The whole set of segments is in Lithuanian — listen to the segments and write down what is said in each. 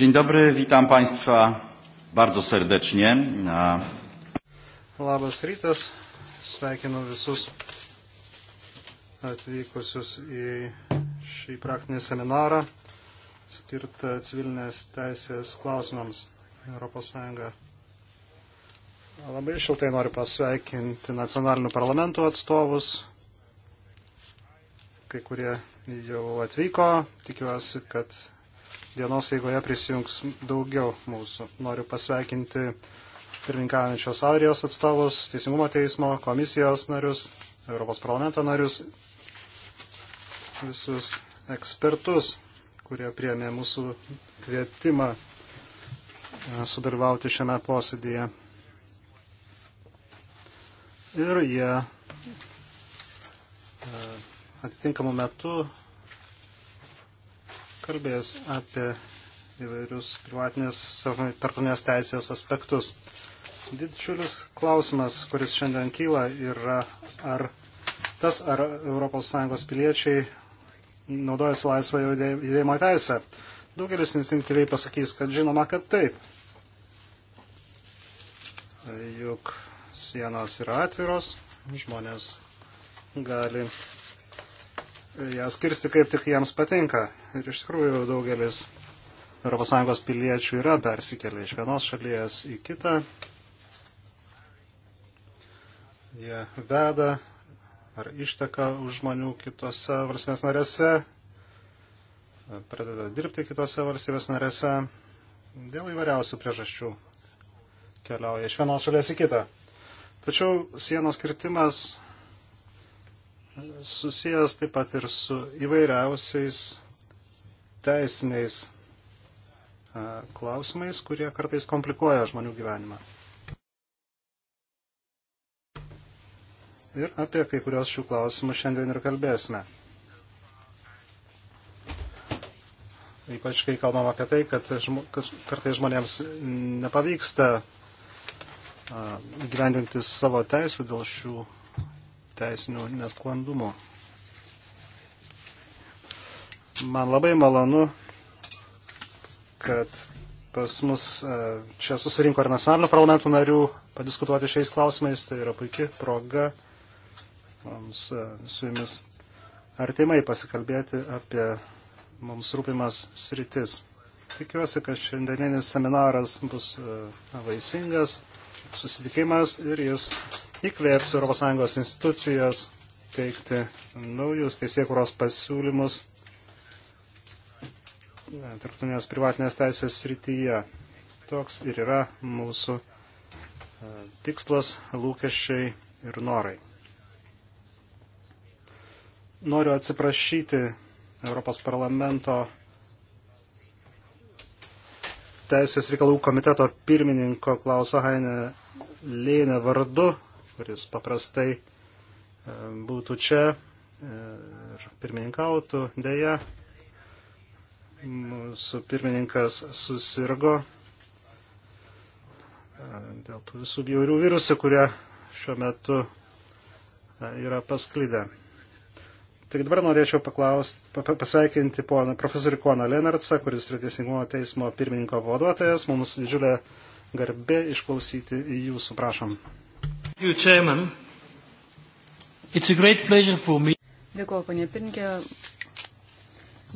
Dzień dobry, witam Państwa bardzo serdecznie. Labas rytas, sveikinu visus atvykusius į šį praktinį seminarą skirtą civilinės teisės klausimams ES. Labai šiltai noriu pasveikinti nacionalinių parlamentų atstovus, kai kurie jau atvyko, tikiuosi, kad dienos eigoje prisijungs daugiau mūsų. Noriu pasveikinti pirmininkaujančios Aurijos atstovus, Teisingumo teismo, komisijos narius, Europos parlamento narius, visus ekspertus, kurie priemė mūsų kvietimą e, sudalyvauti šiame posėdėje. Ir jie e, atitinkamų metų kalbės apie įvairius privatinės tarptautinės teisės aspektus. Didžiulis klausimas, kuris šiandien kyla, yra ar tas, ar ES piliečiai naudojasi laisvą judėjimo teisę. Daugelis instinktyviai pasakys, kad žinoma, kad taip. Juk sienos yra atviros, žmonės gali ją skirsti kaip tik jiems patinka. Ir iš tikrųjų daugelis ES piliečių yra persikėlę iš vienos šalies į kitą. Jie veda ar išteka už žmonių kitose valstybės narėse, pradeda dirbti kitose valstybės narėse dėl įvairiausių priežasčių keliauja iš vienos šalies į kitą. Tačiau sienos kirtimas susijęs taip pat ir su įvairiausiais teisiniais klausimais, kurie kartais komplikuoja žmonių gyvenimą. Ir apie kai kurios šių klausimų šiandien ir kalbėsime. Ypač kai kalbam apie tai, kad, žmo, kad kartais žmonėms nepavyksta gyvendinti savo teisų dėl šių teisinių nesklandumų. Man labai malonu, kad pas mus e, čia susirinko ir nacionalinių parlamentų narių padiskutuoti šiais klausimais. Tai yra puikia proga mums e, su jumis artimai pasikalbėti apie mums rūpimas sritis. Tikiuosi, kad šiandieninis seminaras bus e, vaisingas, susitikimas ir jis įkvėps ES institucijas teikti naujus teisėkuros pasiūlymus tarptautinės privatinės teisės srityje. Toks ir yra mūsų e, tikslas, lūkesčiai ir norai. Noriu atsiprašyti Europos parlamento Teisės reikalų komiteto pirmininko Klauso Hainė Lėnė vardu, kuris paprastai e, būtų čia e, ir pirmininkautų. Deja, mūsų pirmininkas susirgo e, dėl tų visų bjaurių virusų, kurie šiuo metu e, yra pasklydę. Tik dabar norėčiau paklausti, pasveikinti poną profesorių Koną Lenartsą, kuris yra Teisingumo teismo pirmininko pavaduotojas. Mums didžiulė garbė išklausyti jūsų, prašom. Dėkuoju, ponė pirmininkė.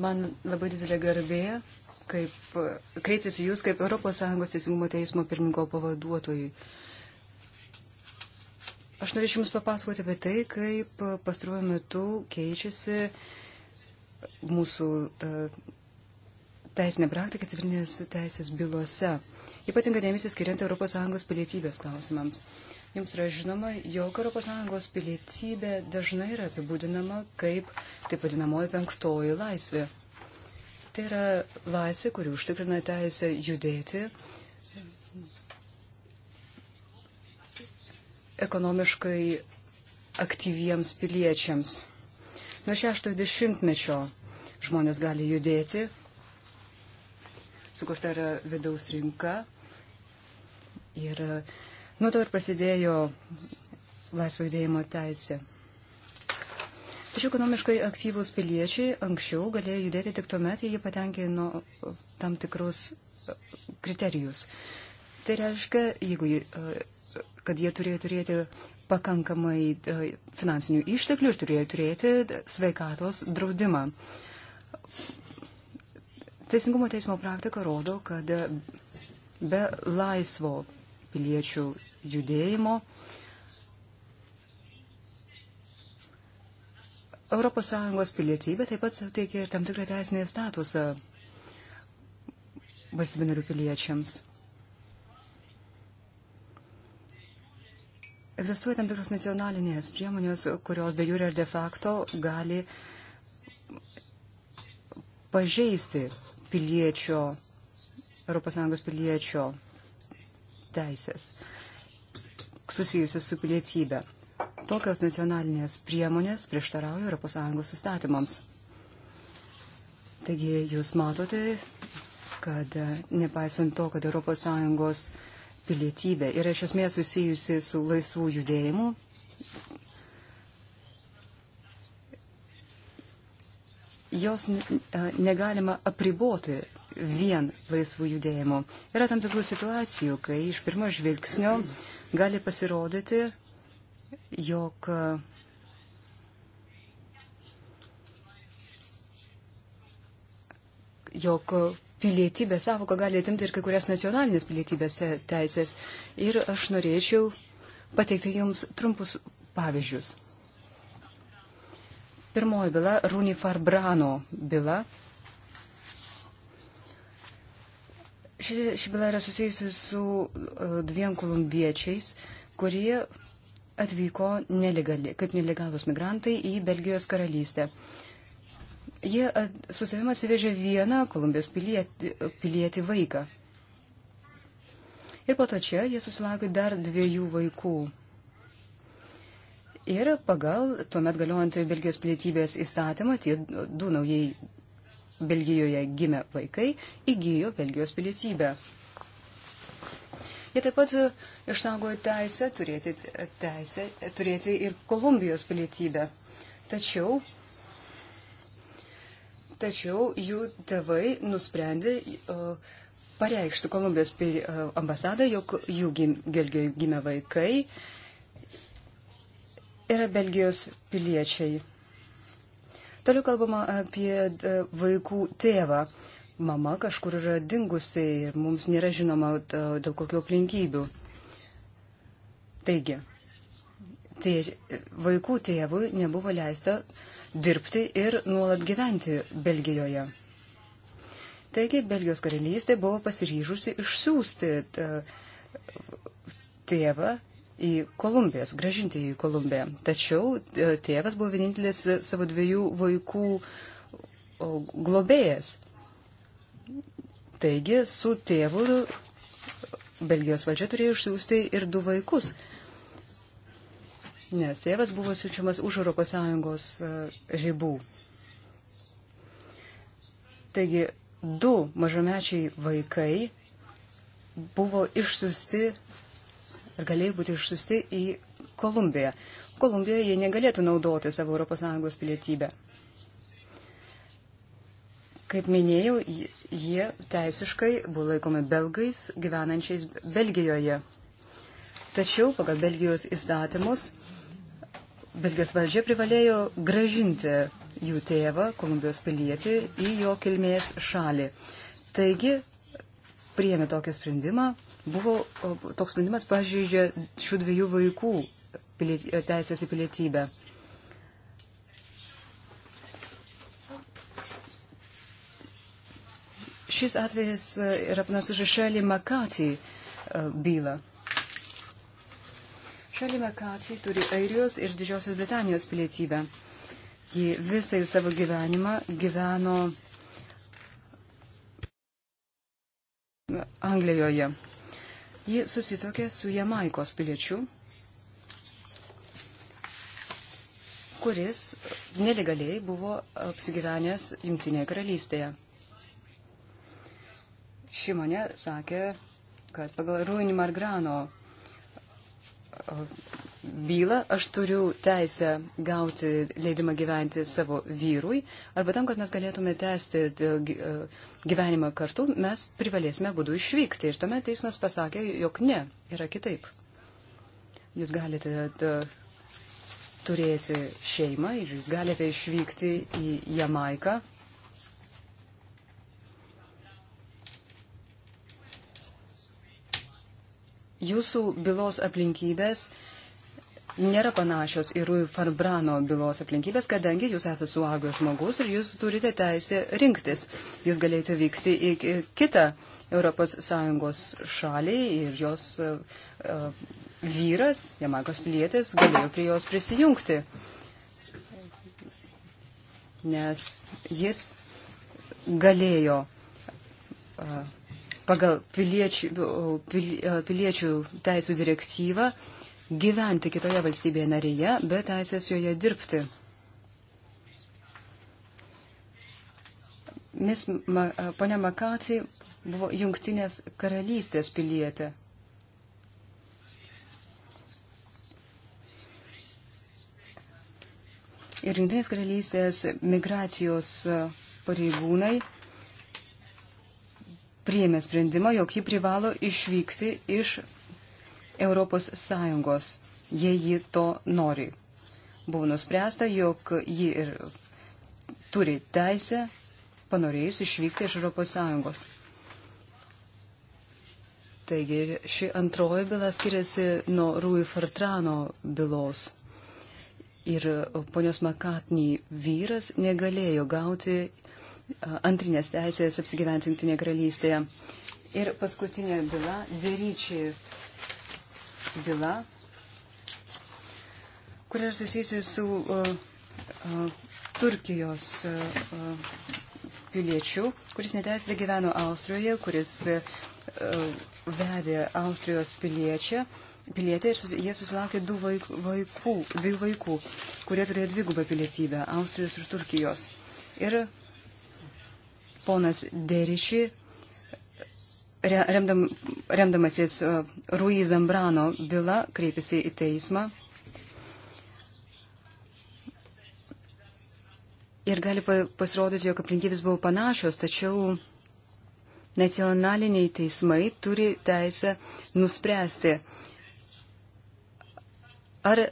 Man labai didelė garbė kaip, kreiptis jūs kaip ES teisingumo teismo pirmininko pavaduotojui. Aš norėčiau Jums papasakoti apie tai, kaip pastaruoju metu keičiasi mūsų teisinė praktika civilinės teisės bylose, ypatinga dėmesį skiriant ES pilietybės klausimams. Uh, Jums yra žinoma, jog ES pilietybė dažnai yra apibūdinama kaip taip vadinamoji penktoji laisvė. Tai yra laisvė, kuri užtikrina teisę judėti ekonomiškai aktyviems piliečiams. Nuo 60-mečio žmonės gali judėti, sukurta yra vidaus rinka ir uh, Nuo to ir prasidėjo laisvo judėjimo teisė. Tačiau ekonomiškai aktyvūs piliečiai anksčiau galėjo judėti tik tuomet, jei jie patenkino tam tikrus e, kriterijus. Tai reiškia, jeigu, e, kad jie turėjo turėti pakankamai e, finansinių išteklių ir turėjo turėti sveikatos draudimą. Teisingumo teismo praktika rodo, kad be laisvo piliečių judėjimo. ES pilietybė taip pat suteikia ir tam tikrą teisinį statusą valstybinarių piliečiams. Egzistuoja tam tikros nacionalinės priemonės, kurios de jure ir de facto gali pažeisti piliečio, ES piliečio teisės susijusios su pilietybė. Tokios nacionalinės priemonės prieštarauja ES įstatymams. Taigi jūs matote, kad e, nepaisant to, kad ES pilietybė yra iš esmės susijusi su laisvų judėjimu, jos e, negalima apriboti vien laisvų judėjimų. Yra tam tikrų situacijų, kai iš pirmo žvilgsnio gali pasirodyti, jog jog pilietybės savoka gali atimti ir kai kurias nacionalinės pilietybės teisės. Ir aš norėčiau pateikti Jums trumpus pavyzdžius. Pirmoji byla - Runi Farbrano byla Ši, ši byla yra susijusi su e, dviem kolumbiečiais, kurie atvyko nelegali, kaip nelegalus migrantai į Belgijos karalystę. Jie e, su savimi atsivežė vieną Kolumbijos pilietį, pilietį vaiką. Ir po to čia jie susilaukė dar dviejų vaikų. Ir pagal tuomet galiojantį Belgijos pilietybės įstatymą tie du naujai Belgijoje gimę vaikai įgyjo Belgijos pilietybę. Jie taip pat e, išsaugojo teisę turėti, e, teisę e, turėti ir Kolumbijos pilietybę. Tačiau, tačiau jų tėvai nusprendė uh, pareikšti Kolumbijos pili, uh, ambasadą, jog jų gim, Belgijoje gimę vaikai yra Belgijos piliečiai. Toliau kalbama apie e, vaikų tėvą. Mama kažkur yra dingusi ir mums nėra žinoma e, dėl kokių aplinkybių. Taigi, tė, vaikų tėvui nebuvo leista dirbti ir nuolat gyventi Belgijoje. Taigi, Belgijos karalystė buvo pasiryžusi išsiųsti e, tėvą į Kolumbiją, sugražinti į Kolumbiją. Tačiau e, tėvas buvo vienintelis e, savo dviejų vaikų globėjas. Taigi su tėvu Belgijos valdžia turėjo išsiųsti ir du vaikus, nes tėvas buvo siūčiamas už ES e, ribų. Taigi du mažamečiai vaikai buvo išsiųsti ir galėjo būti išsiusti į Kolumbiją. Kolumbijoje jie negalėtų naudoti savo ES pilietybę. Kaip minėjau, jie teisiškai buvo laikomi belgais gyvenančiais Belgijoje. Tačiau pagal Belgijos įstatymus Belgijos valdžia privalėjo gražinti jų tėvą, Kolumbijos pilietį, į jo kilmės šalį. Taigi, priėmė tokį sprendimą Buvo toks sprendimas pažeidžia šių dviejų vaikų e, teisės į pilietybę. Šis atvejas e, yra panašus į Šelį Makatį e, bylą. Šelį Makatį turi Airijos ir Didžiosios Britanijos pilietybę. Ji visai savo gyvenimą gyveno Anglijoje. Ji susitokė su Jamaikos piliečiu, kuris nelegaliai buvo apsigyvenęs Junktinėje karalystėje. Ši mane sakė, kad pagal Ruin Margrano bylą, aš turiu teisę gauti leidimą gyventi savo vyrui, arba tam, kad mes galėtume tęsti e, e, gyvenimą kartu, mes privalėsime būdų išvykti. Ir tame teismas pasakė, jog ne, yra kitaip. Jūs galite e, turėti šeimą ir jūs galite išvykti į Jamaiką jūsų bylos aplinkybės nėra panašios į Rui Farbrano bylos aplinkybės, kadangi jūs esate suaugęs žmogus ir jūs turite teisę rinktis. Jūs galėjote vykti į kitą ES šalį ir jos uh, vyras, Jamakos pilietis, galėjo prie jos prisijungti, nes jis galėjo uh, pagal piliečių, pil, piliečių teisų direktyvą uh, gyventi kitoje valstybėje narėje, bet teisės joje dirbti. Mis, ma, ponia Makatsi buvo jungtinės karalystės pilietė. Ir jungtinės karalystės migracijos pareigūnai priėmė sprendimą, jog ji privalo išvykti iš Europos Sąjungos, jei ji to nori. Buvo nuspręsta, jog ji ir turi teisę panorėjus išvykti iš Europos Sąjungos. Taigi ši antroji byla skiriasi nuo Rui Fartrano bylos. Ir ponios Makatny vyras negalėjo gauti antrinės teisės apsigyventi Junktinėje karalystėje. Ir paskutinė byla - Veryčiai byla, kuri yra susijusi su uh, uh, Turkijos uh, piliečiu, kuris neteisėtai gyveno Austrijoje, kuris uh, vedė Austrijos piliečią. Pilietė ir sus, jie susilaukė du vaikų, dviejų vaikų, kurie turėjo dvigubą pilietybę - Austrijos ir Turkijos. Ir ponas Deriši remdam, remdamasis uh, Rui Zambrano byla, kreipėsi į teismą ir gali pasirodyti, jog aplinkybės buvo panašios, tačiau nacionaliniai teismai turi teisę nuspręsti, ar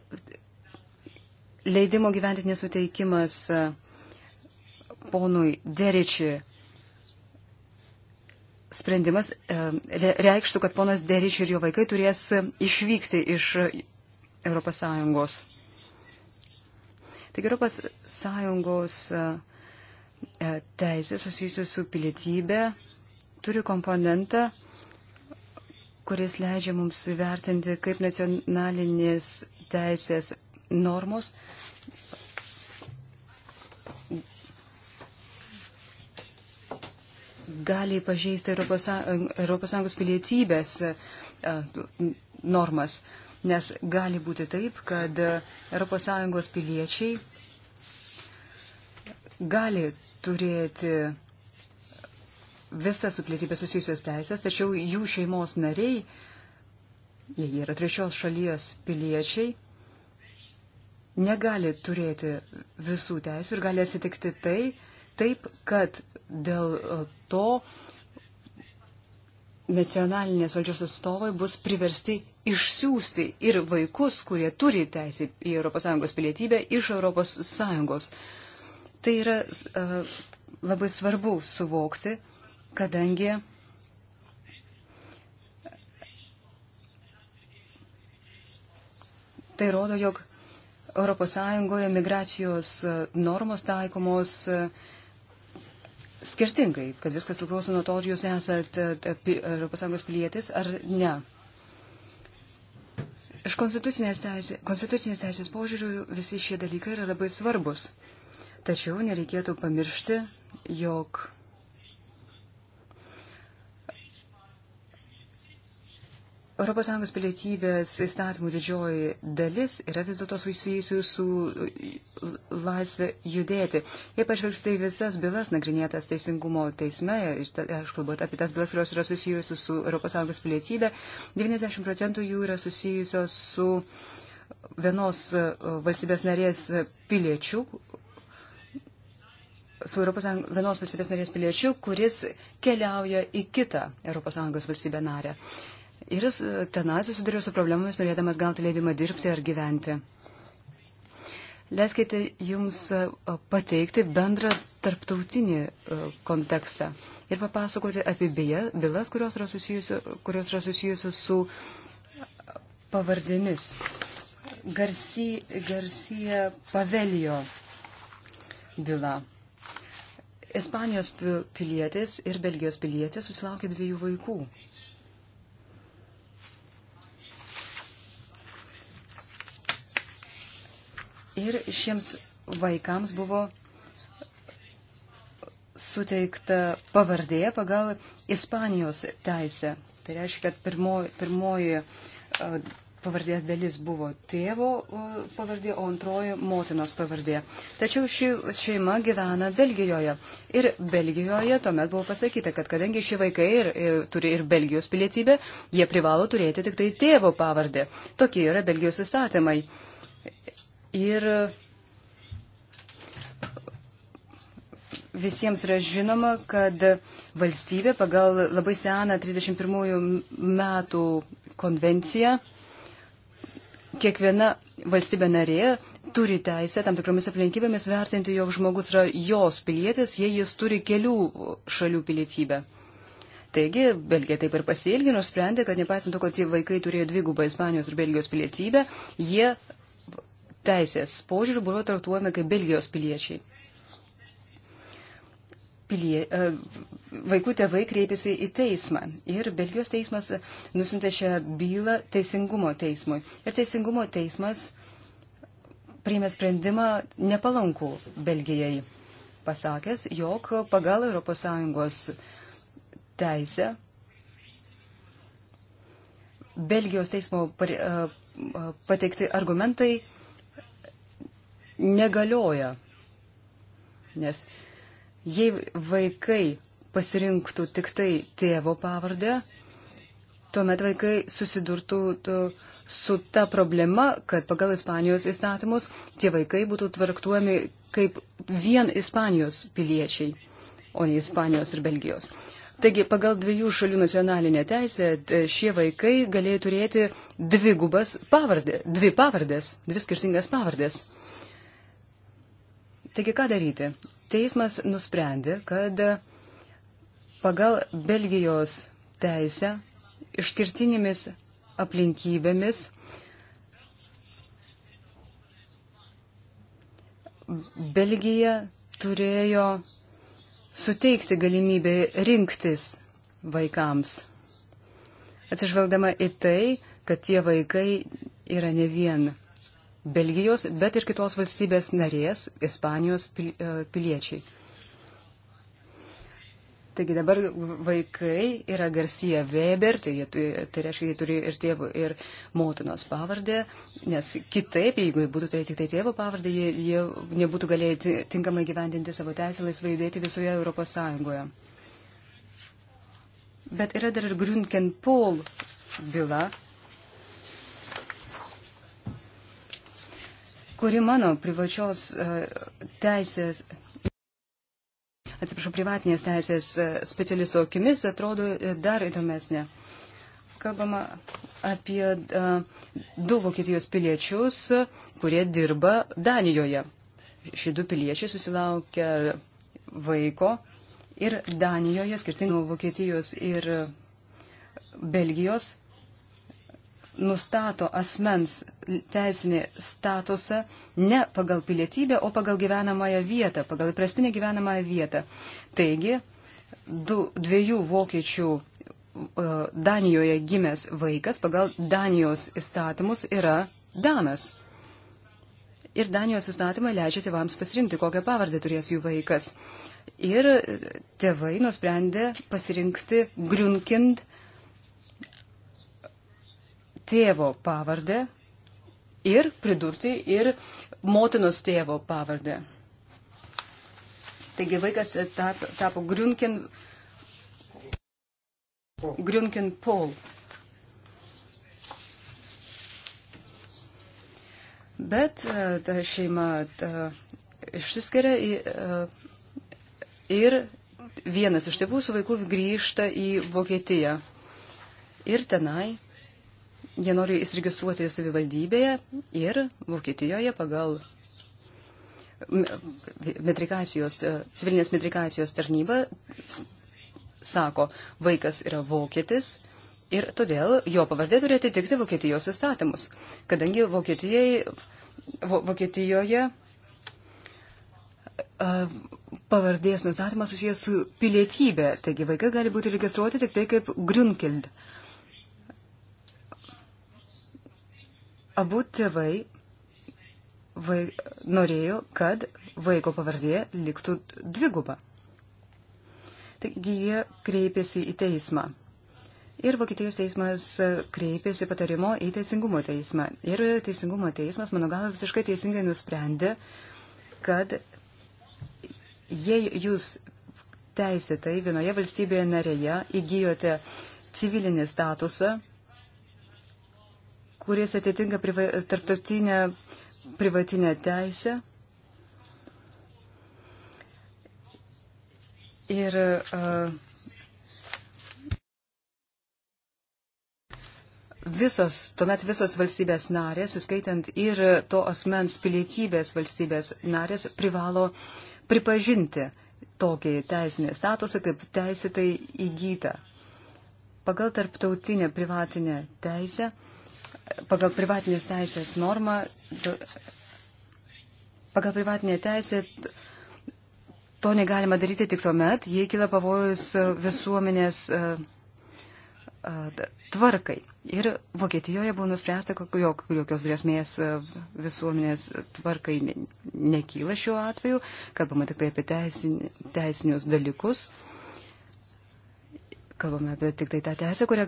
leidimo gyventi nesuteikimas uh, ponui Deričiui sprendimas e, reikštų, kad ponas Derič ir jo vaikai turės išvykti iš ES. Taigi ES e, e, teisė susijusi su pilietybė turi komponentą, kuris leidžia mums vertinti, kaip nacionalinės teisės normos uh, gali pažeisti ES pilietybės e, normas, nes gali būti taip, kad ES piliečiai gali turėti visas su pilietybė susijusios teisės, tačiau jų šeimos nariai, jie yra trečios šalies piliečiai, negali turėti visų teisų ir gali atsitikti tai, taip, kad dėl to nacionalinės valdžios atstovai bus priversti išsiųsti ir vaikus, kurie turi teisę į ES pilietybę, iš ES. Tai yra uh, labai svarbu suvokti, kadangi tai rodo, jog ES migracijos uh, normos taikomos uh, skirtingai, kad viskas priklauso nuo to, ar jūs esate ES pilietis ar ne. Iš konstitucinės teisės, konstitucinės teisės požiūrių visi šie dalykai yra labai svarbus. Tačiau nereikėtų pamiršti, jog ES pilietybės įstatymų didžioji dalis yra vis dėlto susijusi su e, laisvė judėti. Jei pažvelgsite į visas bylas nagrinėtas teisingumo teisme, aš kalbu apie tas bylas, kurios yra susijusios su ES pilietybė, 90 procentų jų yra susijusios su vienos e, valstybės narės piliečių su Europos Sąjungos, vienos valstybės narės piliečiu, kuris keliauja į kitą ES valstybę narę ir jis e, tenai susidurė su problemomis, norėdamas gauti leidimą dirbti ar gyventi. Leiskite jums e, pateikti bendrą tarptautinį e, kontekstą ir papasakoti apie bylas, kurios yra susijusios susijusi su pavardėmis. Garsi, Garcia Pavelio byla. Ispanijos pilietis ir Belgijos pilietis susilaukė dviejų vaikų. Ir šiems vaikams buvo suteikta pavardė pagal Ispanijos teisę. Tai reiškia, kad pirmo, pirmoji pavardės dalis buvo tėvo pavardė, o antroji motinos pavardė. Tačiau ši šeima gyvena Belgijoje. Ir Belgijoje tuomet buvo pasakyta, kad kadangi šie vaikai ir, ir, e, turi ir Belgijos pilietybę, jie privalo turėti tik tai tėvo pavardę. Tokie yra Belgijos įstatymai ir visiems yra žinoma, kad valstybė pagal labai seną 31 metų konvenciją, kiekviena valstybė narė turi teisę tam tikromis aplinkybėmis vertinti, jog žmogus yra jos pilietis, jei jis turi kelių šalių pilietybę. Taigi, Belgija taip ir pasielgė, nusprendė, kad nepaisant to, kad tie vaikai turėjo dvigubą Ispanijos ir Belgijos pilietybę, jie teisės požiūrių buvo traktuojami kaip Belgijos piliečiai. Pilie, e, vaikų tėvai kreipėsi į teismą ir Belgijos teismas nusintė šią bylą Teisingumo teismui. Ir Teisingumo teismas priėmė sprendimą nepalankų Belgijai, pasakęs, jog pagal ES teisę Belgijos teismo e, e, pateikti argumentai negalioja. Nes jei vaikai pasirinktų tik tai tėvo pavardę, tuomet vaikai susidurtų su ta problema, kad pagal Ispanijos įstatymus tie vaikai būtų tvarktuojami kaip vien Ispanijos piliečiai, o ne Ispanijos ir Belgijos. Taigi, pagal dviejų šalių nacionalinę teisę šie vaikai galėjo turėti dvi gubas pavardė, dvi pavardės, dvi skirtingas pavardės. Taigi ką daryti? Teismas nusprendė, kad pagal Belgijos teisę išskirtinėmis aplinkybėmis Belgija turėjo suteikti galimybę rinktis vaikams, atsižvelgdama į tai, kad tie vaikai yra ne vien Belgijos, bet ir kitos valstybės narės, Ispanijos e, piliečiai. Taigi dabar vaikai yra Garcia Weber, tai, jie, tai reiškia, jie turi ir tėvų, ir motinos pavardę, nes kitaip, jeigu jie būtų turėję tik tai tėvų pavardę, jie, jie nebūtų galėję tinkamai gyvendinti savo teisę laisvai judėti visoje Europos Sąjungoje. Bet yra dar ir Grünken Paul byla, kuri mano privačios e, teisės, atsiprašau, privatinės teisės e, specialisto akimis atrodo e, dar įdomesnė. Kalbama apie du Vokietijos piliečius, kurie dirba Danijoje. Šie du piliečiai susilaukia vaiko ir Danijoje, skirtingai nuo Vokietijos ir Belgijos, nustato asmens teisinį statusą ne pagal pilietybę, o pagal gyvenamąją vietą, pagal įprastinę gyvenamąją vietą. Taigi, du, dviejų vokiečių e, Danijoje gimęs vaikas pagal Danijos įstatymus yra Danas. Ir Danijos įstatymai leidžia tėvams pasirinkti, kokią pavardę turės jų vaikas. Ir tėvai nusprendė pasirinkti Grunkind tėvo pavardę ir pridurti ir motinos tėvo pavardę. Taigi vaikas tapo, tapo Grunkin, Grunkin Paul. Bet e, ta šeima ta, išsiskiria e, ir vienas iš tėvų su vaiku grįžta į Vokietiją. Ir tenai jie nori įsiregistruoti savivaldybėje ir Vokietijoje pagal metrikacijos, e, civilinės metrikacijos tarnyba sako, vaikas yra vokietis ir todėl jo pavardė turi atitikti Vokietijos įstatymus, kadangi Vokietijai, vo, Vokietijoje e, pavardės nustatymas susijęs su pilietybė, taigi vaikai gali būti registruoti tik tai kaip Grünkeld. Uh, Abu tėvai vai, norėjo, kad vaiko pavardė liktų dviguba. Taigi jie kreipėsi į teismą. Ir Vokietijos teismas kreipėsi patarimo į Teisingumo teismą. Ir Teisingumo teismas, mano galva, visiškai teisingai nusprendė, kad jei jūs teisėtai vienoje valstybėje narėje įgyjote civilinį statusą, kuris atitinka priva, tarptautinę privatinę teisę. Ir uh, visos, tuomet visos valstybės narės, įskaitant ir to asmens pilietybės valstybės narės, privalo pripažinti tokį teisinį statusą kaip teisėtai įgyta. Pagal tarptautinę privatinę teisę pagal privatinės teisės normą, pagal privatinę teisę to negalima daryti tik tuomet, jei kila pavojus visuomenės e, e, tvarkai. Ir Vokietijoje buvo nuspręsta, jog jokios grėsmės e, visuomenės tvarkai nekyla šiuo atveju, kalbama tik tai apie teisinius dalykus. Kalbame apie tik tai tą teisę, kurią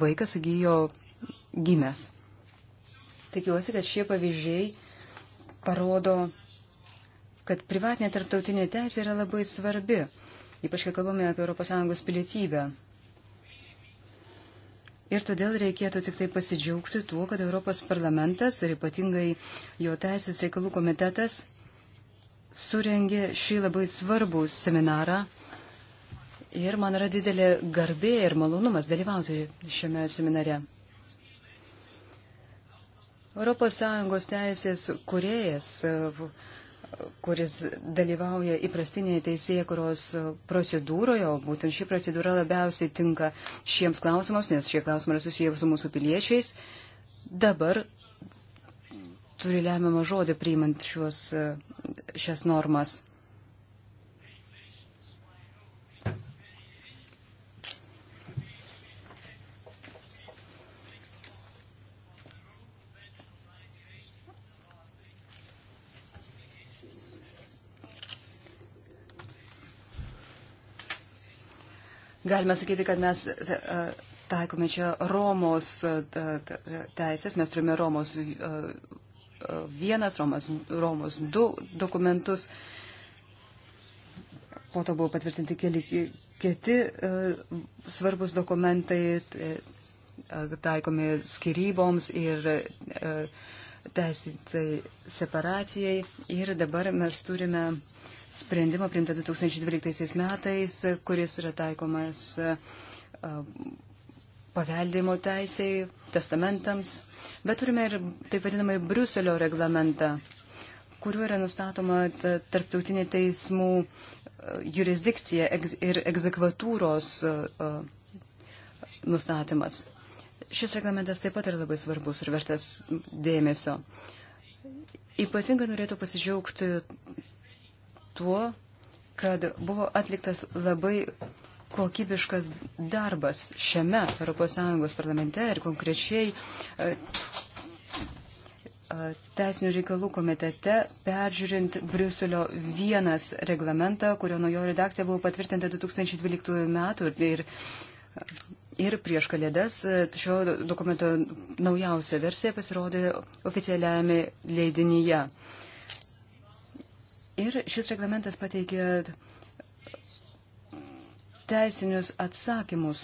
vaikas įgyjo gimęs. Tikiuosi, kad šie pavyzdžiai parodo, kad privatinė tarptautinė teisė yra labai svarbi, ypač kai kalbame apie ES pilietybę. Ir todėl reikėtų tik tai pasidžiaugti tuo, kad Europos parlamentas ir ypatingai jo teisės reikalų komitetas surengė šį labai svarbų seminarą. Ir man yra didelė garbė ir malonumas dalyvauti šiame seminare. ES teisės kuriejas, kuris dalyvauja įprastinėje teisėje, kurios procedūroje, o būtent ši procedūra labiausiai tinka šiems klausimams, nes šie klausimai yra susiję su mūsų piliečiais, dabar turi lemiamą žodį priimant šios, šias normas. Galime sakyti, kad mes e, e, taikome čia Romos e, teisės, mes turime Romos vienas, Romos, Romos du dokumentus. Po to buvo patvirtinti keli kiti svarbus dokumentai, taikomi skiryboms ir teisėtai separacijai. Ir dabar mes turime sprendimą priimtą 2012 metais, kuris yra taikomas paveldėjimo teisėjai, testamentams, bet turime ir taip vadinamai Bruselio reglamentą, kuriuo yra nustatoma tarptautinė teismų jurisdikcija ir egzekvatūros nustatymas. Šis reglamentas taip pat yra labai svarbus ir vertas dėmesio. Ypatingai norėtų pasidžiaugti tuo, kad buvo atliktas labai kokybiškas darbas šiame ES parlamente ir konkrečiai e, e, Teisinių reikalų komitete peržiūrint Briuselio vienas reglamentą, kurio nuo jo redakcija buvo patvirtinta 2012 metų ir, e, ir prieš kalėdas šio dokumento naujausia versija pasirodė oficialiame leidinyje. Ir šis reglamentas pateikė teisinius atsakymus.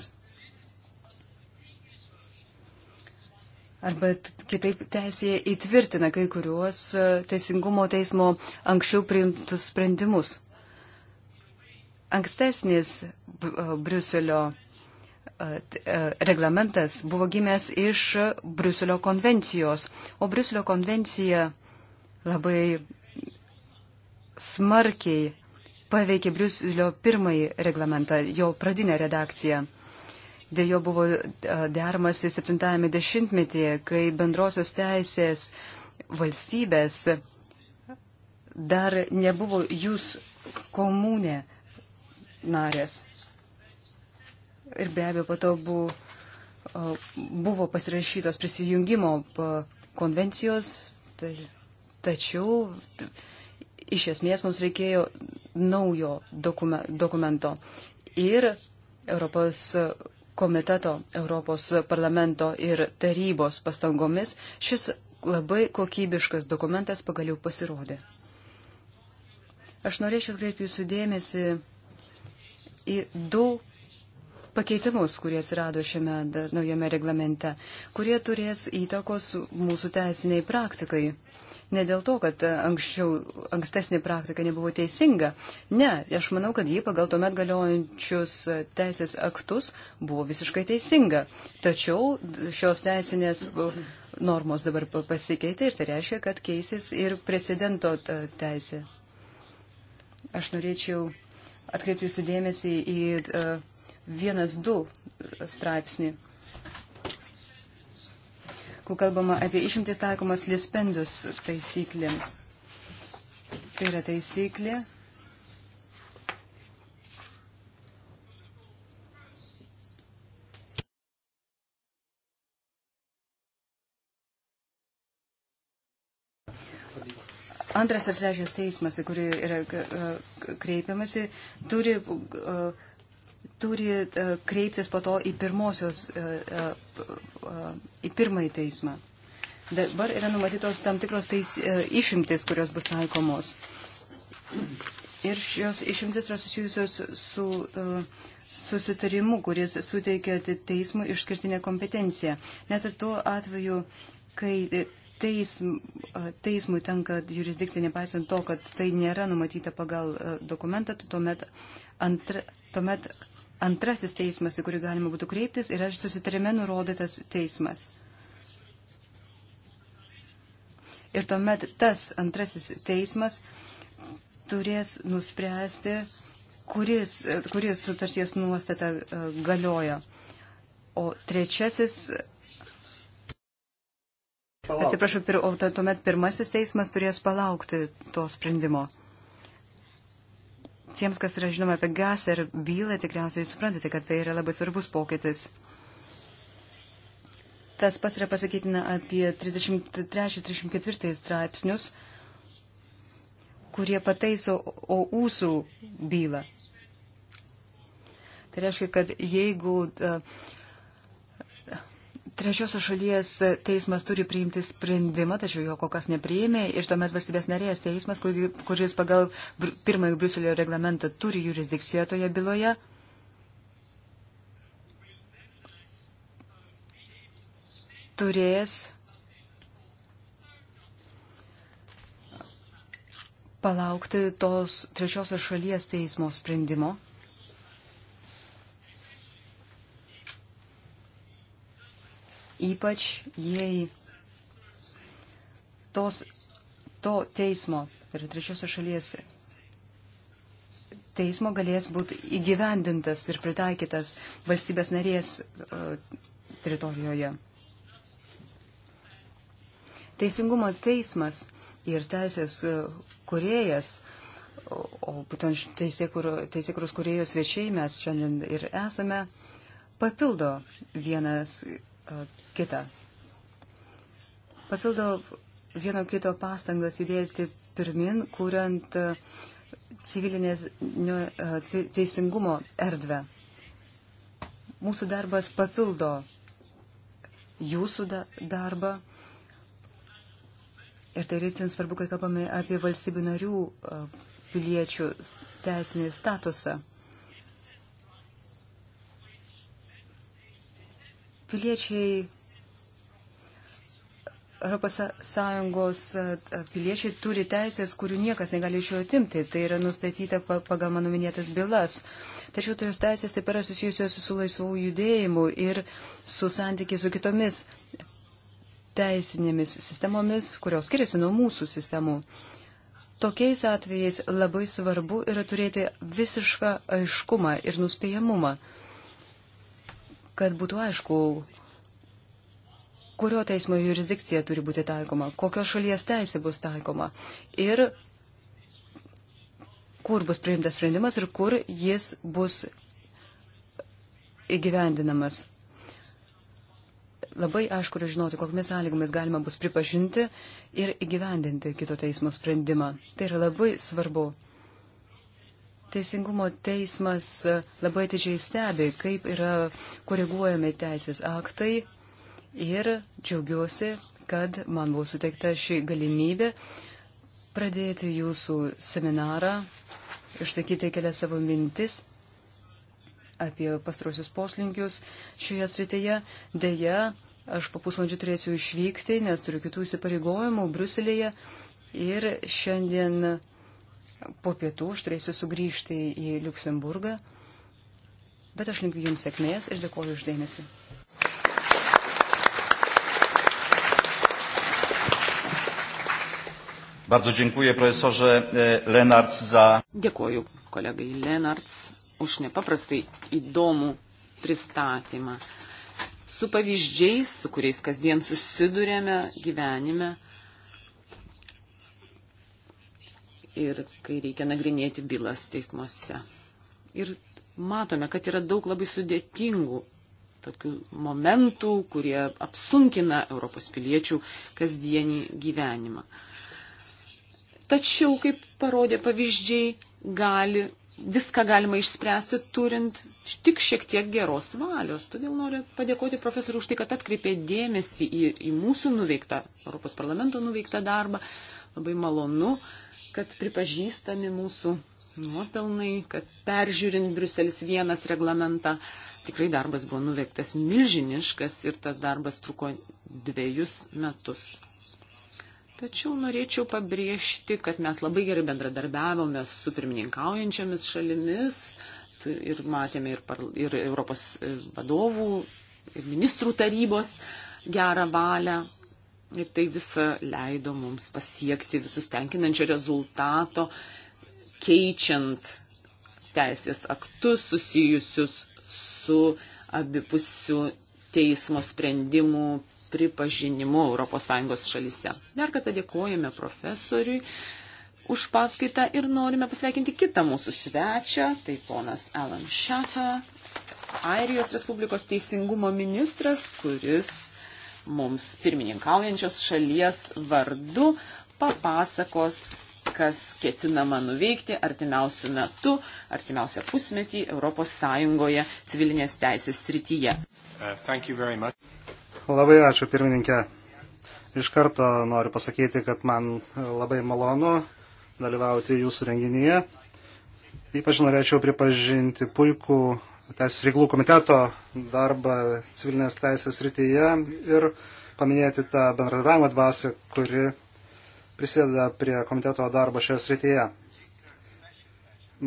Arba kitaip teisėje įtvirtina kai kuriuos e, teisingumo teismo anksčiau priimtus sprendimus. Ankstesnis e, Briuselio e, reglamentas buvo gimęs iš Briuselio konvencijos, o Briuselio konvencija labai smarkiai paveikė Briuselio pirmąjį reglamentą, jo pradinę redakciją. Dėl jo buvo dermasi 70-ame dešimtmetyje, kai bendrosios teisės valstybės dar nebuvo jūs komunė narės. Ir be abejo, po to buvo, buvo pasirašytos prisijungimo konvencijos, tai, tačiau Iš esmės mums reikėjo naujo dokumento. Ir Europos komiteto, Europos parlamento ir tarybos pastangomis šis labai kokybiškas dokumentas pagaliau pasirodė. Aš norėčiau atkreipti jūsų dėmesį į du pakeitimus, kurie atsirado šiame naujame reglamente, kurie turės įtakos mūsų teisiniai praktikai. Ne dėl to, kad anksčiau, ankstesnė praktika nebuvo teisinga. Ne, aš manau, kad ji pagal tuomet galiojančius teisės aktus buvo visiškai teisinga. Tačiau šios teisinės normos dabar pasikeitė ir tai reiškia, kad keisis ir precedento teisė. Aš norėčiau atkreipti jūsų dėmesį į uh, vienas du straipsnį kur kalbama apie išimtis taikomas lispendus taisyklėms. Tai yra taisyklė. Antras ar trečias teismas, į kurį yra uh, kreipiamasi, turi uh, turi e, kreiptis po to į pirmosios, e, e, į pirmąjį teismą. Dabar yra numatytos tam tikros tais, išimtis, kurios bus taikomos. Ir šios išimtis yra susijusios su susitarimu, kuris suteikia teismui išskirtinę kompetenciją. Net ir tuo atveju, kai teism, teismui tenka jurisdikcija, nepaisant to, kad tai nėra numatyta pagal dokumentą, tuomet, antr, tuomet antrasis teismas, į kurį galima būtų kreiptis, yra susitarime nurodytas teismas. Ir tuomet tas antrasis teismas turės nuspręsti, kuris, kuris sutarties nuostata e, galioja. O trečiasis. Atsiprašau, pir, o tuomet pirmasis teismas turės palaukti to sprendimo. Tiems, kas yra žinoma apie Gasser bylą, tikriausiai suprantate, kad tai yra labai svarbus pokytis. Tas pas yra pasakytina apie 33-34 straipsnius, kurie pataiso OUSų bylą. Tai reiškia, kad jeigu uh, Trečiosios šalies teismas turi priimti sprendimą, tačiau jo kol kas nepriėmė ir tuomet valstybės narės teismas, kuris pagal pirmąjį Briuselio reglamentą turi jurisdikciją toje byloje, turės palaukti tos trečiosios šalies teismo sprendimo ypač jei tos, to teismo, tai yra trečiosios šalies teismo galės būti įgyvendintas ir pritaikytas valstybės narės e, teritorijoje. Teisingumo teismas ir teisės e, kuriejas, o būtent teisėkuros kuriejos svečiai mes šiandien ir esame, papildo vienas e, kitą. Papildo vieno kito pastangas judėti pirmin, kuriant e, civilinės nu, e, teisingumo erdvę. Mūsų darbas papildo jūsų darbą. Ir tai reitin svarbu, kai kalbame apie valstybių narių e, piliečių teisinį statusą. Piliečiai ES e, piliečiai turi teisės, kurių niekas negali iš jų atimti. Tai yra nustatyta pagal mano minėtas bylas. Tačiau tos teisės taip yra susijusios su laisvų judėjimu ir su santykiai su kitomis teisinėmis sistemomis, kurios skiriasi nuo mūsų sistemų. Tokiais atvejais labai svarbu yra turėti visišką aiškumą ir nuspėjamumą, kad būtų aišku, kurio teismo jurisdikcija turi būti taikoma, kokios šalies teisė bus taikoma ir kur bus priimtas sprendimas ir kur jis bus įgyvendinamas. Labai aišku yra žinoti, kokiamis sąlygomis galima bus pripažinti ir įgyvendinti kito teismo sprendimą. Tai yra labai svarbu. Teisingumo teismas labai atidžiai stebi, kaip yra koreguojami teisės aktai ir džiaugiuosi, kad man buvo suteikta ši galimybė pradėti jūsų seminarą, išsakyti kelias savo mintis apie pastrausius poslinkius šioje srityje. Deja, aš po pusvalandžio turėsiu išvykti, nes turiu kitų įsipareigojimų Bruselėje. Ir šiandien po pietų aš turėsiu sugrįžti į Luksemburgą. Bet aš linkiu Jums sėkmės ir dėkoju uždėmesi. Bardzo dziękuję profesorze e, Lenarts za. Dėkuoju kolegai Lenarts už nepaprastai įdomų pristatymą. Su pavyzdžiais, su kuriais kasdien susidurėme gyvenime ir kai reikia nagrinėti bylas teismuose. Ir matome, kad yra daug labai sudėtingų tokių momentų, kurie apsunkina Europos piliečių kasdienį gyvenimą. Tačiau, kaip parodė pavyzdžiai, gali, viską galima išspręsti turint tik šiek tiek geros valios. Todėl noriu padėkoti profesoriu už tai, kad atkreipė dėmesį į, į mūsų nuveiktą, Europos parlamento nuveiktą darbą. Labai malonu, kad pripažįstami mūsų nuopelnai, kad peržiūrint Bruselis vienas reglamentą, tikrai darbas buvo nuveiktas milžiniškas ir tas darbas truko dviejus metus. Tačiau norėčiau pabrėžti, kad mes labai gerai bendradarbiavome su pirmininkaujančiamis šalimis ir matėme ir, par, ir Europos e, vadovų, ir ministrų tarybos gerą valią. Ir tai visa leido mums pasiekti visus tenkinančio rezultato, keičiant teisės aktus susijusius su abipusių teismo sprendimų pripažinimu ES šalyse. Dar kartą dėkojame profesoriui už paskaitą ir norime pasveikinti kitą mūsų svečią, tai ponas Alan Shatter, Airijos Respublikos teisingumo ministras, kuris mums pirmininkaujančios šalies vardu papasakos kas ketinama nuveikti artimiausių metų, artimiausią pusmetį ES civilinės teisės srityje. Uh, Labai ačiū pirmininkė. Iš karto noriu pasakyti, kad man labai malonu dalyvauti jūsų renginyje. Ypač norėčiau pripažinti puikų Teisės reikalų komiteto darbą civilinės teisės rytyje ir paminėti tą bendradarbiavimo dvasę, kuri prisideda prie komiteto darbo šioje srityje.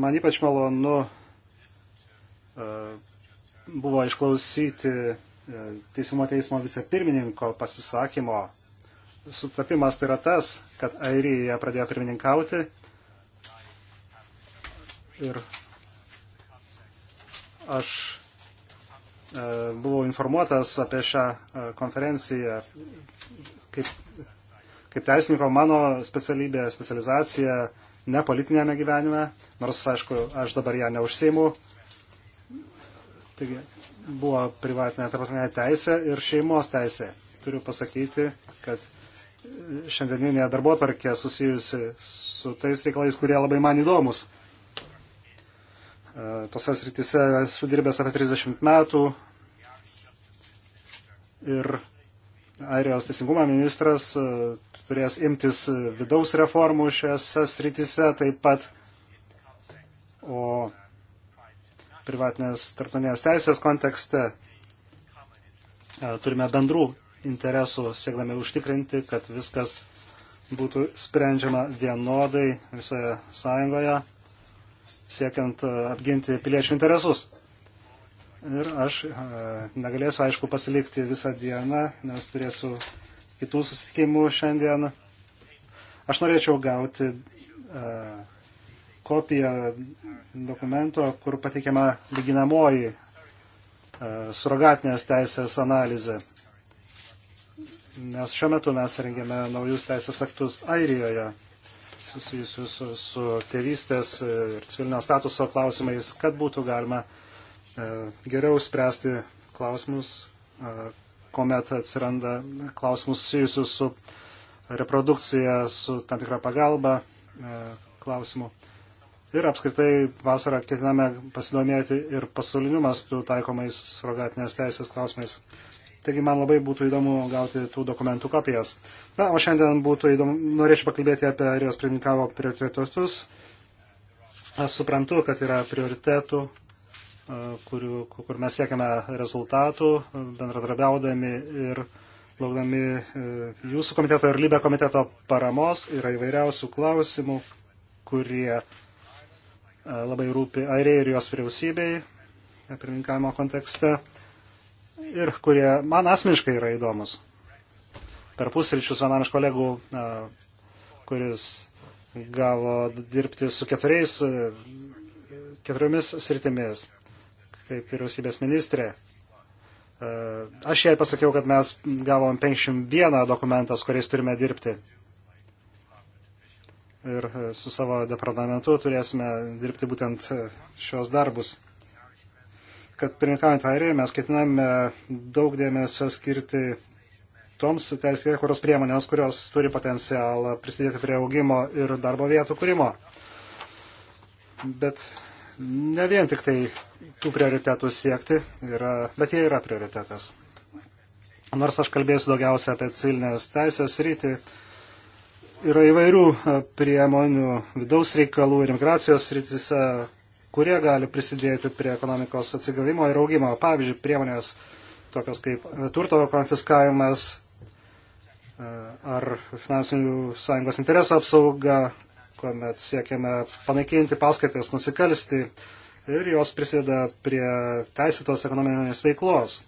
Man ypač malonu e, buvo išklausyti E, Teisingumo teismo vicepirmininko pasisakymo. Sutapimas tai yra tas, kad Airija pradėjo pirmininkauti ir aš e, buvau informuotas apie šią e, konferenciją kaip, kaip teisininko mano specialybė, specializacija ne politinėme gyvenime, nors, aišku, aš dabar ją neužseimu. Taigi, buvo privatinė tarptautinė teisė ir šeimos teisė. Turiu pasakyti, kad šiandieninė darbo tvarkė susijusi su tais reikalais, kurie labai man įdomus. E, tose srityse esu dirbęs apie 30 metų ir Airijos teisingumo ministras e, turės imtis vidaus reformų šiose srityse taip pat. O privatinės tarptautinės teisės kontekste e, turime bendrų interesų, siekdami užtikrinti, kad viskas būtų sprendžiama vienodai visoje sąjungoje, siekiant e, apginti piliečių interesus. Ir aš e, negalėsiu, aišku, pasilikti visą dieną, nes turėsiu kitų susitikimų šiandien. Aš norėčiau gauti uh, kopiją dokumento, kur pateikiama lyginamoji e, surogatinės teisės analizė. Nes šiuo metu mes rengiame naujus teisės aktus Airijoje susijusius su, su tėvystės ir civilinio statuso klausimais, kad būtų galima e, geriau spręsti klausimus, e, kuomet atsiranda klausimus susijusius su reprodukcija, su tam tikra pagalba klausimu. Ir apskritai vasarą ketiname pasidomėti ir pasauliniu mastu taikomais surogatinės teisės klausimais. Taigi man labai būtų įdomu gauti tų dokumentų kopijas. Na, o šiandien būtų įdomu, norėčiau pakalbėti apie Airijos pirmininkavo prioritetus. Aš suprantu, kad yra prioritetų, e, kur, kur mes siekiame rezultatų, bendradarbiaudami ir laukdami e, jūsų komiteto ir lybė komiteto paramos. Yra įvairiausių klausimų, kurie E, labai rūpi Airijai ir jos vyriausybei, pirmininkavimo kontekste, ir kurie man asmeniškai yra įdomus. Per pusryčius vienam iš kolegų, e, kuris gavo dirbti su keturiais, e, keturiomis sritimis, kaip vyriausybės ministrė. Aš jai pasakiau, kad mes gavom 51 dokumentas, kuriais turime dirbti ir e, su savo departamentu turėsime dirbti būtent e, šios darbus. Kad pirmininkaujant Airijai mes ketiname daug dėmesio skirti toms teisėje kuros priemonėms, kurios turi potencialą prisidėti prie augimo ir darbo vietų kūrimo. Bet ne vien tik tai tų prioritetų siekti, yra, bet jie yra prioritetas. Nors aš kalbėsiu daugiausia apie civilinės teisės rytį, yra įvairių priemonių vidaus reikalų ir migracijos rytise, kurie gali prisidėti prie ekonomikos atsigavimo ir augimo. Pavyzdžiui, priemonės tokios kaip turto konfiskavimas ar finansinių sąjungos interesų apsauga, kuomet siekiame panaikinti paskaitės nusikalsti ir jos prisideda prie teisėtos ekonominės veiklos.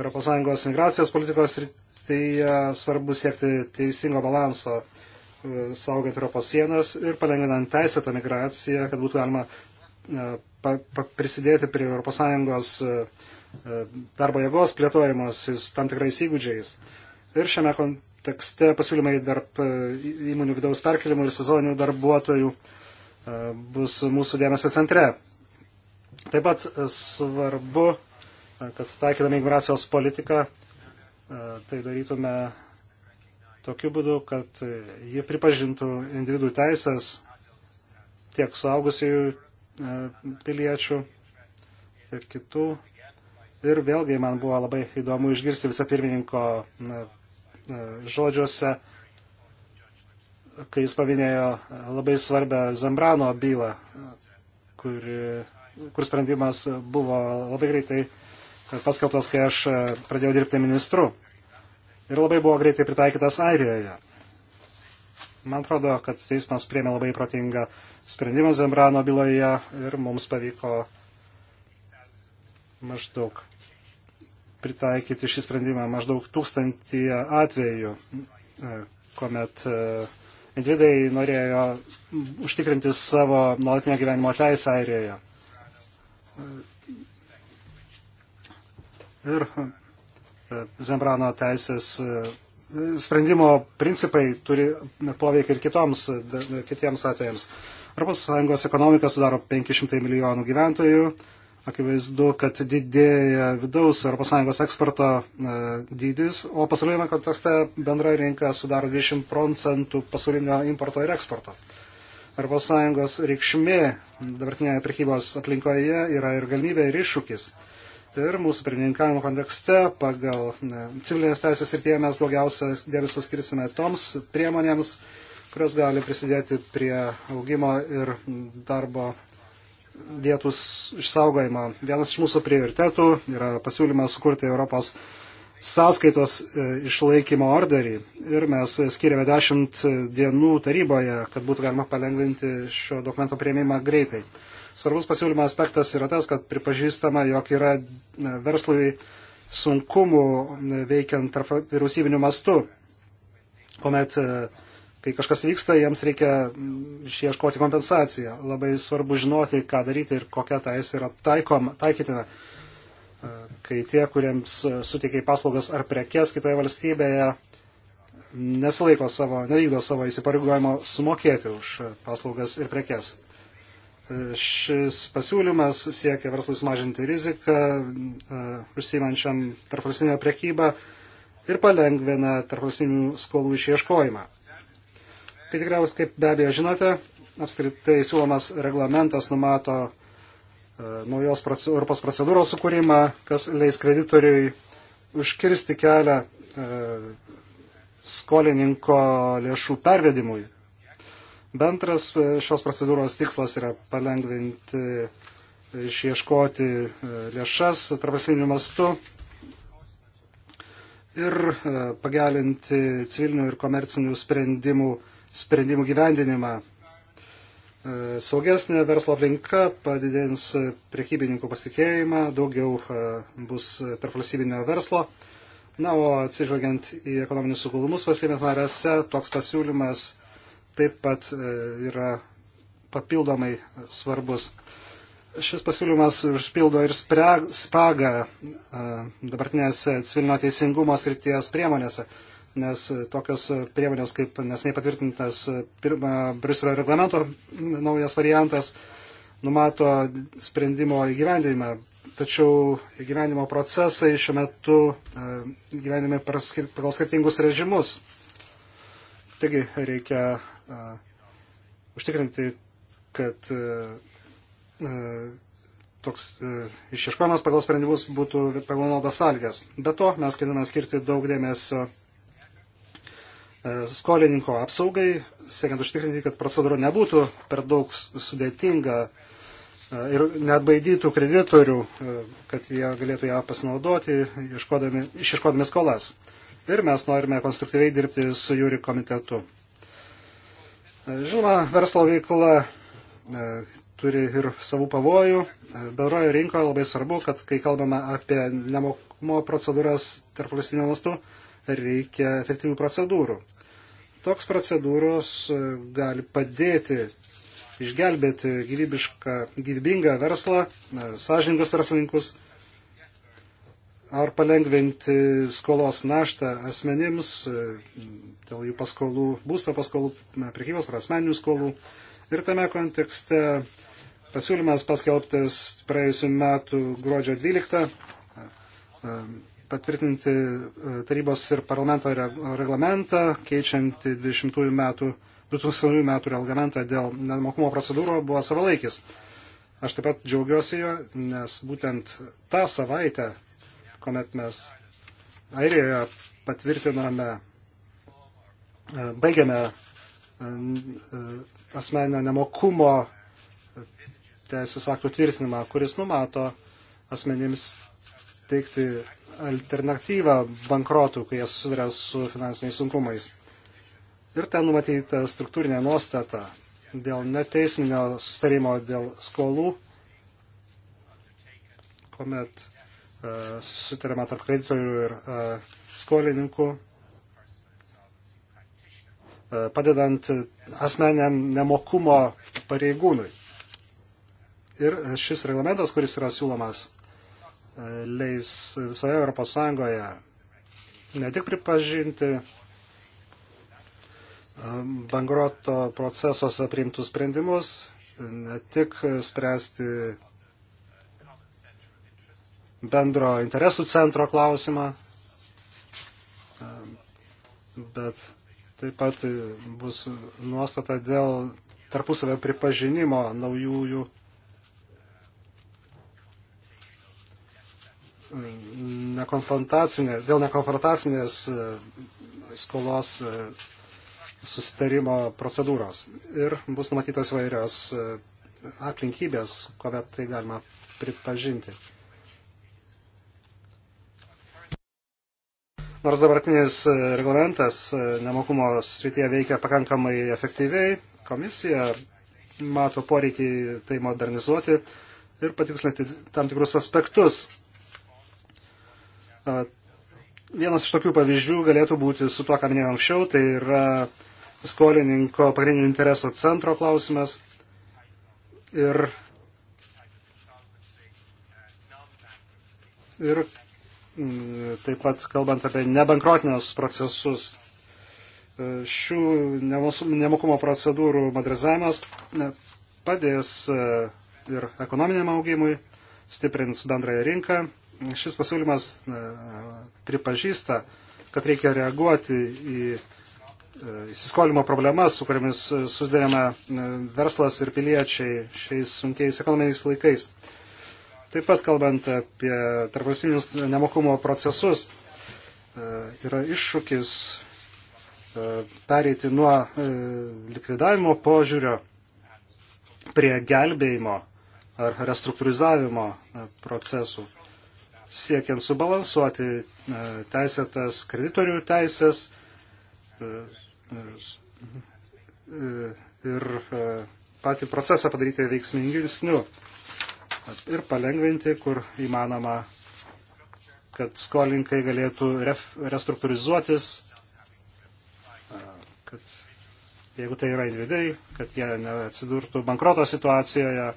ES migracijos politikos rytyje svarbu siekti teisingo balanso E, saugant Europos sienas ir palengvinant teisėtą migraciją, kad būtų galima e, pa, pa, prisidėti prie ES e, darbo jėgos plėtojimos tam tikrais įgūdžiais. Ir šiame kontekste pasiūlymai tarp įmonių vidaus perkelimų ir sezoninių darbuotojų bus mūsų dėmesio centre. Taip pat svarbu, kad taikydami migracijos politiką tai darytume tokiu būdu, kad jie pripažintų individų teisės tiek suaugusiųjų e, piliečių, tiek kitų. Ir vėlgi man buvo labai įdomu išgirsti visą pirmininko e, žodžiuose, kai jis paminėjo labai svarbę Zambrano bylą, kur, kur sprendimas buvo labai greitai paskelbtas, kai aš e, pradėjau dirbti ministru ir labai buvo greitai pritaikytas Airijoje. Man atrodo, kad teismas priemė labai protingą sprendimą Zembrano byloje ir mums pavyko maždaug pritaikyti šį sprendimą maždaug tūkstantį atvejų, e, kuomet e, individai norėjo užtikrinti savo nuolatinio gyvenimo teisę Airijoje. E, ir Zembrano teisės e, sprendimo principai turi poveikį ir kitoms, kitiems atvejams. ES ekonomika sudaro 500 milijonų gyventojų. Akivaizdu, kad didėja vidaus ES eksporto e, dydis, o pasaulyme kontekste bendra rinka sudaro 20 procentų pasaulinio importo ir eksporto. ES reikšmė dabartinėje prekybos aplinkoje yra ir galimybė, ir iššūkis. Ir mūsų pirmininkavimo kontekste pagal civilinės teisės ir tie mes daugiausia dėmesio skirsime toms priemonėms, kurios gali prisidėti prie augimo ir darbo vietus išsaugojimo. Vienas iš mūsų prioritetų yra pasiūlymas sukurti Europos sąskaitos e, išlaikymo orderį ir mes skiriame 10 dienų taryboje, kad būtų galima palengvinti šio dokumento prieimimą greitai. Svarbus pasiūlymo aspektas yra tas, kad pripažįstama, jog yra e, verslui sunkumų e, veikiant vyriausybiniu mastu, kuomet e, kai kažkas vyksta, jiems reikia išieškoti kompensaciją. Labai svarbu žinoti, ką daryti ir kokia teisė yra taikom, taikytina. Kai tie, kuriems suteikiai paslaugas ar prekes kitoje valstybėje, nesilaiko savo, nevykdo savo įsipareigojimo sumokėti už paslaugas ir prekes šis pasiūlymas siekia verslui sumažinti riziką e, užsimančiam tarpvalstybinę priekybą ir palengvina tarpvalstybinių skolų išieškojimą. Tai tikriausiai, kaip be abejo žinote, apskritai siūlomas reglamentas numato e, naujos Europos procedūros sukūrimą, kas leis kreditoriui užkirsti kelią e, skolininko lėšų pervedimui Bendras e, šios procedūros tikslas yra palengvinti e, išieškoti e, lėšas tarpasminių mastų ir pagelinti civilinių ir komercinių sprendimų, sprendimų gyvendinimą. Saugesnė verslo aplinka padidins priekybininkų pasitikėjimą, daugiau bus tarpvalstybinio verslo. Na, o atsižvelgiant į ekonominius sugulumus valstybės narėse, toks pasiūlymas taip pat e, yra papildomai svarbus. Šis pasiūlymas užpildo ir spragą e, dabartinėse civilinio teisingumo srities priemonėse, nes tokios priemonės kaip nesnei patvirtintas e, Briuselio reglamento naujas variantas numato sprendimo įgyvendinimą, tačiau gyvenimo procesai šiuo metu gyvenime pagal skirtingus režimus. Taigi reikia a, užtikrinti, kad a, toks a, išieškojimas pagal sprendimus būtų pagal naudas sąlygas. Be to, mes ketiname skirti daug dėmesio a, skolininko apsaugai, siekiant užtikrinti, kad procedūra nebūtų per daug sudėtinga ir netbaidytų kreditorių, kad jie galėtų ją pasinaudoti, išieškodami skolas. Ir mes norime konstruktyviai dirbti su jūri komitetu. Žinoma, verslo veikla e, turi ir savų pavojų. E, Bendrojo rinkoje labai svarbu, kad kai kalbame apie nemokumo procedūras tarp valstybinio mastu, reikia efektyvių procedūrų. Toks procedūros e, gali padėti išgelbėti gyvybišką, gyvybingą verslą, sąžininkus verslininkus ar palengventi skolos naštą asmenims, dėl jų paskolų, būsto paskolų, prekybos ar asmeninių skolų. Ir tame kontekste pasiūlymas paskelbtas praėjusiu metu gruodžio 12 patvirtinti tarybos ir parlamento reglamentą, keičianti 2000 metų, 2000 metų reglamentą dėl nemokumo procedūrų, buvo savalaikis. Aš taip pat džiaugiuosi jo, nes būtent tą savaitę, kuomet mes Airijoje patvirtinome Baigiame e, e, asmeninio nemokumo teisės aktų tvirtinimą, kuris numato asmenims teikti alternatyvą bankrotų, kai jie susiduria su finansiniais sunkumais. Ir ten numatyta struktūrinė nuostata dėl neteisminio sustarimo dėl skolų, kuomet uh, e, susitarima tarp kreditorių ir uh, skolininkų padedant asmeniam nemokumo pareigūnui. Ir šis reglamentas, kuris yra siūlomas, e, leis visoje Europos Sąjungoje ne tik pripažinti e, bankroto procesuose priimtus sprendimus, ne tik spręsti bendro interesų centro klausimą, e, bet Taip pat bus nuostata dėl tarpusavio pripažinimo naujųjų e, nekonfrontacinė, dėl nekonfrontacinės e, skolos e, susitarimo procedūros. Ir bus numatytos vairios aplinkybės, kuomet tai galima pripažinti. Nors dabartinis e, reglamentas e, nemokumo srityje veikia pakankamai efektyviai, komisija mato poreikį tai modernizuoti ir patikslinti tam tikrus aspektus. E, vienas iš tokių pavyzdžių galėtų būti su tuo, ką minėjau anksčiau, tai yra skolininko pagrindinio intereso centro klausimas ir, ir taip pat kalbant apie nebankrotinius procesus. E, šių nemokumo procedūrų modernizavimas e, padės e, ir ekonominiam augimui, stiprins bendrąją rinką. Šis pasiūlymas pripažįsta, kad reikia reaguoti į įsiskolimo problemas, su kuriamis sudarėme verslas ir piliečiai šiais sunkiais ekonominiais laikais. Taip pat kalbant apie tarpvalstybinius nemokumo procesus, e, yra iššūkis e, pereiti nuo e, likvidavimo požiūrio prie gelbėjimo ar restruktūrizavimo procesų, siekiant subalansuoti teisėtas kreditorių teisės ir patį procesą padaryti veiksmingesniu ir palengventi, kur įmanoma, kad skolinkai galėtų restruktūrizuotis, kad jeigu tai yra individai, kad jie neatsidurtų bankroto situacijoje,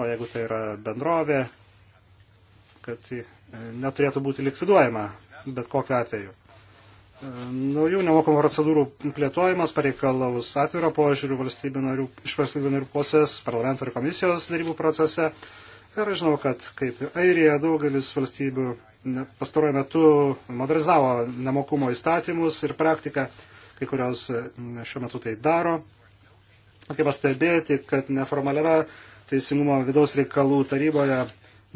o jeigu tai yra bendrovė, kad e, neturėtų būti likviduojama bet kokiu atveju. E, naujų nemokamų procedūrų plėtojimas pareikalaus atviro požiūrių valstybių narių, iš valstybių narių pusės, parlamento ir komisijos darybų procese. Ir žinau, kad kaip Airija daugelis valstybių pastaruoju metu modernizavo nemokumo įstatymus ir praktiką, kai kurios mm, šiuo metu tai daro. Kaip pastebėti, kad neformaliame Teisingumo vidaus reikalų taryboje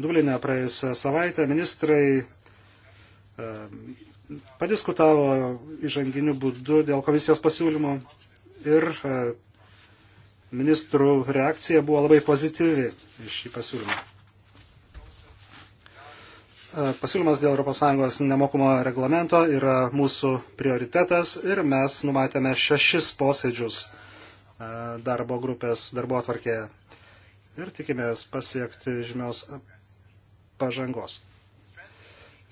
Dublinė praėjusią savaitę ministrai padiskutavo įžanginiu būdu dėl komisijos pasiūlymų ir e, ministrų reakcija buvo labai pozityvi iš šį pasiūlymą. E, pasiūlymas dėl ES nemokumo reglamento yra mūsų prioritetas ir mes numatėme šešis posėdžius e, darbo grupės darbo atvarkėje ir tikimės pasiekti žymios pažangos.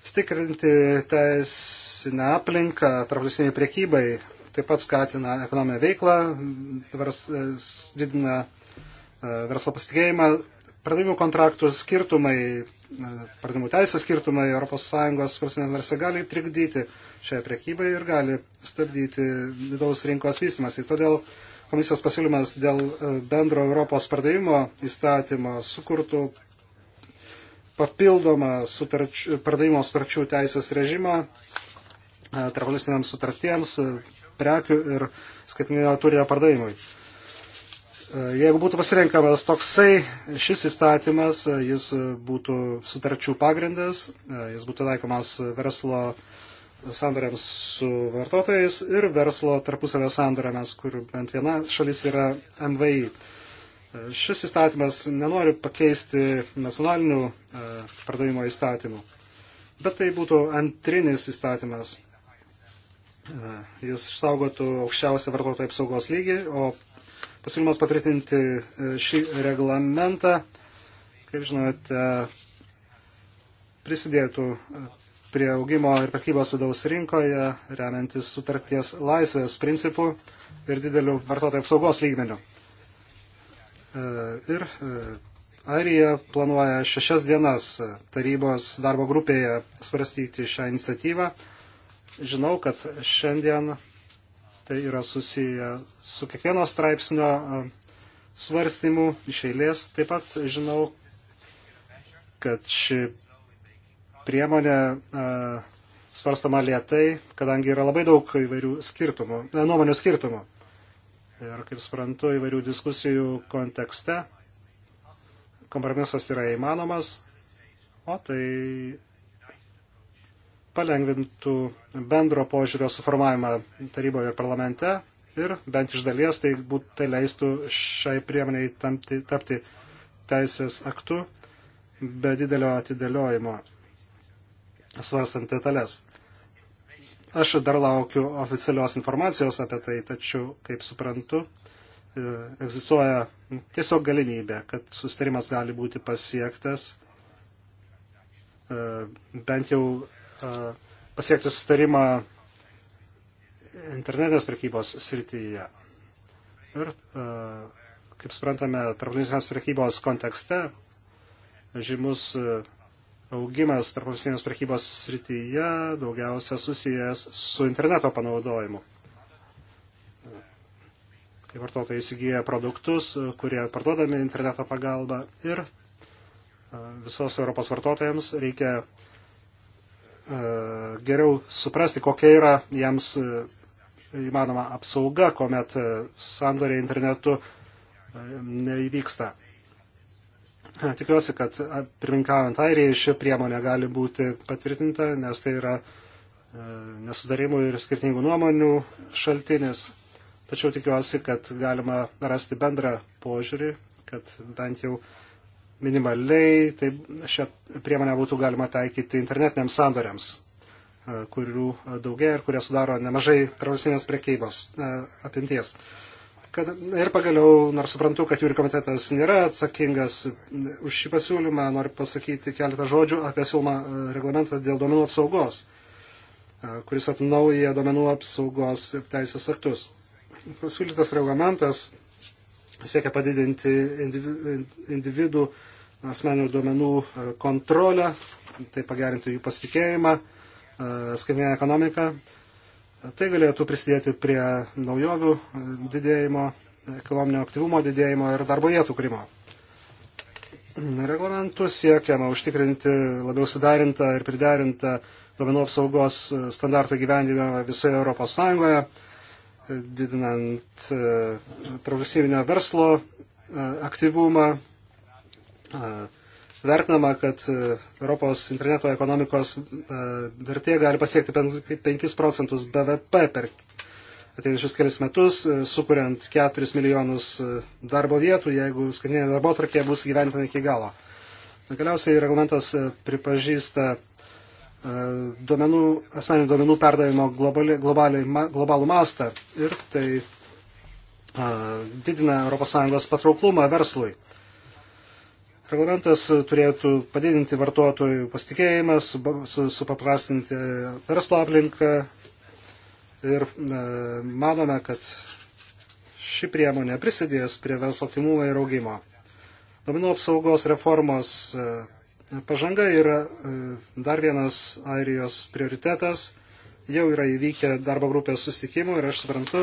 Stikrinti teisinę aplinką tarptautinėje priekybai taip pat skatina ekonominę veiklą, vers, e, didina e, verslo pasitikėjimą. Pardavimų kontraktų skirtumai, e, pardavimų teisės skirtumai ES valstybės narse gali trikdyti šią priekybą ir gali stabdyti vidaus rinkos vystimasi. Todėl komisijos pasiūlymas dėl bendro Europos pardavimo įstatymo sukurtų papildomą sutarč, pardavimo sutarčių teisės režimą tarpvalstybėms sutartiems, prekių ir skaitminio turinio pardavimui. E, jeigu būtų pasirenkamas toksai šis įstatymas, e, jis būtų sutarčių pagrindas, e, jis būtų taikomas verslo sandoriams su vartotojais ir verslo tarpusavio sandoriams, kur bent viena šalis yra MVI. Šis įstatymas nenori pakeisti nacionalinių pardavimo įstatymų, bet tai būtų antrinis įstatymas. E, jis išsaugotų aukščiausią vartotojų apsaugos lygį, o pasiūlymas patvirtinti e, šį reglamentą, kaip žinote, prisidėtų e, prie augimo ir prekybos vidaus rinkoje, remiantis sutarties laisvės principų ir didelių vartotojų apsaugos lygmenių. Ir Airija planuoja šešias dienas tarybos darbo grupėje svarstyti šią iniciatyvą Žinau, kad šiandien tai yra susiję su kiekvieno straipsnio e, svarstymų iš eilės. Taip pat žinau, kad ši priemonė e, svarstama lietai, kadangi yra labai daug įvairių skirtumų, e, nuomonių skirtumų. Ir kaip suprantu, įvairių diskusijų kontekste kompromisas yra įmanomas, o tai palengvintų bendro požiūrio suformavimą taryboje ir parlamente ir bent iš dalies tai, būt, tai leistų šiai priemoniai tamti, tapti teisės aktu be didelio atidėliojimo, svarstant detalės. Aš dar laukiu oficialios informacijos apie tai, tačiau, kaip suprantu, e, egzistuoja tiesiog galimybė, kad sustarimas gali būti pasiektas e, bent jau E, pasiekti sustarimą internetinės prekybos srityje. Ir, e, kaip suprantame, tarptautinės prekybos kontekste žymus e, augimas tarptautinės prekybos srityje daugiausia susijęs su interneto panaudojimu. Kai vartotojai įsigyja produktus, kurie parduodami interneto pagalba ir visos Europos vartotojams reikia uh, E, geriau suprasti, kokia yra jiems e, įmanoma apsauga, kuomet e, sandoriai internetu neįvyksta. Tikiuosi, kad pirminkaujant Airijai ši priemonė gali būti patvirtinta, nes tai yra nesudarimų ir skirtingų nuomonių šaltinis. Tačiau tikiuosi, kad galima rasti bendrą požiūrį, kad bent jau uh, minimaliai tai šią priemonę būtų galima taikyti internetiniams sandoriams, e, kurių daugia ir kurie sudaro nemažai tarptautinės prekybos e, apimties. Kad, ir pagaliau, nors suprantu, kad jūrių komitetas nėra atsakingas už šį pasiūlymą, noriu pasakyti keletą žodžių apie siūlomą e, reglamentą dėl duomenų apsaugos, kuris atnauja duomenų apsaugos teisės aktus. Pasiūlytas reglamentas siekia padidinti individų asmeninių duomenų e, kontrolę, tai pagerinti jų pasitikėjimą, e, skaitmeninę ekonomiką. Tai galėtų prisidėti prie naujovių e, didėjimo, ekonominio aktyvumo didėjimo ir darbo vietų kūrimo. Reglamentu siekiama užtikrinti labiau sudarintą ir priderintą duomenų apsaugos standartų gyvenimą visoje Europos Sąjungoje didinant e, progresyvinio verslo e, aktyvumą. E, vertinama, kad Europos interneto ekonomikos vertė gali pasiekti 5 procentus BVP per ateinančius kelias metus, sukuriant 4 milijonus darbo vietų, jeigu skaitmeninė darbo tvarkė bus gyventina iki galo. Galiausiai reglamentas pripažįsta E, duomenų, asmeninių duomenų perdavimo globali, globali, globalų mastą ir tai e, didina ES patrauklumą verslui. Reglamentas turėtų padidinti vartotojų pasitikėjimą, supaprastinti su, su verslo aplinką ir e, manome, kad ši priemonė prisidės prie verslo aktyvumo ir augimo. Domino apsaugos reformos e, Pažanga yra e, dar vienas Airijos prioritetas. Jau yra įvykę darbo grupės sustikimų ir aš suprantu,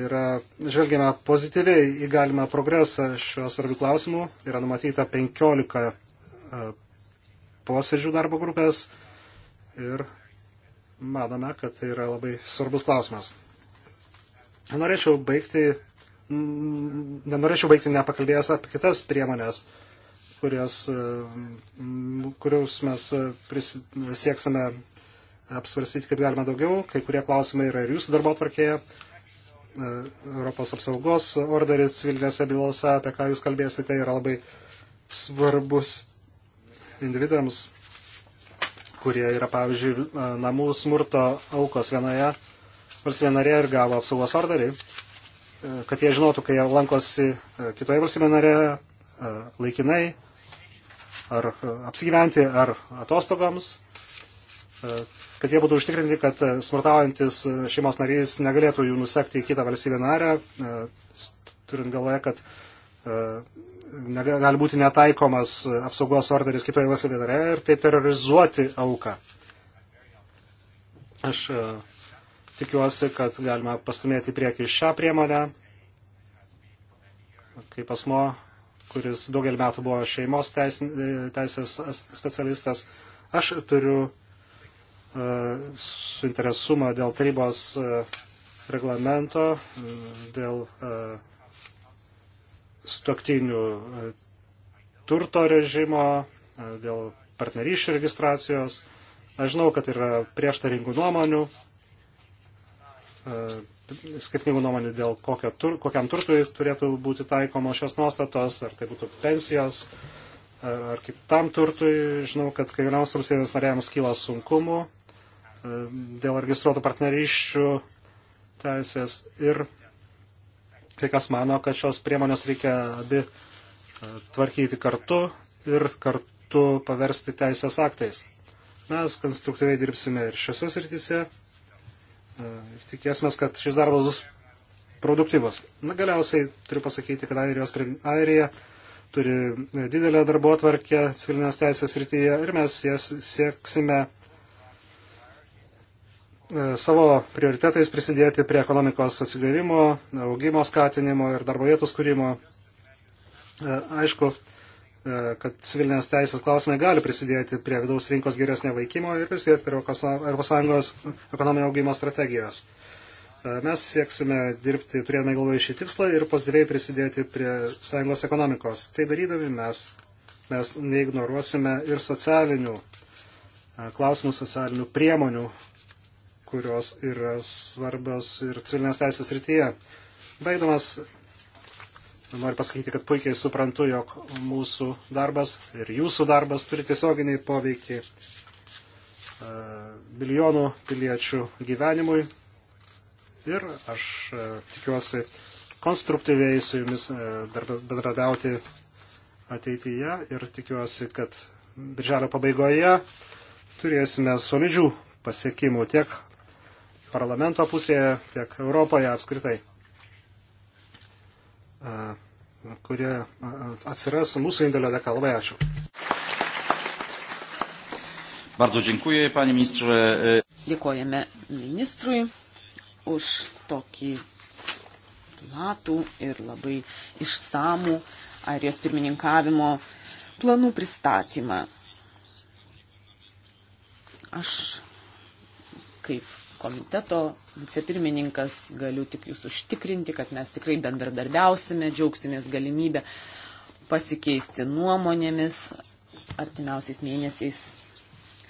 yra žvelgiame pozityviai į galimą progresą šiuo svarbiu klausimu. Yra numatyta 15 e, posėdžių darbo grupės ir manome, kad tai yra labai svarbus klausimas. Norėčiau baigti, nenorėčiau baigti nepakalbėjęs apie kitas priemonės kurias, e, kurios mes e, sieksime apsvarstyti kaip galima daugiau. Kai kurie klausimai yra ir jūsų darbo atvarkėje. E, Europos apsaugos orderis civilinėse bylose, apie ką jūs kalbėsite, yra labai svarbus individams, kurie yra, pavyzdžiui, namų smurto aukos vienoje valstybėje narėje ir gavo apsaugos orderį, kad jie žinotų, kai jie lankosi kitoje valstybėje narėje laikinai, ar e, apsigyventi, ar atostogams, e, kad jie būtų užtikrinti, kad e, smurtaujantis šeimos narys negalėtų jų nusekti į kitą valstybę narę, turint galvoje, kad gali būti netaikomas apsaugos orderis kitoje valstybėje narėje ir tai terrorizuoti auką. Aš tikiuosi, kad galima pastumėti prieki šią priemonę, kaip asmo kuris daugelį metų buvo šeimos teis, teisės specialistas. Aš turiu uh, suinteresumą dėl tarybos uh, reglamento, e, dėl uh, stoktinių turto režimo, dėl partnerysčių registracijos. Aš žinau, kad yra prieštaringų nuomonių skirtingų nuomonių dėl kokio tur, kokiam turtui turėtų būti taikomos šios nuostatos, ar tai būtų pensijos, ar, ar kitam turtui. Žinau, kad kai vienams valstybės narėjams kyla sunkumų e, dėl registruotų partnerysčių teisės ir kai kas mano, kad šios priemonės reikia abi e, tvarkyti kartu ir kartu paversti teisės aktais. Mes konstruktyviai dirbsime ir šiose srityse, E, ir tikėsime, kad šis darbas bus produktyvus. Na, galiausiai turiu pasakyti, kad Airijos, Airija turi e, didelę darbo atvarkę civilinės teisės rytyje ir mes jas sieksime e, savo prioritetais prisidėti prie ekonomikos atsigavimo, augimo skatinimo ir darbo vietų skūrimo. Aišku, E, kad civilinės teisės klausimai gali prisidėti prie vidaus rinkos geresnė vaikymo ir prisidėti prie ES ekonominio augimo strategijos. E, mes sieksime dirbti, turėdami galvoje šį tikslą ir pozityviai prisidėti prie sąjungos ekonomikos. Tai darydami mes, mes neignoruosime ir socialinių e, klausimų, socialinių priemonių, kurios yra svarbios ir civilinės teisės rytyje. Baigdamas Noriu pasakyti, kad puikiai suprantu, jog mūsų darbas ir jūsų darbas turi tiesioginį poveikį e, milijonų piliečių gyvenimui. Ir aš e, tikiuosi konstruktyviai su jumis e, bendradarbiauti ateityje ir tikiuosi, kad birželio pabaigoje turėsime solidžių pasiekimų tiek parlamento pusėje, tiek Europoje apskritai kurie atsiras mūsų indėlio dėka. Labai ačiū. Bardzo dziękuję, panie ministrze. Dėkojame ministrui už tokį platų ir labai išsamų Airijos pirmininkavimo planų pristatymą. Aš kaip komiteto vicepirmininkas, galiu tik jūs užtikrinti, kad mes tikrai bendradarbiausime, džiaugsimės galimybę pasikeisti nuomonėmis artimiausiais mėnesiais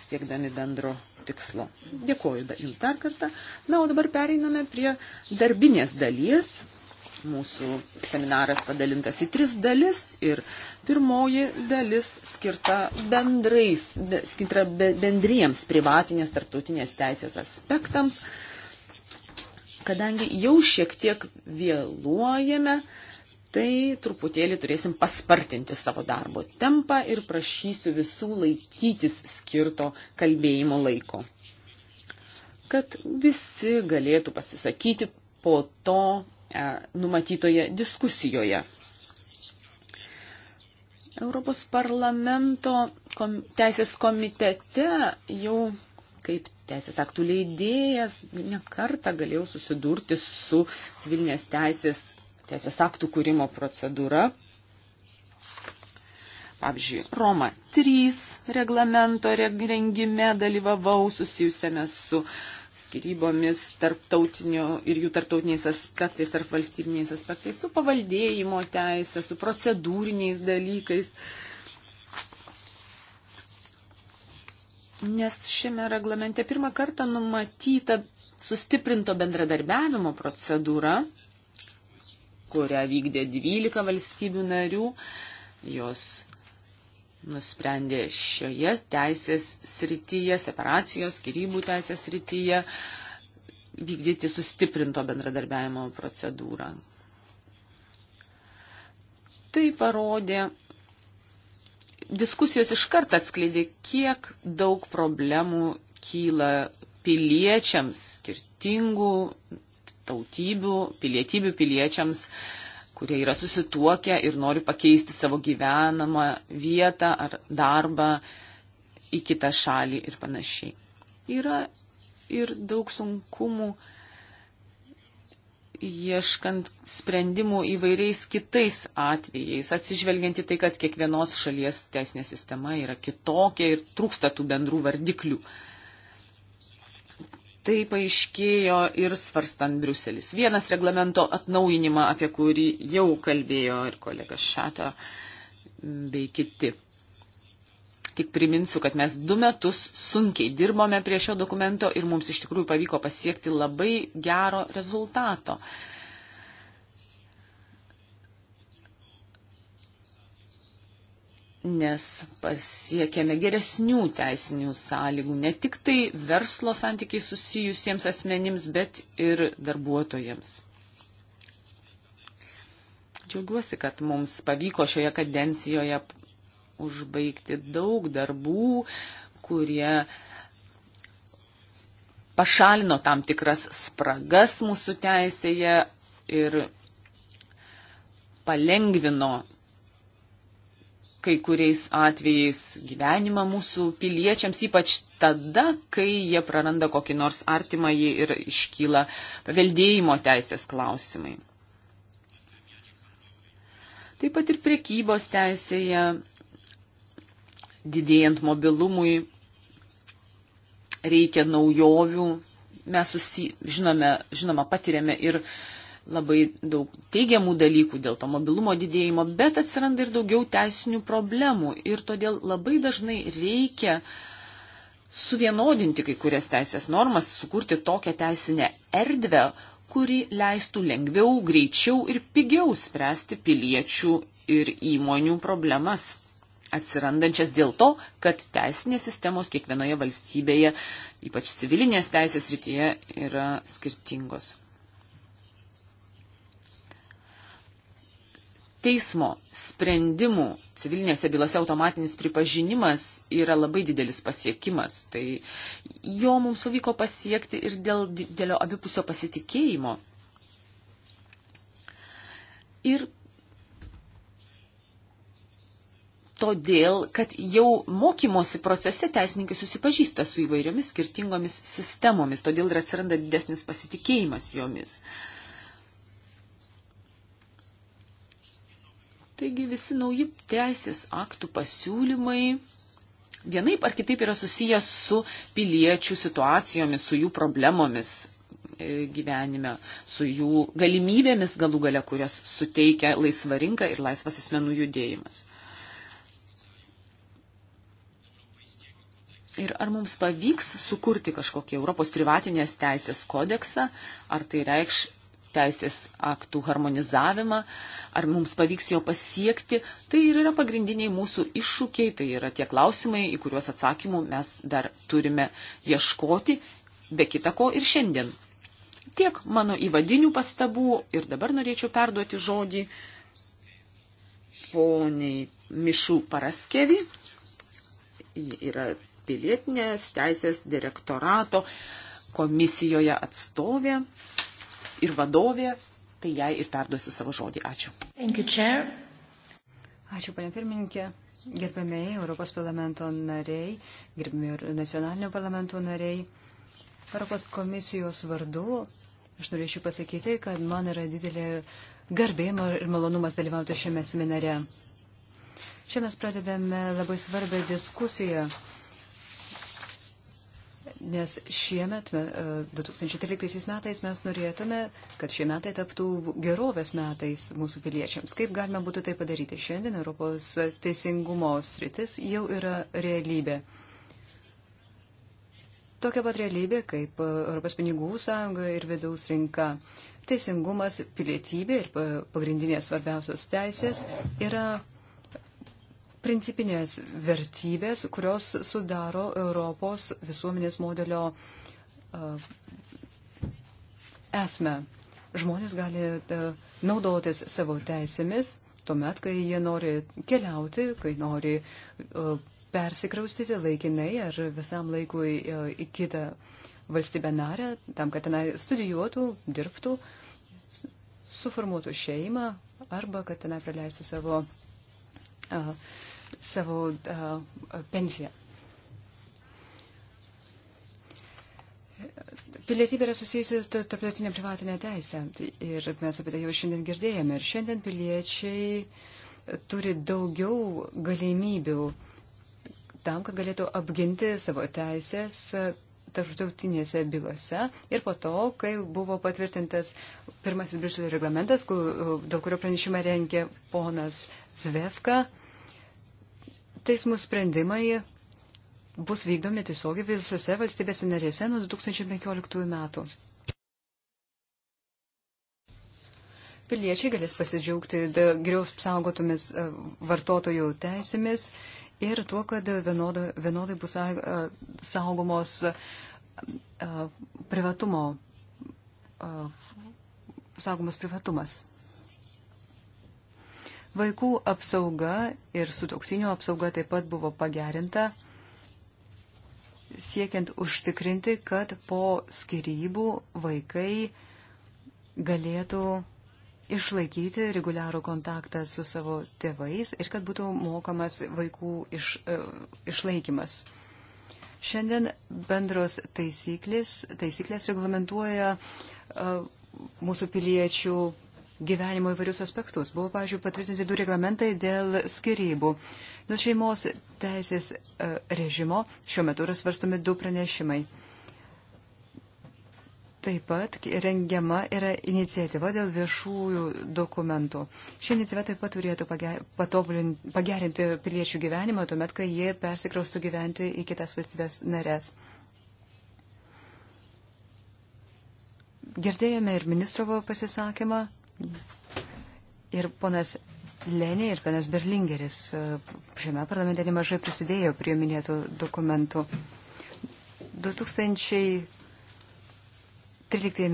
siekdami bendro tikslo. Dėkuoju Jums dar kartą. Na, o dabar pereiname prie darbinės dalies. Mūsų seminaras padalintas į tris dalis ir pirmoji dalis skirta bendrais, skirta bendriems privatinės tarptautinės teisės aspektams kadangi jau šiek tiek vėluojame, tai truputėlį turėsim paspartinti savo darbo tempą ir prašysiu visų laikytis skirto kalbėjimo laiko. Kad visi galėtų pasisakyti po to e, numatytoje diskusijoje. Europos parlamento kom, teisės komitete jau kaip teisės aktų leidėjas nekartą galėjau susidurti su civilinės teisės, teisės aktų kūrimo procedūra. Pavyzdžiui, Roma 3 reglamento rengime dalyvavau susijusiame su skyrybomis ir jų tarptautiniais aspektais, tarp valstybiniais aspektais, su pavaldėjimo teisė, su procedūriniais dalykais. Uh, nes šiame reglamente pirmą kartą numatyta sustiprinto bendradarbiavimo procedūra, kurią vykdė 12 valstybių narių. Jos nusprendė šioje teisės srityje, separacijos, skirybų teisės srityje vykdyti sustiprinto bendradarbiavimo procedūrą. Tai parodė diskusijos iš karto atskleidė, kiek daug problemų kyla piliečiams, skirtingų tautybių, pilietybių piliečiams, kurie yra susituokę ir nori pakeisti savo gyvenamą vietą ar darbą į kitą šalį ir panašiai. Yra ir daug sunkumų uh, ieškant sprendimų įvairiais kitais atvejais, atsižvelgiant į tai, kad kiekvienos šalies teisinė sistema yra kitokia ir trūksta tų bendrų vardiklių. Tai paaiškėjo ir svarstant Briuselis. Vienas reglamento atnaujinimą, apie kurį jau kalbėjo ir kolega Šata bei kiti. Tik priminsiu, kad mes du metus sunkiai dirbome prie šio dokumento ir mums iš tikrųjų pavyko pasiekti labai gero rezultato. Nes pasiekėme geresnių teisinių sąlygų ne tik tai verslo santykiai susijusiems asmenims, bet ir darbuotojams džiaugiuosi, kad mums pavyko šioje kadencijoje užbaigti daug darbų, kurie pašalino tam tikras spragas mūsų teisėje ir palengvino kai kuriais atvejais gyvenimą mūsų piliečiams, ypač tada, kai jie praranda kokį nors artimąjį ir iškyla paveldėjimo teisės klausimai. Taip pat ir priekybos teisėje didėjant mobilumui reikia naujovių. Mes susi, žinome, žinoma, patiriame ir labai daug teigiamų dalykų dėl to mobilumo didėjimo, bet atsiranda ir daugiau teisinių problemų ir todėl labai dažnai reikia suvienodinti kai kurias teisės normas, sukurti tokią teisinę erdvę, kuri leistų lengviau, greičiau ir pigiau spręsti piliečių ir įmonių problemas atsirandančias dėl to, kad teisinės sistemos kiekvienoje valstybėje, ypač civilinės teisės rytyje, yra skirtingos. Teismo sprendimų civilinėse bylose automatinis pripažinimas yra labai didelis pasiekimas. Tai jo mums pavyko pasiekti ir dėl didelio abipusio pasitikėjimo. Ir todėl, kad jau mokymosi procese teisininkai susipažįsta su įvairiomis skirtingomis sistemomis, todėl ir atsiranda didesnis pasitikėjimas jomis. Taigi visi nauji teisės aktų pasiūlymai vienaip ar kitaip yra susijęs su piliečių situacijomis, su jų problemomis e, gyvenime, su jų galimybėmis galų gale, kurias suteikia laisva rinka ir laisvas asmenų judėjimas. Ir ar mums pavyks sukurti kažkokį Europos privatinės teisės kodeksą, ar tai reikš teisės aktų harmonizavimą, ar mums pavyks jo pasiekti, tai ir yra pagrindiniai mūsų iššūkiai, tai yra tie klausimai, į kuriuos atsakymų mes dar turime ieškoti, be kita ko ir šiandien. Tiek mano įvadinių pastabų ir dabar norėčiau perduoti žodį poniai Mišų Paraskevi. Ji yra pilietinės teisės direktorato komisijoje atstovė ir vadovė, tai jai ir perduosiu savo žodį. Ačiū. Thank you, chair. Ačiū, panė pirmininkė. Gerbėmiai Europos parlamento nariai, gerbėmiai nacionalinio parlamento nariai, Europos komisijos vardu, aš norėčiau pasakyti, kad man yra didelė garbė ir malonumas dalyvauti šiame seminare. Čia mes pradedame labai svarbę diskusiją nes šiemet, 2013 e, metais, mes norėtume, kad šie metai taptų gerovės metais mūsų piliečiams. Kaip galima būtų tai padaryti? Šiandien Europos teisingumo sritis jau yra realybė. Tokia pat realybė kaip Europos pinigų sąjunga ir vidaus rinka. Teisingumas, pilietybė ir pagrindinės svarbiausios teisės yra principinės vertybės, kurios sudaro Europos visuomenės modelio e, esmę. Žmonės gali e, naudotis savo teisėmis tuomet, kai jie nori keliauti, kai nori e, persikraustyti laikinai ar visam laikui į kitą valstybę narę, tam, kad tenai studijuotų, dirbtų, suformuotų šeimą arba kad tenai praleistų savo uh, savo pensiją. Pilietybė yra susijusi su tarptautinė privatinė teisė tai ir mes apie tai jau šiandien girdėjome. Ir šiandien piliečiai turi daugiau galimybių tam, kad galėtų apginti savo teisės tarptautinėse bylose. Ir po to, kai buvo patvirtintas pirmasis Briuselio reglamentas, dėl kurio pranešimą rengė ponas Zvevka, teismų sprendimai bus vykdomi tiesiogiai visose valstybėse narėse nuo 2015 metų. Piliečiai galės pasidžiaugti geriau apsaugotomis e, vartotojų teisėmis ir tuo, kad vienodai, vienodai bus saugomos privatumo, saugomas privatumas. Vaikų apsauga ir sutoktinio apsauga taip pat buvo pagerinta, siekiant užtikrinti, kad po skirybų vaikai galėtų išlaikyti reguliarų kontaktą su savo tėvais ir kad būtų mokamas vaikų iš, e, išlaikimas. Šiandien bendros taisyklės, taisyklės reglamentuoja uh, mūsų piliečių gyvenimo įvairius aspektus. Buvo, pavyzdžiui, patvirtinti du reglamentai dėl skirybų. Dėl šeimos teisės e, režimo šiuo metu yra svarstomi du pranešimai. Taip pat rengiama yra iniciatyva dėl viešųjų dokumentų. Ši iniciatyva taip pat turėtų pagerinti piliečių gyvenimą, tuomet, kai jie persikraustų gyventi į kitas valstybės narės. Girdėjome ir ministrovo pasisakymą, Ir ponas Lenė ir ponas Berlingeris e, šiame parlamente nemažai prisidėjo prie minėtų dokumentų. 2013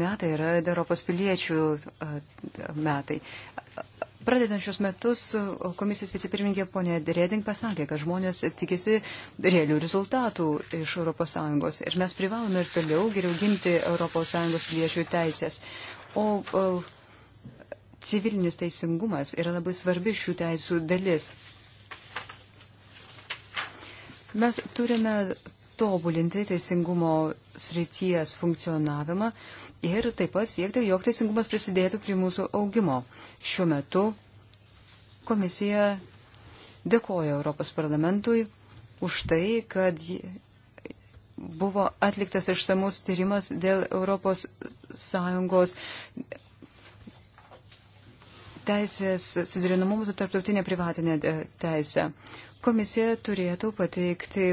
metai yra Europos piliečių e, metai. Pradedant šios metus, komisijos vicepirmininkė ponė Reding pasakė, kad žmonės tikisi realių rezultatų iš ES ir mes privalome ir toliau geriau ginti ES piliečių teisės. O, o e, civilinis teisingumas yra labai svarbi šių teisų dalis. Mes turime tobulinti teisingumo srities funkcionavimą ir taip pat siekti, jog teisingumas prisidėtų prie mūsų augimo. Šiuo metu komisija dėkoja Europos parlamentui už tai, kad buvo atliktas išsamus tyrimas dėl Europos Sąjungos teisės suzirinamumų tarptautinė privatinė e, teisė. Komisija turėtų pateikti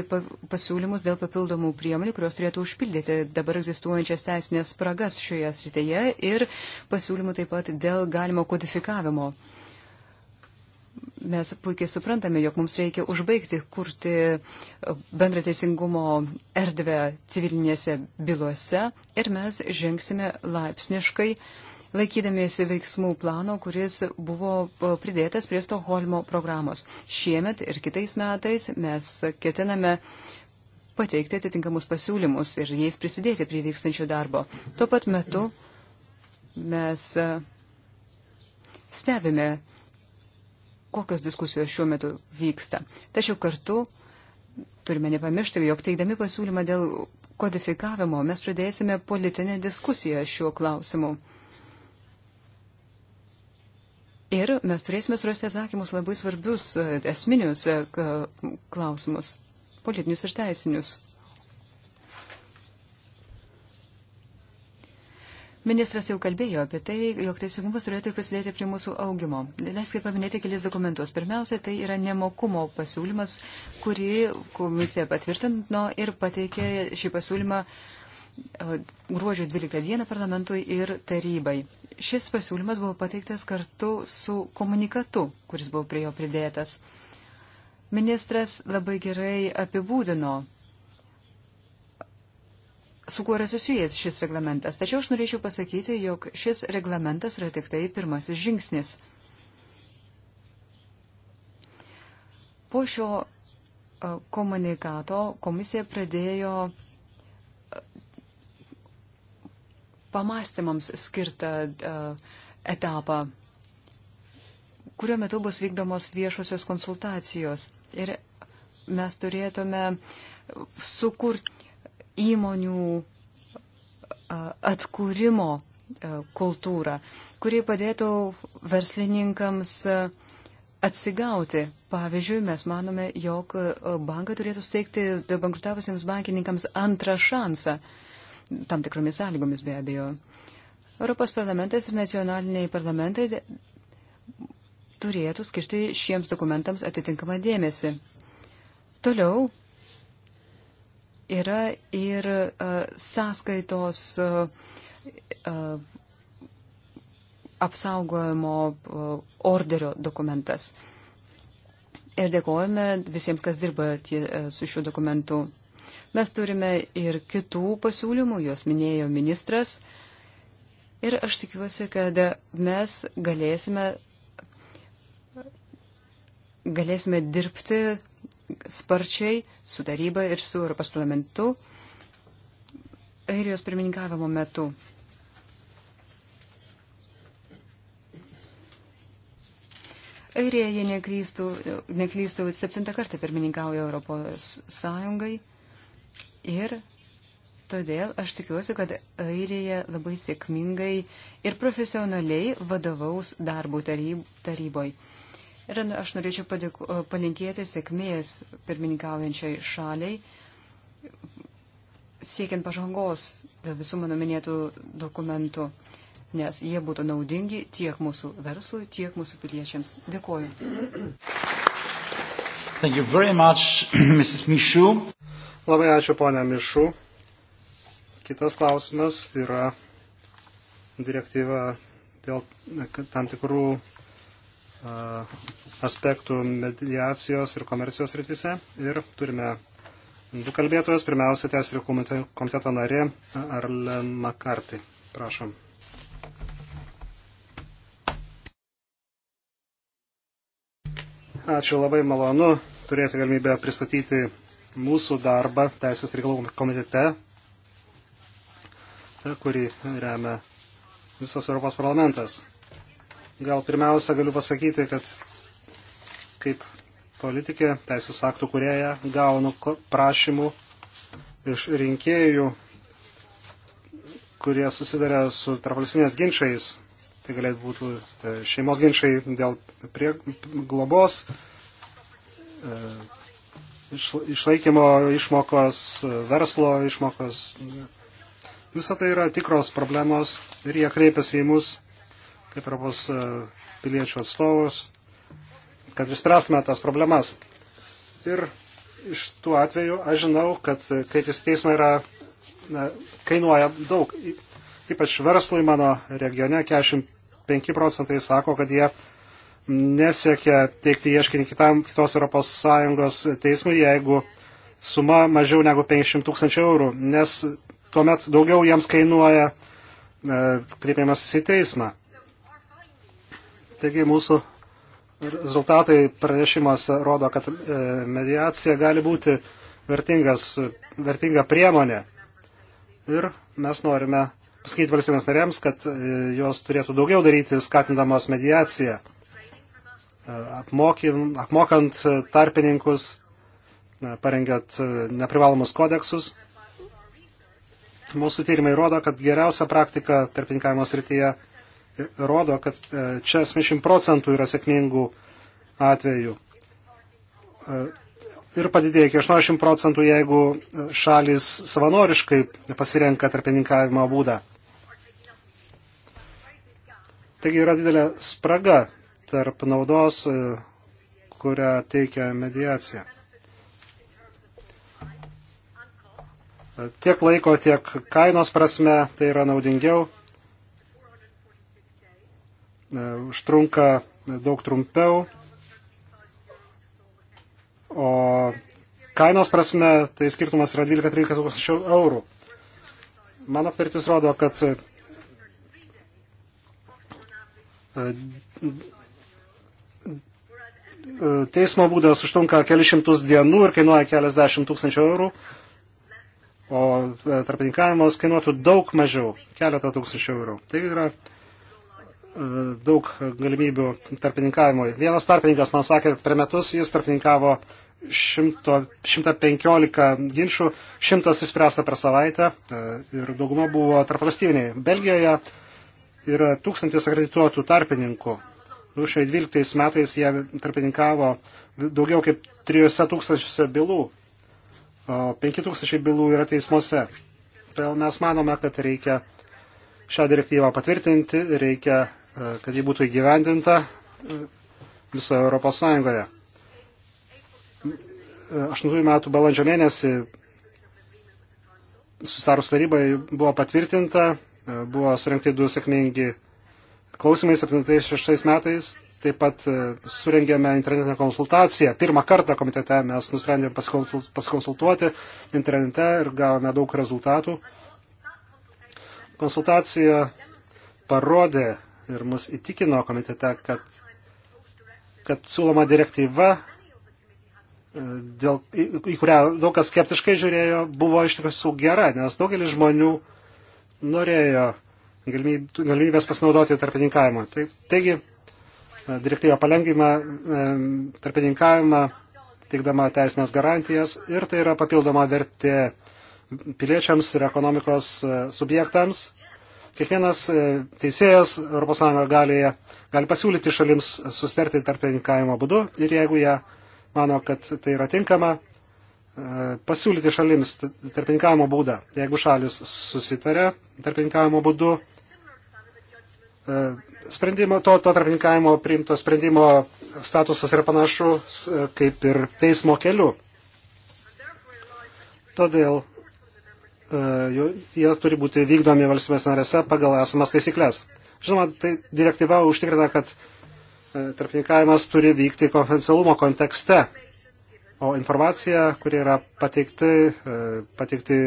pasiūlymus dėl papildomų priemonių, kurios turėtų užpildyti dabar egzistuojančias teisinės spragas šioje srityje ir pasiūlymų taip pat dėl galimo kodifikavimo. Mes puikiai suprantame, jog mums reikia užbaigti kurti e, bendrą teisingumo erdvę civilinėse bylose ir mes žingsime laipsniškai uh, laikydamiesi veiksmų plano, kuris buvo e, pridėtas prie Stoholmo programos. Šiemet ir kitais metais mes ketiname pateikti atitinkamus pasiūlymus ir jais prisidėti prie vykstančio darbo. Tuo pat metu mes e, stebime, kokios diskusijos šiuo metu vyksta. Tačiau kartu turime nepamiršti, jog teikdami pasiūlymą dėl kodifikavimo mes pradėsime politinę diskusiją šiuo klausimu. Ir mes turėsime surasti atsakymus labai svarbius e, esminius e, klausimus, politinius ir teisinius. Ministras jau kalbėjo apie tai, jog teisingumas turėtų prisidėti prie mūsų augimo. Leiskite paminėti kelis dokumentus. Pirmiausia, tai yra nemokumo pasiūlymas, kurį komisija patvirtino ir pateikė šį pasiūlymą uh, gruodžio 12 dieną parlamentui ir tarybai. Šis pasiūlymas buvo pateiktas kartu su komunikatu, kuris buvo prie jo pridėtas. Ministras labai gerai apibūdino, su kuo yra susijęs šis reglamentas. Tačiau aš norėčiau pasakyti, jog šis reglamentas yra tik tai pirmasis žingsnis. Po šio komunikato komisija pradėjo pamastymams skirtą e, etapą, kurio metu bus vykdomos viešosios konsultacijos. Ir mes turėtume sukurti įmonių e, atkūrimo e, kultūrą, kuri padėtų verslininkams atsigauti. Pavyzdžiui, mes manome, jog bankai turėtų steigti bankrutavusiems bankininkams antrą šansą. Uh, tam tikromis sąlygomis be abejo. Europos parlamentas ir nacionaliniai parlamentai turėtų skirti šiems dokumentams atitinkamą dėmesį. Toliau yra ir uh, sąskaitos uh, apsaugojimo uh, orderio dokumentas. Ir dėkojame visiems, kas dirba tie, uh, su šiuo dokumentu. Mes turime ir kitų pasiūlymų, juos minėjo ministras. Ir aš tikiuosi, kad mes galėsime, galėsime dirbti sparčiai su taryba ir su Europos parlamentu airijos pirmininkavimo metu. Airija, jei neklystų, neklystų septintą kartą pirmininkauja Europos Sąjungai. Ir todėl aš tikiuosi, kad Airija labai sėkmingai ir profesionaliai vadovaus darbų taryboj. Ir aš norėčiau padėku, palinkėti sėkmės pirmininkaujančiai šaliai, siekiant pažangos visų mano minėtų dokumentų, nes jie būtų naudingi tiek mūsų verslui, tiek mūsų piliečiams. Dėkuoju. Much, Labai ačiū, ponia Mišu. Kitas klausimas yra direktyva dėl tam tikrų uh, aspektų mediacijos ir komercijos rytise. Ir turime du kalbėtojus. Pirmiausia, teisė ir komiteto narė Arlen Makarti. Prašom. Ačiū labai malonu turėti galimybę pristatyti mūsų darbą Teisės reikalų komitete, kurį remia visas Europos parlamentas. Gal pirmiausia galiu pasakyti, kad kaip politikė, teisės aktų kurieja, gaunu prašymų iš rinkėjų, kurie susidarė su tarpvalstybinės ginčiais. Tai galėtų būti e, šeimos ginčiai dėl prie, globos, e, išlaikymo išmokos, verslo išmokos. Visą tai yra tikros problemos ir jie kreipiasi į mus, kaip Europos e, piliečių atstovus, kad išspręstume tas problemas. Ir iš tų atvejų aš žinau, kad kreiptis į teismą yra, na, kainuoja daug. Ypač verslui mano regione 45 procentai sako, kad jie nesiekia teikti ieškinį kitam, kitos ES teismui, jeigu suma mažiau negu 500 tūkstančių eurų, nes tuomet daugiau jiems kainuoja e, kreipiamasis į teismą. Taigi mūsų rezultatai pranešimas rodo, kad e, mediacija gali būti vertingas, vertinga priemonė. Ir mes norime pasakyti valstybės narėms, kad e, jos turėtų daugiau daryti skatindamos mediaciją. E, apmokint, apmokant e, tarpininkus, e, parengiat neprivalomus kodeksus. Mūsų tyrimai rodo, kad geriausia praktika tarpininkavimo srityje rodo, kad čia 70 procentų yra sėkmingų atvejų. Ir padidėja iki 80 procentų, jeigu šalis savanoriškai pasirenka tarpininkavimo būdą. Taigi yra didelė spraga tarp naudos, e, kurią teikia mediacija. E, tiek laiko, tiek kainos prasme tai yra naudingiau. E, užtrunka daug trumpiau. O kainos prasme tai skirtumas yra 12-13 tūkstančių eurų. Mano patirtis rodo, kad E, teismo būdas užtrunka kelišimtus dienų ir kainuoja keliasdešimt tūkstančių eurų, o e, tarpininkavimas kainuotų daug mažiau, keletą tūkstančių eurų. Tai yra e, daug galimybių tarpininkavimui. Vienas tarpininkas man sakė, kad per metus jis tarpininkavo 100, 115 ginčių, 100 išspręsta per savaitę ir dauguma buvo tarpvalstybiniai. Belgijoje yra tūkstantis akredituotų tarpininkų 2012 metais jie tarpininkavo daugiau kaip 3000 bylų, o 5000 bylų yra teismuose. Todėl mes manome, kad reikia šią direktyvą patvirtinti, reikia, e, kad ji būtų įgyvendinta e, visoje Europos Sąjungoje. 8 e, metų balandžio mėnesį susitarus tarybai buvo patvirtinta, buvo surinkti du sėkmingi klausimai 76 metais taip pat e, surengėme internetinę konsultaciją. Pirmą kartą komitete mes nusprendėme pasikonsultuoti internete ir gavome daug rezultatų. Konsultacija parodė ir mus įtikino komitete, kad, kad siūloma direktyva, e, dėl, į, į kurią daug kas skeptiškai žiūrėjo, buvo iš tikrųjų gera, nes daugelis žmonių norėjo galimybės pasinaudoti tarpininkavimą. Tai, taigi, e, direktyva palengvina e, tarpininkavimą, teikdama teisinės garantijas ir tai yra papildoma vertė piliečiams ir ekonomikos e, subjektams. Kiekvienas teisėjas ES gali, gali pasiūlyti šalims susitarti tarpininkavimo būdu ir jeigu jie mano, kad tai yra tinkama, pasiūlyti šalims tarpininkavimo būdą. Jeigu šalis susitarė tarpininkavimo būdu, E, sprendimo, to, to tarpininkavimo priimto sprendimo statusas yra panašus e, kaip ir teismo keliu. Todėl e, jie turi būti vykdomi valstybės narėse pagal esamas taisyklės. Žinoma, tai direktyva užtikrina, kad tarpininkavimas turi vykti konfidencialumo kontekste, o informacija, kuri yra pateikti, pateikti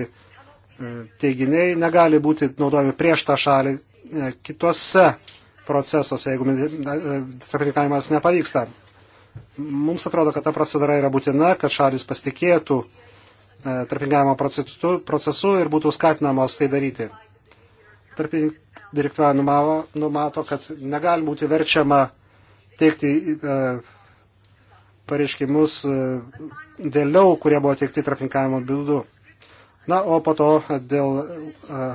teiginiai, negali būti naudojami prieš tą šalį, E, kitose procesuose, jeigu e, ratifikavimas nepavyksta. Mums atrodo, kad ta procedūra yra būtina, kad šalis pasitikėtų e, tarpininkavimo procesu ir būtų skatinamos tai daryti. Tarpininkavimo direktyva numato, kad negali būti verčiama teikti pareiškimus vėliau, kurie buvo teikti tarpininkavimo būdu. Na, o po to dėl e,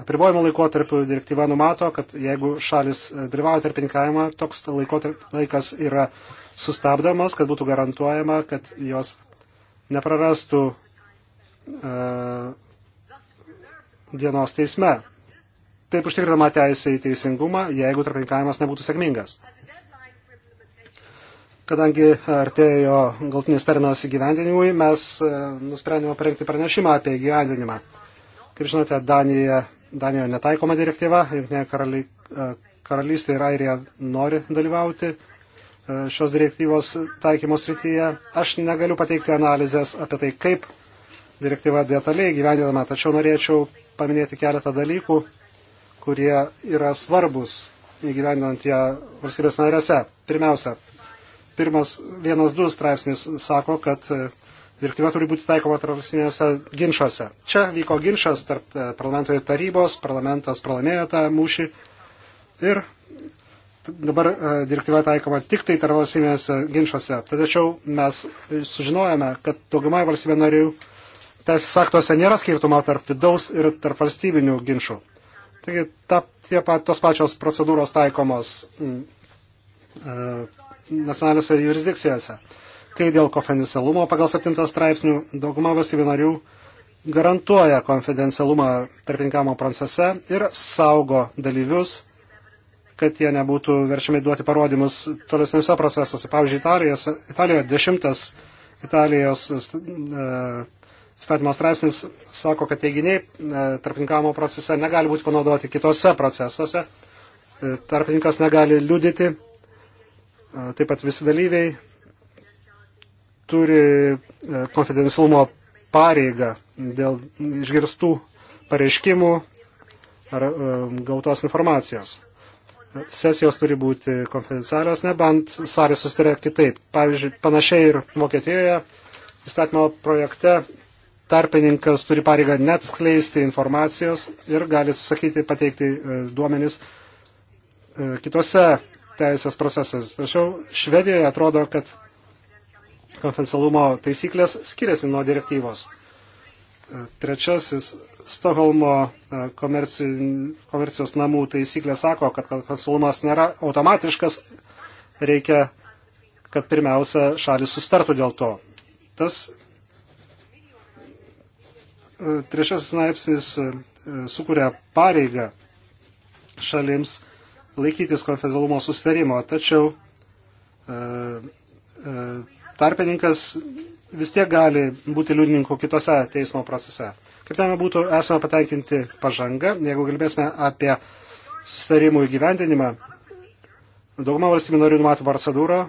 pribojimo laikotarpių direktyva numato, kad jeigu šalis dalyvauja tarpininkavimą, toks laikas yra sustabdamas, kad būtų garantuojama, kad jos neprarastų uh, dienos teisme. Taip užtikrinama teisė į teisingumą, jeigu tarpininkavimas nebūtų sėkmingas. Kadangi artėjo galtinis terminas įgyvendinimui, mes e, nusprendėme parengti pranešimą apie įgyvendinimą. Kaip žinote, Danija, Danijoje netaikoma direktyva, Junktinė karaly, e, karalystė ir Airija nori dalyvauti e, šios direktyvos taikymo srityje. Aš negaliu pateikti analizės apie tai, kaip direktyva detaliai gyvendinama, tačiau norėčiau paminėti keletą dalykų, kurie yra svarbus įgyvendinant ją valstybės narėse. Pirmiausia, Pirmas, vienas, du straipsnis sako, kad e, direktyva turi būti taikoma tarptautinėse ginčiuose. Čia vyko ginčas tarp e, parlamento ir tarybos, parlamentas pralaimėjo tą mūšį ir dabar e, direktyva taikoma tik tai tarptautinėse ginčiuose. Tačiau mes sužinojame, kad dauguma valstybė narių teisės aktuose nėra skirtumo tarp vidaus ir tarp valstybinių ginčių. Taigi ta, tie, tos pačios procedūros taikomos nacionalinėse jurisdikcijose. Kai dėl konfidencialumo pagal 7 straipsnių dauguma valstybių narių garantuoja konfidencialumą tarpininkavimo procese ir saugo dalyvius, kad jie nebūtų verčiami duoti parodymus tolesniuose procesuose. Pavyzdžiui, Italijos, Italijoje 10 Italijos e, statymo straipsnis sako, kad teiginiai e, tarpininkavimo procese negali būti panaudoti kitose procesuose e, tarpininkas negali liudyti Taip pat visi dalyviai turi e, konfidencialumo pareigą dėl išgirstų pareiškimų ar e, gautos informacijos. Sesijos turi būti konfidencialios, nebent sąlė susitarė kitaip. Pavyzdžiui, panašiai ir Vokietijoje įstatymo projekte tarpininkas turi pareigą net skleisti informacijos ir gali atsisakyti pateikti e, duomenis kitose teisės procesas. Tačiau Švedijoje atrodo, kad konfidencialumo taisyklės skiriasi nuo direktyvos. Trečiasis Stokholmo e, komerci... komercijos namų taisyklė sako, kad konfidencialumas nėra automatiškas, reikia, kad pirmiausia šalis sustartų dėl to. Tas e, trečiasis naipsnis e, sukuria pareigą šalims laikytis konfidencialumo sustarimo, tačiau e, e, tarpininkas vis tiek gali būti liudininku kitose teismo procese. Kaip ten būtų, esame patenkinti pažanga, jeigu kalbėsime apie sustarimų įgyvendinimą, dauguma valstybių norių numato procedūrą,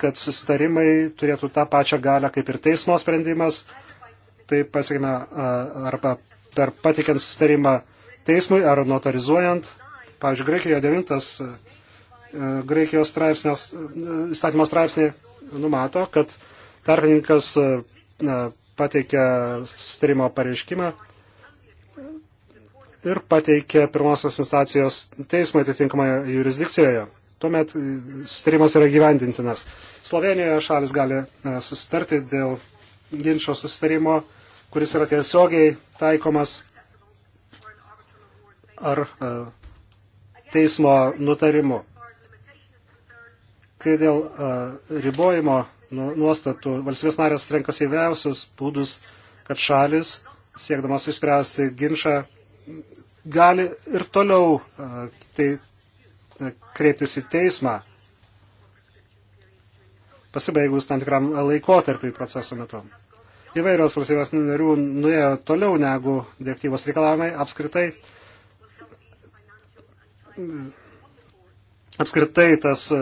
kad sustarimai turėtų tą pačią galę kaip ir teismo sprendimas, tai pasiekime arba per patikiant sustarimą teismui ar notarizuojant Pavyzdžiui, Graikijoje 9 e, Graikijos straipsnės, e, įstatymo straipsnė numato, kad tarpininkas e, pateikia sutarimo pareiškimą ir pateikia pirmosios instancijos teismui atitinkamoje jurisdikcijoje. Tuomet sutarimas yra gyvendintinas. Slovenijoje šalis gali susitarti dėl ginčio susitarimo, kuris yra tiesiogiai taikomas ar uh, teismo nutarimu. Kai dėl ribojimo nu, nuostatų valstybės narės renkasi įvairiausius būdus, kad šalis, siekdamas išspręsti ginčą, gali ir toliau tai, kreiptis į teismą, pasibaigus tam tikram laikotarpiui proceso metu. Įvairios valstybės narių nuėjo toliau negu direktyvos reikalavimai apskritai apskritai tas e,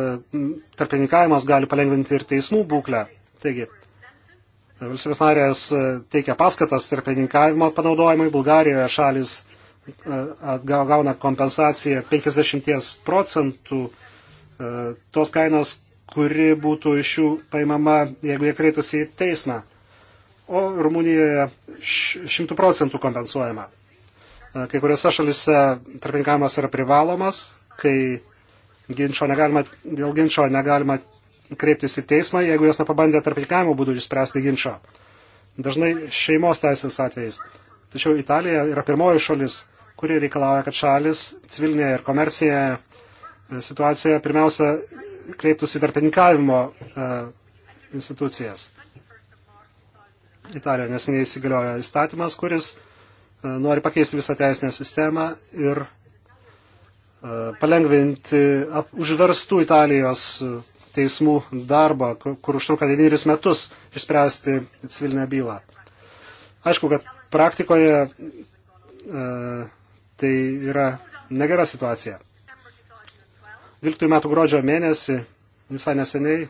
tarpininkavimas gali palengvinti ir teismų būklę. Taigi, valstybės narės e, teikia paskatas tarpininkavimo panaudojimui, Bulgarijoje šalis e, gauna kompensaciją 50 procentų tos kainos, kuri būtų iš jų paimama, jeigu jie kreitųsi į teismą, o Rumunijoje 100 procentų kompensuojama. Kai kuriuose šalise tarpininkavimas yra privalomas, kai ginčio negalima, dėl ginčio negalima kreiptis į teismą, jeigu jos nepabandė tarpininkavimo būdų išspręsti ginčio. Dažnai šeimos teisės atvejais. Tačiau Italija yra pirmoji šalis, kuri reikalauja, kad šalis civilinėje ir komercinėje e, situacijoje pirmiausia kreiptųsi į tarpininkavimo e, institucijas. Italijoje neseniai įsigaliojo įstatymas, kuris E, nori pakeisti visą teisinę sistemą ir e, palengvinti ap, užverstų Italijos teismų darbą, kur užtruka devynerius metus išspręsti civilinę bylą. Aišku, kad praktikoje e, tai yra negera situacija. 12 metų gruodžio mėnesį, visai neseniai,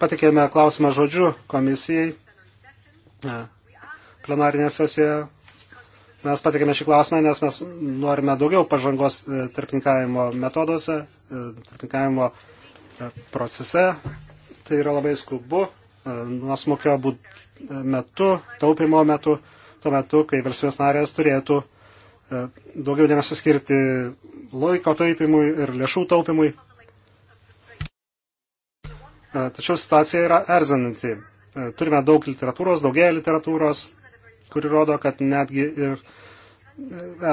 patikėjome klausimą žodžiu komisijai plenarinėje sesijoje Mes patikėme šį klausimą, nes mes norime daugiau pažangos e, tarpininkavimo metodose, e, tarpininkavimo e, procese. Tai yra labai skubu, nuosmukio metu, taupimo metu, tuo metu, kai valstybės narės turėtų daugiau dėmesio skirti laiko taupimui ir lėšų taupimui. Tačiau situacija yra erzinanti. Turime daug literatūros, daugėja literatūros, kuri rodo, kad netgi ir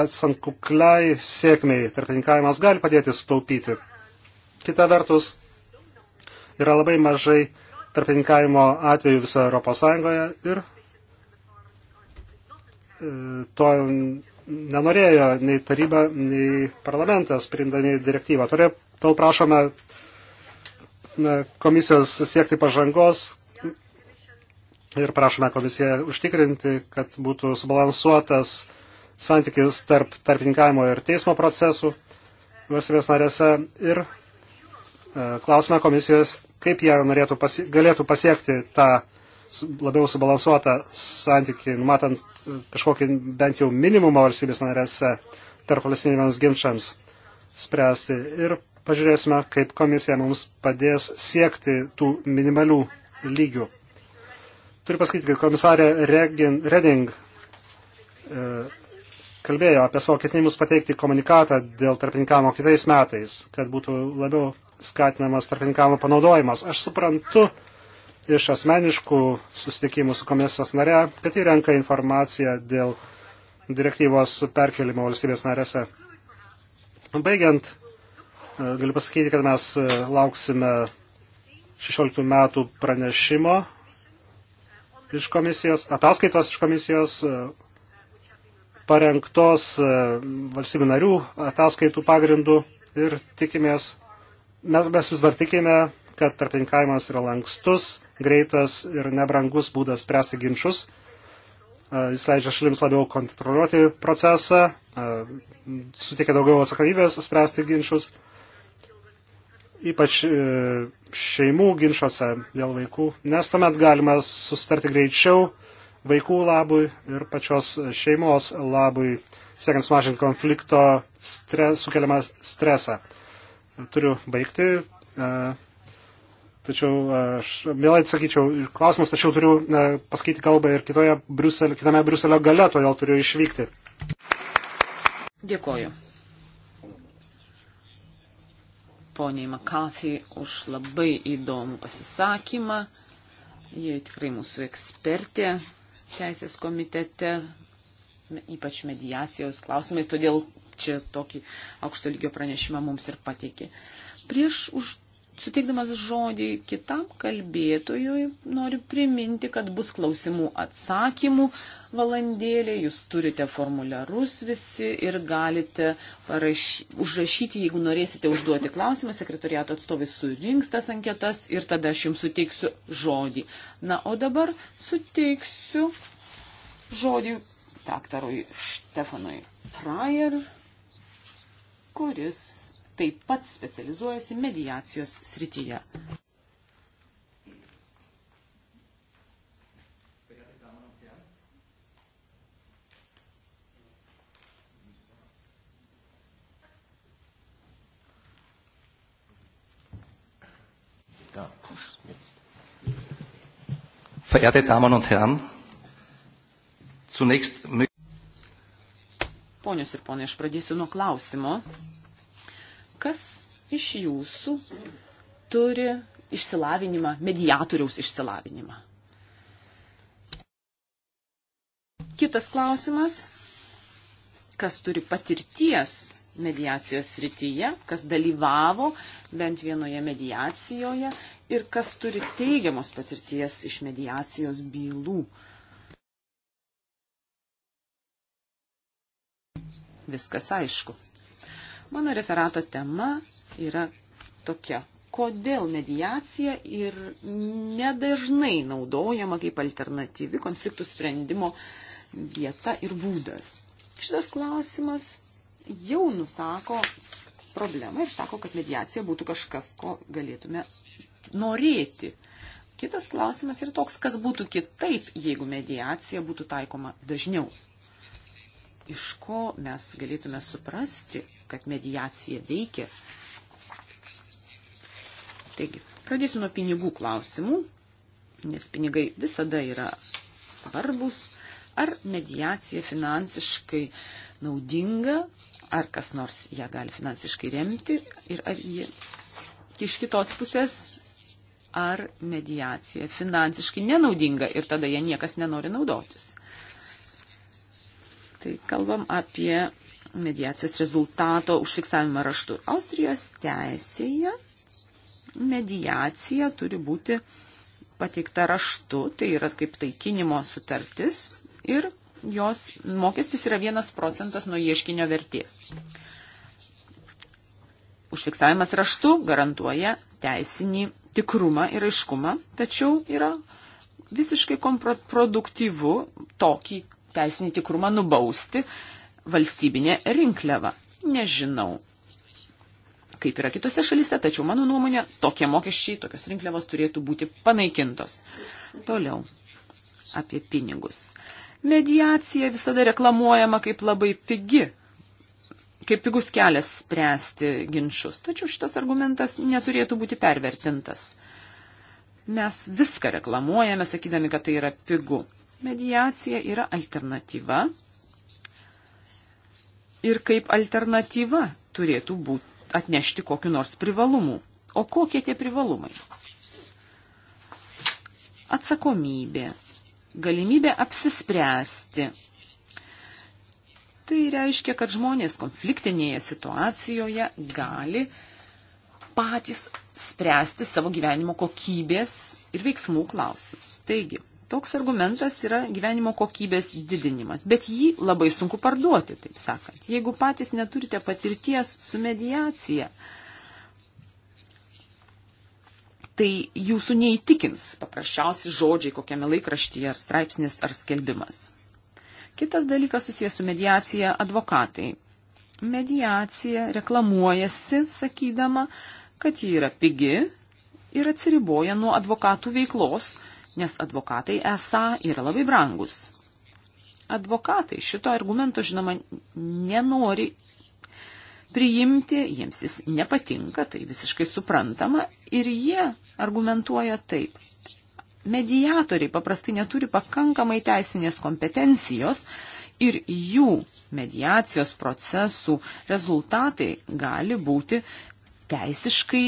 esant kukliai sėkmiai, tarpininkavimas gali padėti sutaupyti. Kita vertus, yra labai mažai tarpininkavimo atvejų visoje Europos Sąjungoje ir e, to nenorėjo nei taryba, nei parlamentas priimdami direktyvą. Todėl prašome e, komisijos siekti pažangos, ir prašome komisiją užtikrinti, kad būtų subalansuotas santykis tarp tarpininkavimo ir teismo procesų valstybės narėse ir e, klausime komisijos, kaip jie norėtų pasi galėtų pasiekti tą labiau subalansuotą santyki, matant e, kažkokį bent jau minimumą valstybės narėse tarp valstybėms ginčiams spręsti. Ir pažiūrėsime, kaip komisija mums padės siekti tų minimalių lygių. Turiu pasakyti, kad komisarė Regin, Reding e, kalbėjo apie savo ketinimus pateikti komunikatą dėl tarpininkavimo kitais metais, kad būtų labiau skatinamas tarpininkavimo panaudojimas. Aš suprantu iš asmeniškų susitikimų su komisijos nare, kad jį renka informaciją dėl direktyvos perkelimo valstybės narėse. Baigiant, e, galiu pasakyti, kad mes e, lauksime 16 metų pranešimo iš komisijos, ataskaitos iš komisijos e, parengtos e, valstybių narių ataskaitų pagrindų ir tikimės, mes, mes vis dar tikime, kad tarpininkavimas yra lankstus, greitas ir nebrangus būdas spręsti ginčius. E, jis leidžia šalims labiau kontroliuoti procesą, suteikia daugiau atsakomybės spręsti ginčius ypač e, šeimų ginčiuose dėl vaikų, nes tuomet galima sustarti greičiau vaikų labui ir pačios šeimos labui, siekiant sumažinti konflikto stres, sukeliamą stresą. Turiu baigti. E, tačiau e, aš mielai atsakyčiau klausimus, tačiau turiu pasakyti kalbą ir kitoje Briuselio, kitame Briuselio gale, todėl turiu išvykti. Dėkoju. poniai McCarthy už labai įdomų pasisakymą. Jie tikrai mūsų ekspertė teisės komitete, ypač mediacijos klausimais, todėl čia tokį aukšto lygio pranešimą mums ir pateikė. Prieš už suteikdamas žodį kitam kalbėtojui, noriu priminti, kad bus klausimų atsakymų, valandėlė, jūs turite formularus visi ir galite paraš... užrašyti, jeigu norėsite užduoti klausimą, sekretoriato atstovai surinks tas anketas ir tada aš jums suteiksiu žodį. Na, o dabar suteiksiu žodį daktarui Štefanui Prayer, kuris taip pat specializuojasi mediacijos srityje. Verehrte Damen und Herren, zunächst. Ponios ir ponai, aš pradėsiu nuo klausimo. Kas iš jūsų turi išsilavinimą, mediatoriaus išsilavinimą? Kitas klausimas. Kas turi patirties mediacijos srityje, kas dalyvavo bent vienoje mediacijoje ir kas turi teigiamos patirties iš mediacijos bylų. Viskas aišku. Mano referato tema yra tokia. Kodėl mediacija ir nedažnai naudojama kaip alternatyvi konfliktų sprendimo vieta ir būdas? Šitas klausimas jau nusako problemą ir sako, kad mediacija būtų kažkas, ko galėtume norėti. Kitas klausimas yra toks, kas būtų kitaip, jeigu mediacija būtų taikoma dažniau. Iš ko mes galėtume suprasti, kad mediacija veikia? Taigi, pradėsiu nuo pinigų klausimų, nes pinigai visada yra svarbus. Ar mediacija finansiškai naudinga, ar kas nors ją gali finansiškai remti ir ar ji iš kitos pusės ar mediacija finansiškai nenaudinga ir tada jie niekas nenori naudotis. Tai kalbam apie mediacijos rezultato užfiksavimą raštu. Austrijos teisėje mediacija turi būti pateikta raštu, tai yra kaip taikinimo sutartis ir jos mokestis yra vienas procentas nuo ieškinio vertės. Užfiksavimas raštu garantuoja teisinį tikrumą ir aiškumą, tačiau yra visiškai kontraproduktyvu tokį teisinį tikrumą nubausti valstybinė rinkliava. Nežinau, kaip yra kitose šalise, tačiau mano nuomonė, tokie mokesčiai, tokios rinkliavos turėtų būti panaikintos. Toliau apie pinigus. Mediacija visada reklamuojama kaip labai pigi kaip pigus kelias spręsti ginčius. Tačiau šitas argumentas neturėtų būti pervertintas. Mes viską reklamuojame, sakydami, kad tai yra pigu. Mediacija yra alternatyva. Ir kaip alternatyva turėtų būti atnešti kokiu nors privalumu. O kokie tie privalumai? Atsakomybė, galimybė apsispręsti, Tai reiškia, kad žmonės konfliktinėje situacijoje gali patys spręsti savo gyvenimo kokybės ir veiksmų klausimus. Taigi, toks argumentas yra gyvenimo kokybės didinimas, bet jį labai sunku parduoti, taip sakant. Jeigu patys neturite patirties su mediacija, tai jūsų neįtikins paprasčiausi žodžiai kokiame laikraštyje ar straipsnis ar skelbimas. Kitas dalykas susijęs su mediacija advokatai. Mediacija reklamuojasi, sakydama, kad ji yra pigi ir atsiriboja nuo advokatų veiklos, nes advokatai esą yra labai brangus. Advokatai šito argumento, žinoma, nenori priimti, jiems jis nepatinka, tai visiškai suprantama, ir jie argumentuoja taip mediatoriai paprastai neturi pakankamai teisinės kompetencijos ir jų mediacijos procesų rezultatai gali būti teisiškai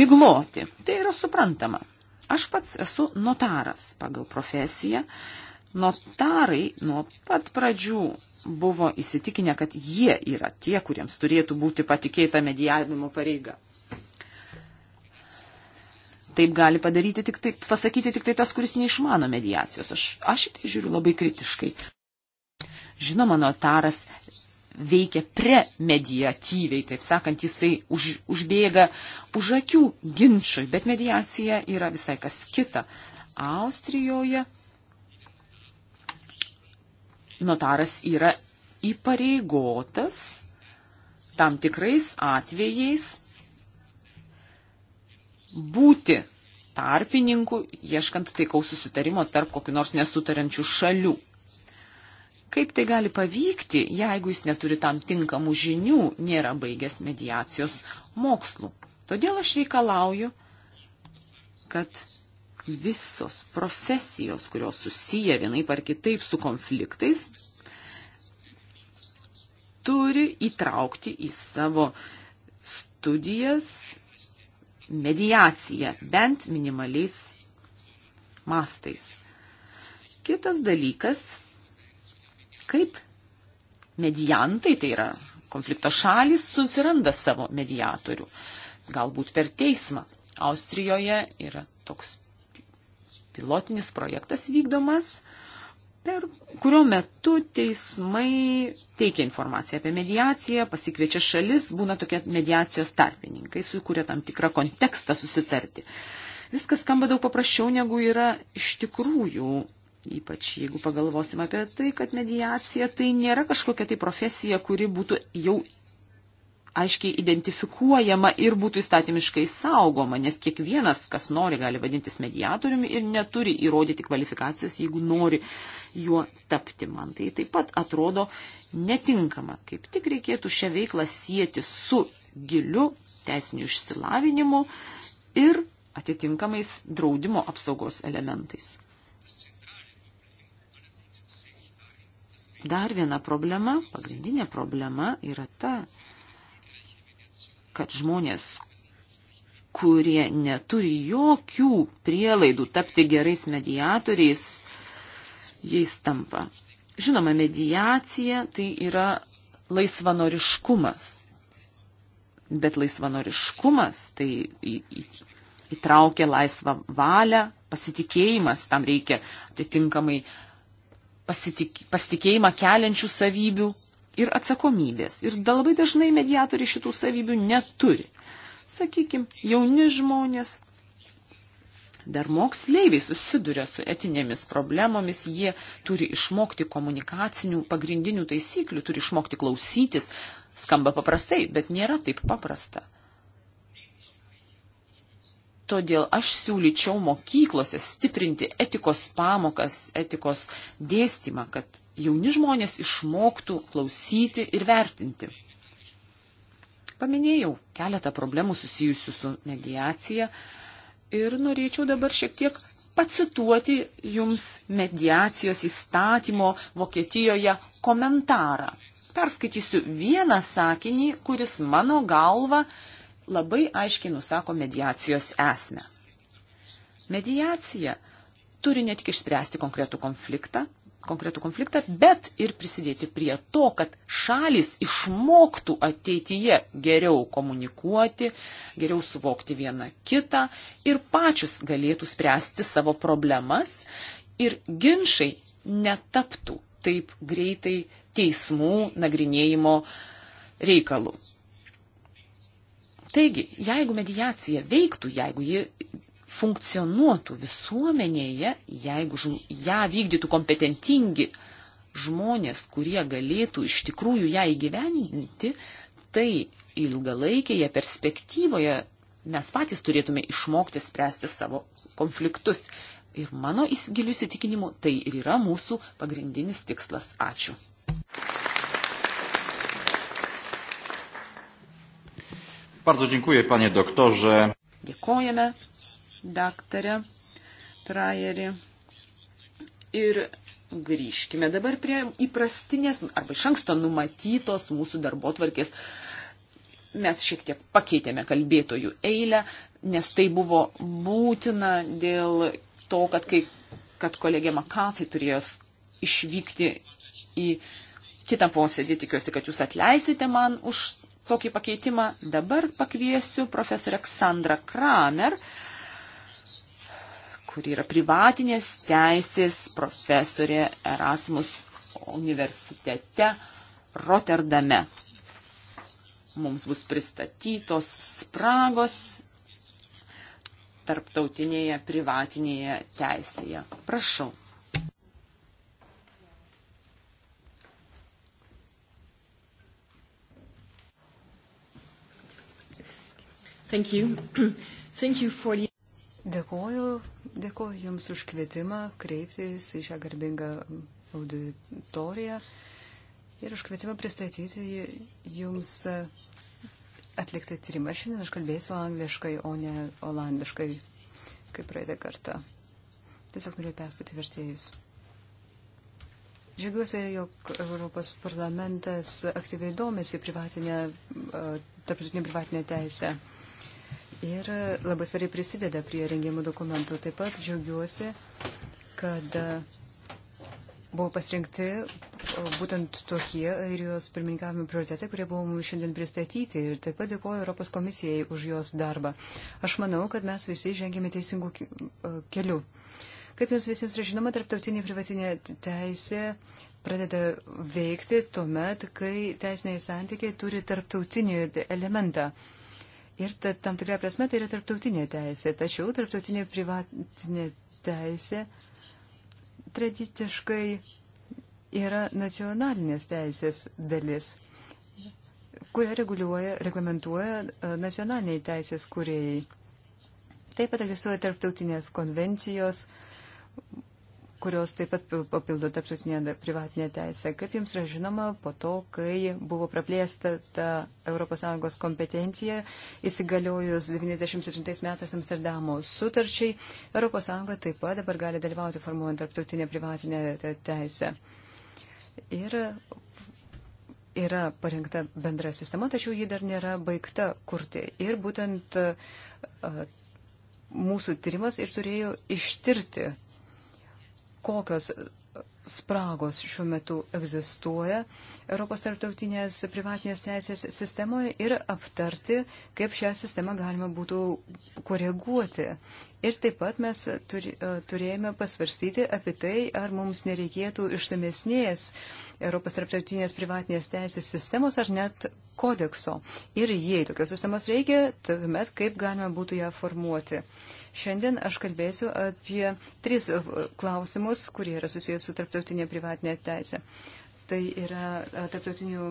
migloti. Tai yra suprantama. Aš pats esu notaras pagal profesiją. Notarai nuo pat pradžių buvo įsitikinę, kad jie yra tie, kuriems turėtų būti patikėta mediavimo pareiga. Taip gali padaryti tik tai, pasakyti tik tai tas, kuris neišmano mediacijos. Aš, aš tai žiūriu labai kritiškai. Žinoma, notaras veikia premediatyviai, taip sakant, jisai už, užbėga už akių ginčiui, bet mediacija yra visai kas kita. Austrijoje notaras yra įpareigotas tam tikrais atvejais būti tarpininku, ieškant taikaus susitarimo tarp kokiu nors nesutarančių šalių. Kaip tai gali pavykti, jeigu jis neturi tam tinkamų žinių, nėra baigęs mediacijos mokslų. Todėl aš reikalauju, kad visos profesijos, kurios susiję vienai par kitaip su konfliktais, turi įtraukti į savo studijas mediaciją, bent minimaliais mastais. Kitas dalykas, kaip mediantai, tai yra konflikto šalis, susiranda savo mediatorių, galbūt per teismą. Austrijoje yra toks pilotinis projektas vykdomas, per kurio metu teismai teikia informaciją apie mediaciją, pasikviečia šalis, būna tokie mediacijos tarpininkai, sukuria tam tikrą kontekstą susitarti. Viskas skamba daug paprasčiau, negu yra iš tikrųjų, ypač jeigu pagalvosim apie tai, kad mediacija tai nėra kažkokia tai profesija, kuri būtų jau aiškiai identifikuojama ir būtų įstatymiškai saugoma, nes kiekvienas, kas nori, gali vadintis mediatoriumi ir neturi įrodyti kvalifikacijos, jeigu nori juo tapti. Man tai taip pat atrodo netinkama. Kaip tik reikėtų šią veiklą sieti su giliu teisiniu išsilavinimu ir atitinkamais draudimo apsaugos elementais. Dar viena problema, pagrindinė problema yra ta, kad žmonės, kurie neturi jokių prielaidų tapti gerais mediatoriais, jais tampa. Žinoma, mediacija tai yra laisvanoriškumas. Bet laisvanoriškumas tai įtraukia laisvą valią, pasitikėjimas, tam reikia atitinkamai pasitik, pasitikėjimą keliančių savybių, ir atsakomybės. Ir labai dažnai mediatoriai šitų savybių neturi. Sakykime, jauni žmonės, dar moksleiviai susiduria su etinėmis problemomis, jie turi išmokti komunikacinių pagrindinių taisyklių, turi išmokti klausytis. Skamba paprastai, bet nėra taip paprasta. Todėl aš siūlyčiau mokyklose stiprinti etikos pamokas, etikos dėstymą, kad jauni žmonės išmoktų klausyti ir vertinti. Paminėjau keletą problemų susijusių su mediacija ir norėčiau dabar šiek tiek pacituoti jums mediacijos įstatymo Vokietijoje komentarą. Perskaitysiu vieną sakinį, kuris mano galva labai aiškiai nusako mediacijos esmę. Mediacija turi ne tik išspręsti konkretų konfliktą, konkretų konfliktą, bet ir prisidėti prie to, kad šalis išmoktų ateityje geriau komunikuoti, geriau suvokti vieną kitą ir pačius galėtų spręsti savo problemas ir ginčiai netaptų taip greitai teismų nagrinėjimo reikalų. Taigi, jeigu mediacija veiktų, jeigu ji funkcionuotų visuomenėje, jeigu ją vykdytų kompetentingi žmonės, kurie galėtų iš tikrųjų ją įgyvendinti, tai ilgalaikėje perspektyvoje mes patys turėtume išmokti spręsti savo konfliktus. Ir mano įsigiliu įsitikinimu, tai ir yra mūsų pagrindinis tikslas. Ačiū. Bardzo dziękuję, panie doktorze. Dėkojame, daktarė Trajeri. Ir grįžkime dabar prie įprastinės arba iš anksto numatytos mūsų darbo tvarkės. Mes šiek tiek pakeitėme kalbėtojų eilę, nes tai buvo būtina dėl to, kad, kai, kad kolegė Makafi turėjo išvykti į kitą posėdį. Tikiuosi, kad jūs atleisite man už tokį pakeitimą. Dabar pakviesiu profesorę Ksandrą Kramer, kuri yra privatinės teisės profesorė Erasmus universitete Rotterdame. Mums bus pristatytos spragos tarptautinėje privatinėje teisėje. Prašau. Thank you. Thank you for the... Dėkuoju, dėkuoju Jums už kvietimą kreiptis į šią garbingą auditoriją ir už kvietimą pristatyti Jums atlikti tyrimą. Šiandien aš kalbėsiu angliškai, o ne olandiškai, kaip praeitą kartą. Tiesiog noriu perspėti vertėjus. Džiugiuosi, jog Europos parlamentas aktyviai domėsi privatinę, e, tarptautinę privatinę teisę ir labai svariai prisideda prie rengiamų dokumentų. Taip pat džiaugiuosi, kad e, buvo pasirinkti būtent tokie airijos pirmininkavimo prioritetai, kurie buvo mums šiandien pristatyti. Ir taip pat dėkoju Europos komisijai už jos darbą. Aš manau, kad mes visi žengėme teisingų e, kelių. Kaip jums visiems yra žinoma, tarptautinė privatinė teisė pradeda veikti tuomet, kai teisiniai santykiai turi tarptautinį elementą. Ir ta, tam tikrai prasme tai yra tarptautinė teisė. Tačiau tarptautinė privatinė teisė tradiciškai yra nacionalinės teisės dalis, kurią reguliuoja, reglamentuoja e, nacionaliniai teisės kuriejai. Taip pat egzistuoja tarptautinės konvencijos, kurios taip pat papildo tarptautinę privatinę teisę. Kaip jums yra žinoma, po to, kai buvo praplėsta ta ES kompetencija, įsigaliojus 97 metais Amsterdamo sutarčiai, ES taip pat dabar gali dalyvauti formuojant tarptautinę privatinę teisę. Ir yra parengta bendra sistema, tačiau ji dar nėra baigta kurti. Ir būtent mūsų tyrimas ir turėjo ištirti kokios spragos šiuo metu egzistuoja Europos tarptautinės privatinės teisės sistemoje ir aptarti, kaip šią sistemą galima būtų koreguoti. Ir taip pat mes e, turėjome pasvarstyti apie tai, ar mums nereikėtų išsamesnės Europos tarptautinės privatinės teisės sistemos ar net kodekso. Ir jei tokios sistemos reikia, tuomet kaip galima būtų ją formuoti. Uh, Šiandien aš kalbėsiu apie tris uh, klausimus, kurie yra susijęs su tarptautinė privatinė teisė. Tai yra uh, tarptautinių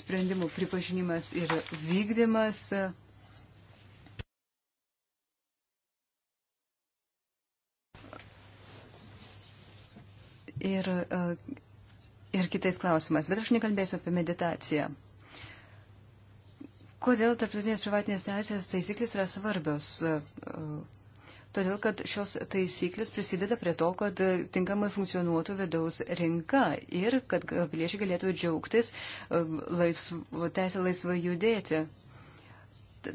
sprendimų pripažinimas ir vykdymas, ir, uh, ir kitais klausimais. Bet aš nekalbėsiu apie meditaciją. Kodėl tarptautinės privatinės teisės taisyklės yra svarbios todėl kad šios taisyklės prisideda prie to, kad tinkamai funkcionuotų vidaus rinka ir kad piliečiai galėtų džiaugtis e, laisv, teisę laisvai judėti.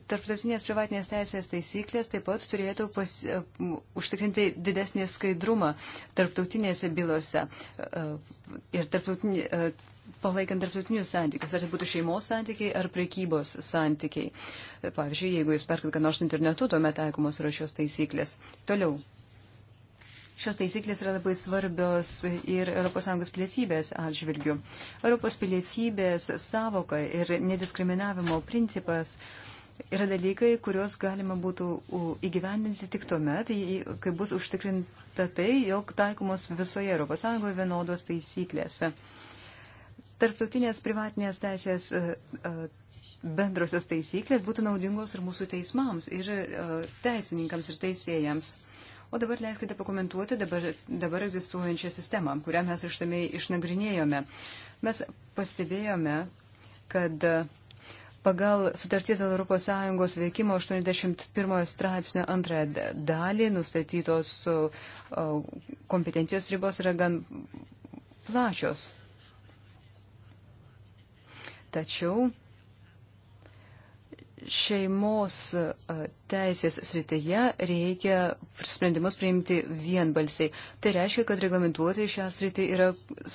Tarptautinės privatinės teisės taisyklės taip pat turėtų pas, uh, užtikrinti didesnį skaidrumą tarptautinėse bylose uh, ir tarptautinė. Uh, palaikant tarptautinius santykius, ar tai būtų šeimos santykiai ar prekybos santykiai. Pavyzdžiui, jeigu jūs perkat ką nors internetu, tuomet taikomos yra šios taisyklės. Toliau. Šios taisyklės yra labai svarbios ir ES pilietybės atžvilgių. ES pilietybės savoka ir nediskriminavimo principas yra dalykai, kuriuos galima būtų įgyvendinti tik tuo met, kai bus užtikrinta tai, jog taikomos visoje ES vienodos taisyklės tarptautinės privatinės teisės e, e, bendrosios taisyklės būtų naudingos ir mūsų teismams, ir e, teisininkams, ir teisėjams. O dabar leiskite pakomentuoti dabar, dabar egzistuojančią sistemą, kurią mes išsamei išnagrinėjome. Mes pastebėjome, kad pagal sutarties dėl ES veikimo 81 straipsnio antrąją dalį nustatytos kompetencijos ribos yra gan plačios. Tačiau šeimos teisės srityje reikia sprendimus priimti vienbalsiai. Tai reiškia, kad reglamentuoti šią sritį yra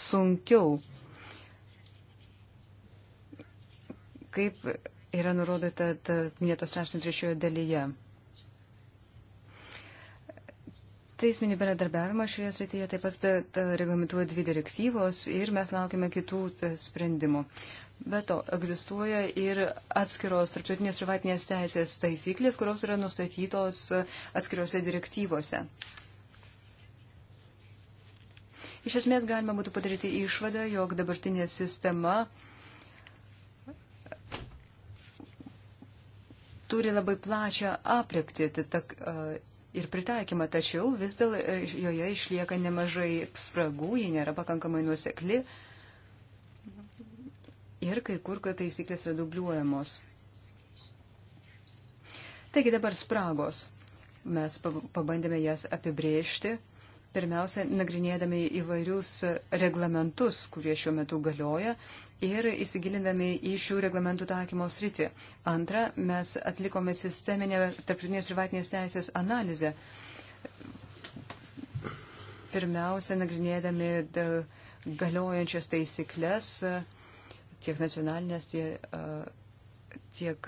sunkiau. Kaip yra nurodyta minėtos 33 dalyje. Teisminį bendradarbiavimą šioje srityje taip pat ta, ta, reglamentuoja dvi direktyvos ir mes laukime kitų ta, e, sprendimų. Be to, egzistuoja ir atskiros tarptautinės privatinės teisės taisyklės, kurios yra nustatytos e, atskiriuose direktyvose. Iš esmės galima būtų padaryti išvadą, jog dabartinė sistema turi labai plačią aprepti. Tai, ta, e, ir pritaikymą, tačiau vis dėl e, joje išlieka nemažai spragų, ji nėra pakankamai nuosekli ir kai kur, kad taisyklės yra dubliuojamos. Taigi dabar spragos. Mes pabandėme jas apibrėžti, pirmiausia, nagrinėdami įvairius reglamentus, kurie šiuo metu galioja ir įsigilindami į šių reglamentų taikymo sritį. Antra, mes atlikome sisteminę tarptautinės privatinės teisės analizę. Pirmiausia, nagrinėdami galiojančias taisyklės, tiek nacionalinės, tiek tiek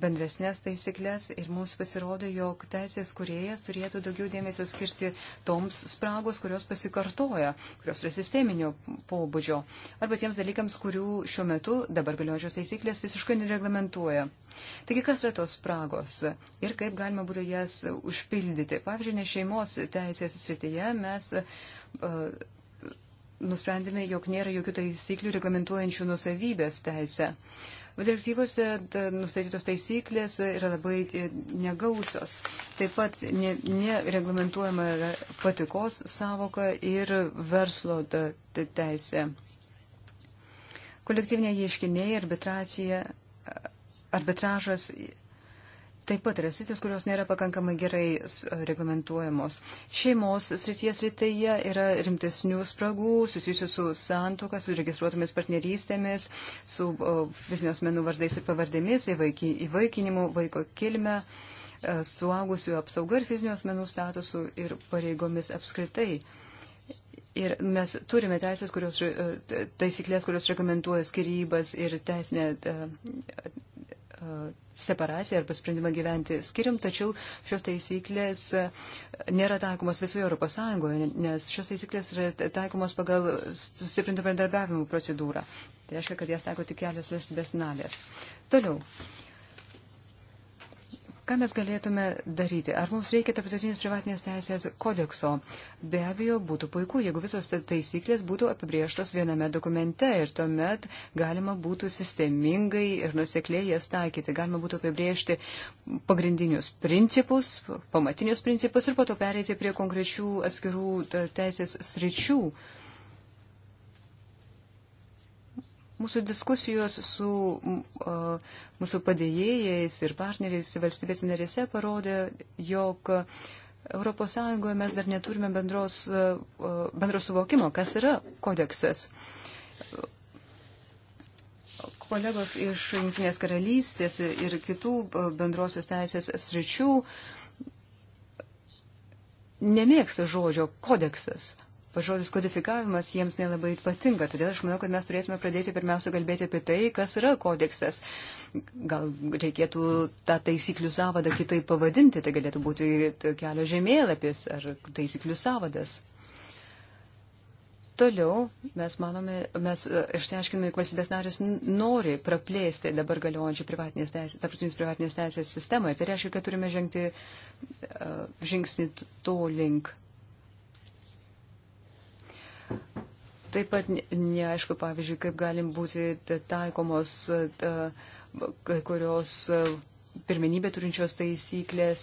bendresnės taisyklės ir mums pasirodė, jog teisės kuriejas turėtų daugiau dėmesio skirti toms spragos, kurios pasikartoja, kurios yra sisteminio pobūdžio, arba tiems dalykams, kurių šiuo metu dabar galiojančios taisyklės visiškai nereglamentuoja. Taigi, kas yra tos spragos ir kaip galima būtų jas užpildyti? Pavyzdžiui, ne šeimos teisės srityje mes. Uh, nusprendėme, jog nėra jokių taisyklių reglamentuojančių nusavybės teisę. Direktyvose nustatytos taisyklės yra labai e, negausios. Taip pat nereglamentuojama ne yra patikos savoka ir verslo teisė. Kolektyviniai ieškiniai, arbitracija, arbitražas taip pat yra sritis, kurios nėra pakankamai gerai e, reglamentuojamos. Šeimos srities srityje yra rimtesnių spragų susijusių su santuoka, su registruotomis partnerystėmis, su fizinių asmenų vardais ir pavardėmis, įvaikinimu, vaiko kilme, e, suaugusių apsauga ir fizinių asmenų statusu ir pareigomis apskritai. Ir mes turime teisės, kurios, e, taisyklės, kurios rekomenduoja skirybas ir teisinę separaciją arba sprendimą gyventi skiriam, tačiau šios taisyklės nėra taikomos visoje Europos Sąjungoje, nes šios taisyklės yra taikomos pagal sustiprinto bendradarbiavimo procedūrą. Tai reiškia, kad jas taiko tik kelios valstybės narės. Toliau. Ką mes galėtume daryti? Ar mums reikia tarptautinės privatinės teisės kodekso? Be abejo, būtų puiku, jeigu visos taisyklės būtų apibrieštos viename dokumente ir tuomet galima būtų sistemingai ir nusekliai jas taikyti. Galima būtų apibriežti pagrindinius principus, pamatinius principus ir po to pereiti prie konkrečių atskirų teisės sričių. Uh, Mūsų diskusijos su uh, mūsų padėjėjais ir partneriais valstybės narėse parodė, jog ES mes dar neturime bendros, uh, bendros suvokimo, kas yra kodeksas. Kolegos iš Junktinės karalystės ir kitų bendrosios teisės sričių nemėgsta žodžio kodeksas žodis kodifikavimas jiems nelabai patinka, todėl aš manau, kad mes turėtume pradėti pirmiausia kalbėti apie tai, kas yra kodeksas. Gal reikėtų tą taisyklių savadą kitaip pavadinti, tai galėtų būti kelio žemėlapis ar taisyklių savadas. Toliau mes manome, mes e, išsiaiškiname, jog valstybės narės nori praplėsti dabar galiojančią privatinės teisės, tarptautinės privatinės teisės sistemą. Ir tai reiškia, kad turime žengti uh, žingsnį to link. Taip pat neaišku, pavyzdžiui, kaip galim būti taikomos kai kurios e, pirmenybė turinčios taisyklės.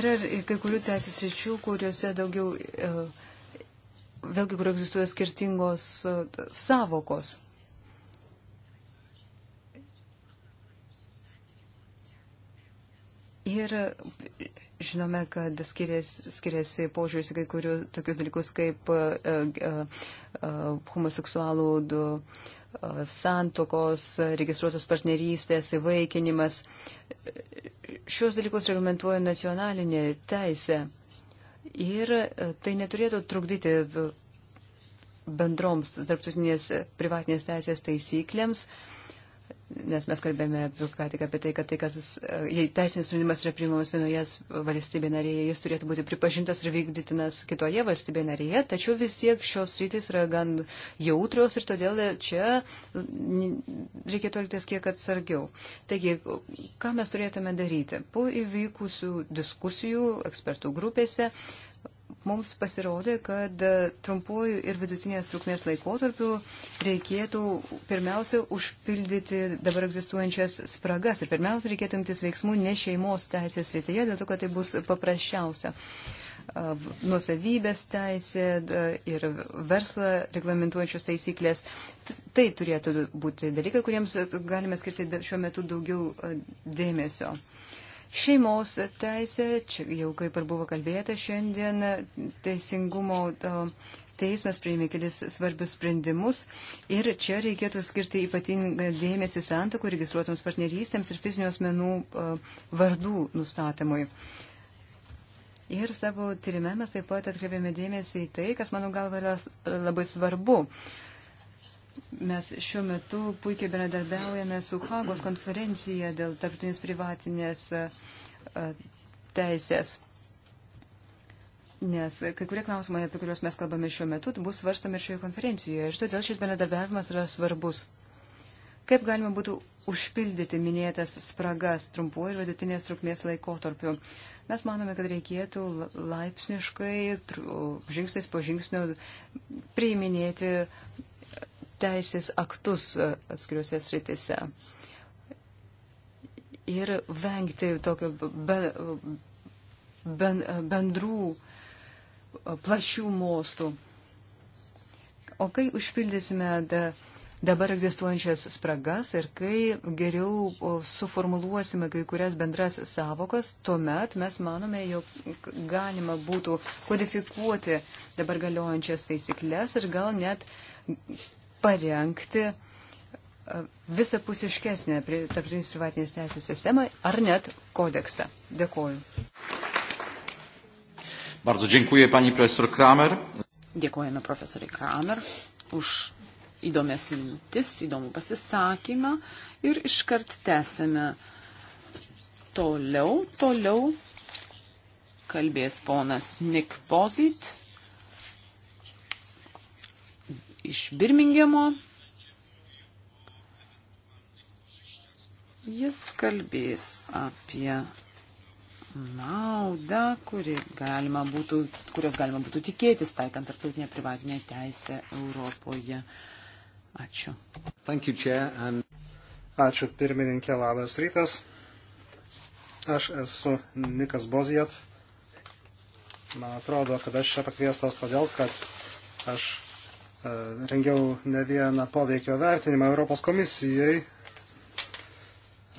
Yra ir kai kurių teisės ryčių, kuriuose daugiau, e, vėlgi, kur egzistuoja skirtingos e, savokos. Ir žinome, kad skiriasi, skiriasi požiūris į kai kurių tokius dalykus kaip uh, uh, homoseksualų uh, santokos, registruotos partnerystės, įvaikinimas. Šios dalykus reglamentuoja nacionalinė teisė. Ir tai neturėtų trukdyti bendroms tarptautinės privatinės teisės taisyklėms, uh, nes mes kalbėjome ką tik apie tai, kad tai, kas, e, jei teisinis sprendimas yra priimamas vienoje valstybėje narėje, jis turėtų būti pripažintas ir vykdytinas kitoje valstybėje narėje, tačiau vis tiek šios rytis yra gan jautrios ir todėl e, čia reikėtų elgtis kiek atsargiau. Taigi, ką mes turėtume daryti? Po įvykusių diskusijų ekspertų grupėse mums pasirodė, kad trumpuoju ir vidutinės trukmės laikotarpiu reikėtų pirmiausia užpildyti dabar egzistuojančias spragas ir pirmiausia reikėtų imtis veiksmų ne šeimos teisės rytyje, dėl to, kad tai bus paprasčiausia. Nusavybės teisė ir verslą reglamentuojančios taisyklės. Tai turėtų būti dalykai, kuriems galime skirti šiuo metu daugiau dėmesio. Šeimos teisė, čia jau kaip ir buvo kalbėta šiandien, teisingumo teismas priėmė kelis svarbius sprendimus ir čia reikėtų skirti ypatingą dėmesį santokų registruotoms partnerystėms ir fizinių asmenų vardų nustatymui. Ir savo tyrimę mes taip pat atkreipėme dėmesį į tai, kas mano galva yra labai svarbu. Uh, Mes šiuo metu puikiai bendradarbiaujame su Hagos konferencija dėl tarptautinės privatinės teisės. Nes kai kurie klausimai, apie kuriuos mes kalbame šiuo metu, bus svarstami ir šioje konferencijoje. Ir todėl šis bendradarbiavimas yra svarbus. Kaip galima būtų užpildyti minėtas spragas trumpuoju ir vidutinės trukmės laikotarpiu? Mes manome, kad reikėtų laipsniškai, žingsnis po žingsnio priiminėti teisės aktus e, atskiriuose sritise ir vengti tokio be, ben, bendrų e, plačių mostų. O kai užpildysime da, dabar egzistuojančias spragas ir kai geriau suformuluosime kai kurias bendras savokas, tuomet mes manome, jog galima būtų kodifikuoti dabar galiojančias taisyklės ir gal net parengti e, visapusiškesnę tarptautinės privatinės teisės sistemą ar net kodeksą. Dėkuoju. Bardzo dziękuję pani profesor Kramer. Dėkojame profesoriai Kramer už įdomias mintis, įdomų pasisakymą ir iškart tęsime toliau, toliau kalbės ponas Nick Pozit iš Birmingemo. Jis kalbės apie naudą, kuri galima būtų, kurios galima būtų tikėtis taikant tarptautinę privatinę teisę Europoje. Ačiū. Thank you, Chair, and... Ačiū pirmininkė, labas rytas. Aš esu Nikas Bozijat. Man atrodo, kad aš čia pakviestas todėl, kad aš E, rengiau ne vieną poveikio vertinimą Europos komisijai,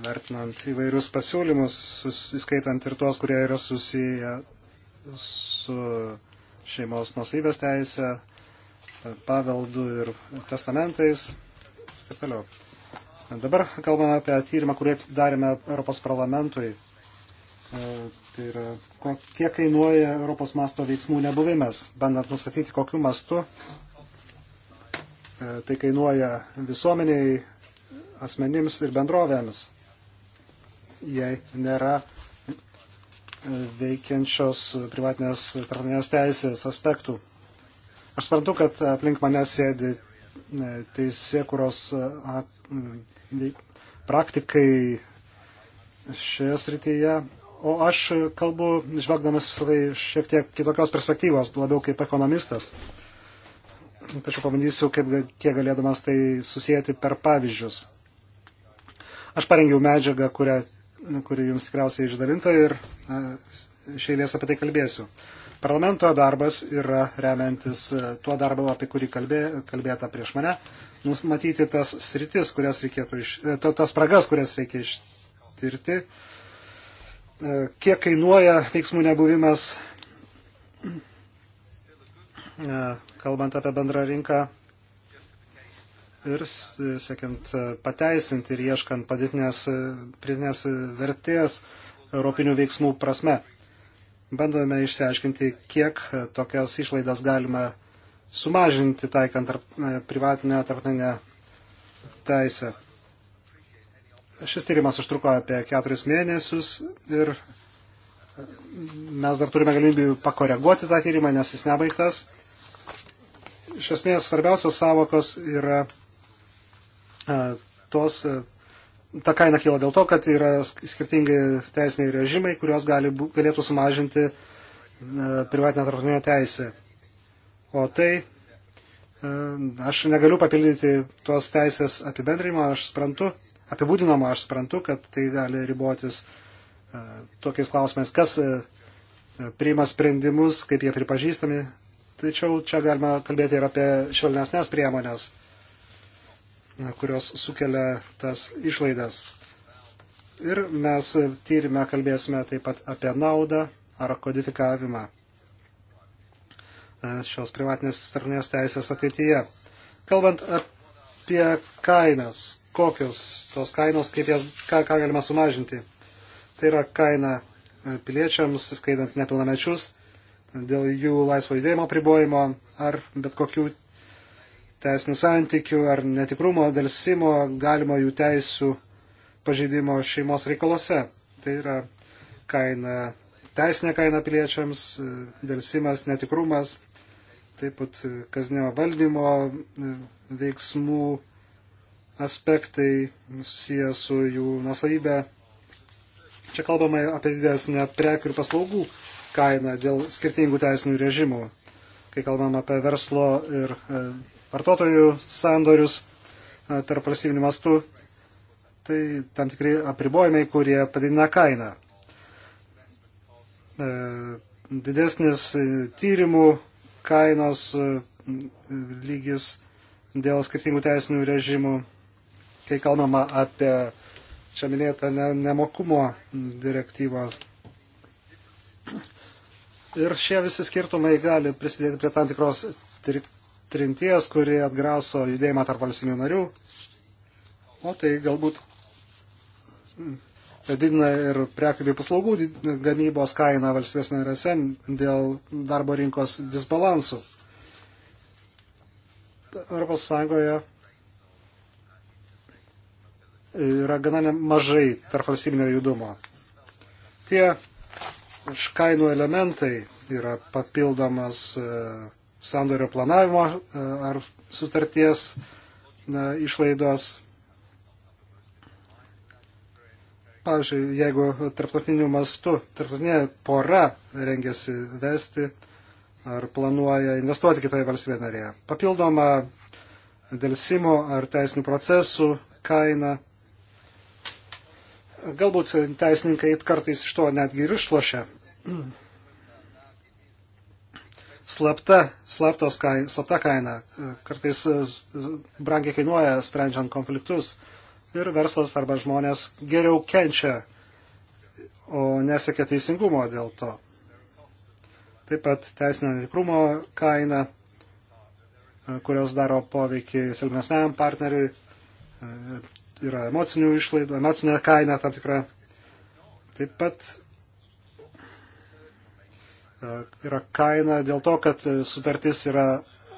vertinant įvairius pasiūlymus, įskaitant ir tuos, kurie yra susiję su šeimos nusavybės teisė, e, paveldu ir testamentais ir taip toliau. E, dabar kalbame apie tyrimą, kurį darėme Europos parlamentui. Tai yra, kiek kainuoja Europos masto veiksmų nebuvimas, bandant nustatyti, kokiu mastu E, tai kainuoja visuomeniai, asmenims ir bendrovėms, jei nėra e, veikiančios privatinės tarptautinės teisės aspektų. Aš suprantu, kad aplink mane sėdi e, teisėkuros praktikai šioje srityje, o aš kalbu, žvelgdamas visą tai šiek tiek kitokios perspektyvos, labiau kaip ekonomistas tačiau pabandysiu, kaip tie galėdamas tai susijęti per pavyzdžius. Aš parengiau medžiagą, kurią, kuri jums tikriausiai išdalinta ir iš eilės apie tai kalbėsiu. Parlamento darbas yra remiantis tuo darbu, apie kurį kalbė, kalbėta prieš mane, numatyti tas sritis, kurias reikėtų iš, tas spragas, kurias reikia ištirti, kiek kainuoja veiksmų nebuvimas E, kalbant apie bendrą rinką ir siekiant e, pateisinti ir ieškant padėtinės e, pridinės vertės europinių veiksmų prasme. Bandome išsiaiškinti, kiek tokias išlaidas galima sumažinti taikant tarp, privatinę tarptautinę teisę. Šis tyrimas užtruko apie keturis mėnesius ir mes dar turime galimybių pakoreguoti tą tyrimą, nes jis nebaigtas iš esmės svarbiausios savokos yra e, tos, e, ta kaina kyla dėl to, kad yra skirtingi teisiniai režimai, kuriuos gali, galėtų sumažinti e, privatinę tarptautinę teisę. O tai, aš negaliu papildyti tuos teisės apibendrimą, aš suprantu, apibūdinamą aš suprantu, kad tai gali ribotis tokiais klausimais, kas priima sprendimus, kaip jie pripažįstami, Tačiau čia galima kalbėti ir apie švelnesnės priemonės, kurios sukelia tas išlaidas. Ir mes tyrimę kalbėsime taip pat apie naudą ar kodifikavimą e, šios privatinės tarnės teisės ateityje. Kalbant apie kainas, kokios tos kainos, kaip jas, ką, ką galima sumažinti. Tai yra kaina piliečiams, skaidant nepilnamečius, dėl jų laisvo judėjimo pribojimo ar bet kokių teisinių santykių ar netikrumo, dėlsimo, galimo jų teisų pažeidimo šeimos reikalose. Tai yra kaina, teisinė kaina piliečiams, dėlsimas, netikrumas, taip pat kasdienio valdymo e, veiksmų aspektai susiję su jų nusavybė. Čia kalbame apie didesnę prekių ir paslaugų kainą dėl skirtingų teisinių režimų. Kai kalbam apie verslo ir e, vartotojų sandorius e, tarp valstybinių mastų, tai tam tikrai apribojimai, kurie padidina kainą. E, didesnis tyrimų kainos lygis dėl skirtingų teisinių režimų, kai kalbama apie čia minėtą nemokumo direktyvą Ir šie visi skirtumai gali prisidėti prie tam tikros trinties, kurie atgraso judėjimą tarp valstybių narių. O tai galbūt mm, didina ir prekių bei paslaugų gamybos kainą valstybės narėse dėl darbo rinkos disbalansų. Europos Sąjungoje yra gana mažai tarp valstybinio judumo. Tie kainų elementai yra papildomas e, sandorio planavimo e, ar sutarties e, išlaidos. Pavyzdžiui, jeigu tarptautiniu mastu, tarptautinė pora rengiasi vesti ar planuoja investuoti kitoje valstybėje narėje. Papildoma dėlsimo ar teisinių procesų kaina Galbūt teisininkai kartais iš to netgi ir išlošia. Slapta, slaptos kaina, slapta kaina kartais e, brangiai kainuoja sprendžiant konfliktus ir verslas arba žmonės geriau kenčia, o nesiekia teisingumo dėl to. Taip pat teisinio netikrumo kaina, e, kurios daro poveikį silpnesniam partneriui e, yra emocinių išlaidų, emocinė kaina tam tikra. Taip pat e, yra kaina dėl to, kad sutartis yra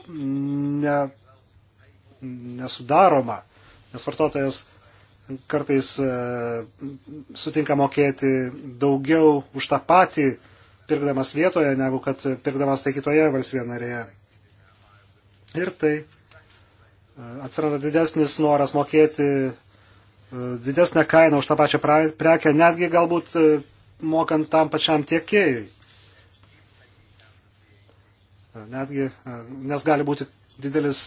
ne, nesudaroma, nes vartotojas kartais e, sutinka mokėti daugiau už tą patį, pirkdamas vietoje, negu kad pirkdamas tai kitoje valstybėje narėje. Ir tai e, atsiranda didesnis noras mokėti E, didesnę kainą už tą pačią prekę, netgi galbūt e, mokant tam pačiam tiekėjui. E, netgi, nes gali būti didelis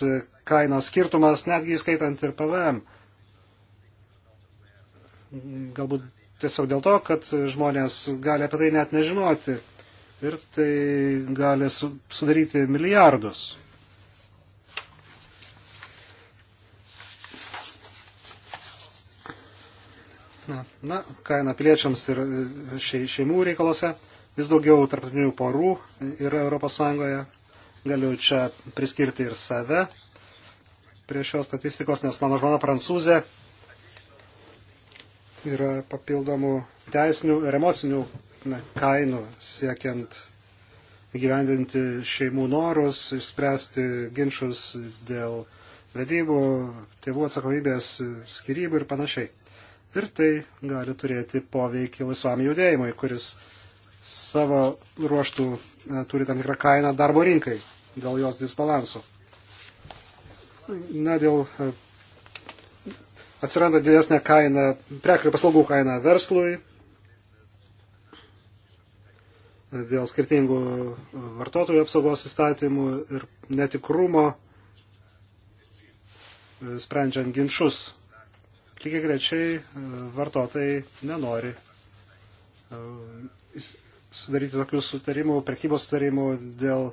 kainos skirtumas, netgi įskaitant ir PVM. Galbūt tiesiog dėl to, kad žmonės gali apie tai net nežinoti ir tai gali sudaryti milijardus. na, kaina piliečiams ir e, še, šeimų reikalose. Vis daugiau tarptautinių porų yra ES. Galiu čia priskirti ir save prie šios statistikos, nes mano žmona prancūzė yra papildomų teisinių ir emocinių na, kainų siekiant įgyvendinti šeimų norus, išspręsti ginčius dėl vedybų, tėvų atsakomybės, skirybų ir panašiai ir tai gali turėti poveikį laisvam judėjimui, kuris savo ruoštų e, turi tam tikrą kainą darbo rinkai dėl jos disbalansų. Na, dėl e, atsiranda didesnė kaina, prekių ir paslaugų kaina verslui, dėl skirtingų vartotojų apsaugos įstatymų ir netikrumo, e, sprendžiant ginčius Lygiai grečiai e, vartotojai nenori e, sudaryti tokių sutarimų, prekybos sutarimų dėl e,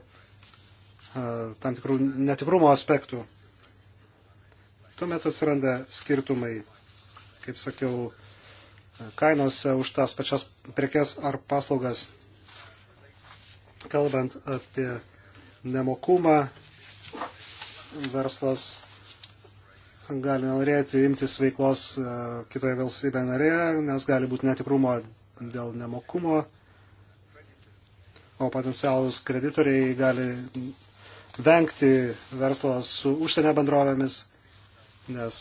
tam tikrų netikrumo aspektų. Tuomet atsiranda skirtumai, kaip sakiau, kainose už tas pačias prekes ar paslaugas. Kalbant apie nemokumą, verslas gali norėti imtis veiklos e, kitoje valstybėje narėje, nes gali būti netikrumo dėl nemokumo, o potencialus kreditoriai gali vengti verslo su užsienio bendrovėmis, nes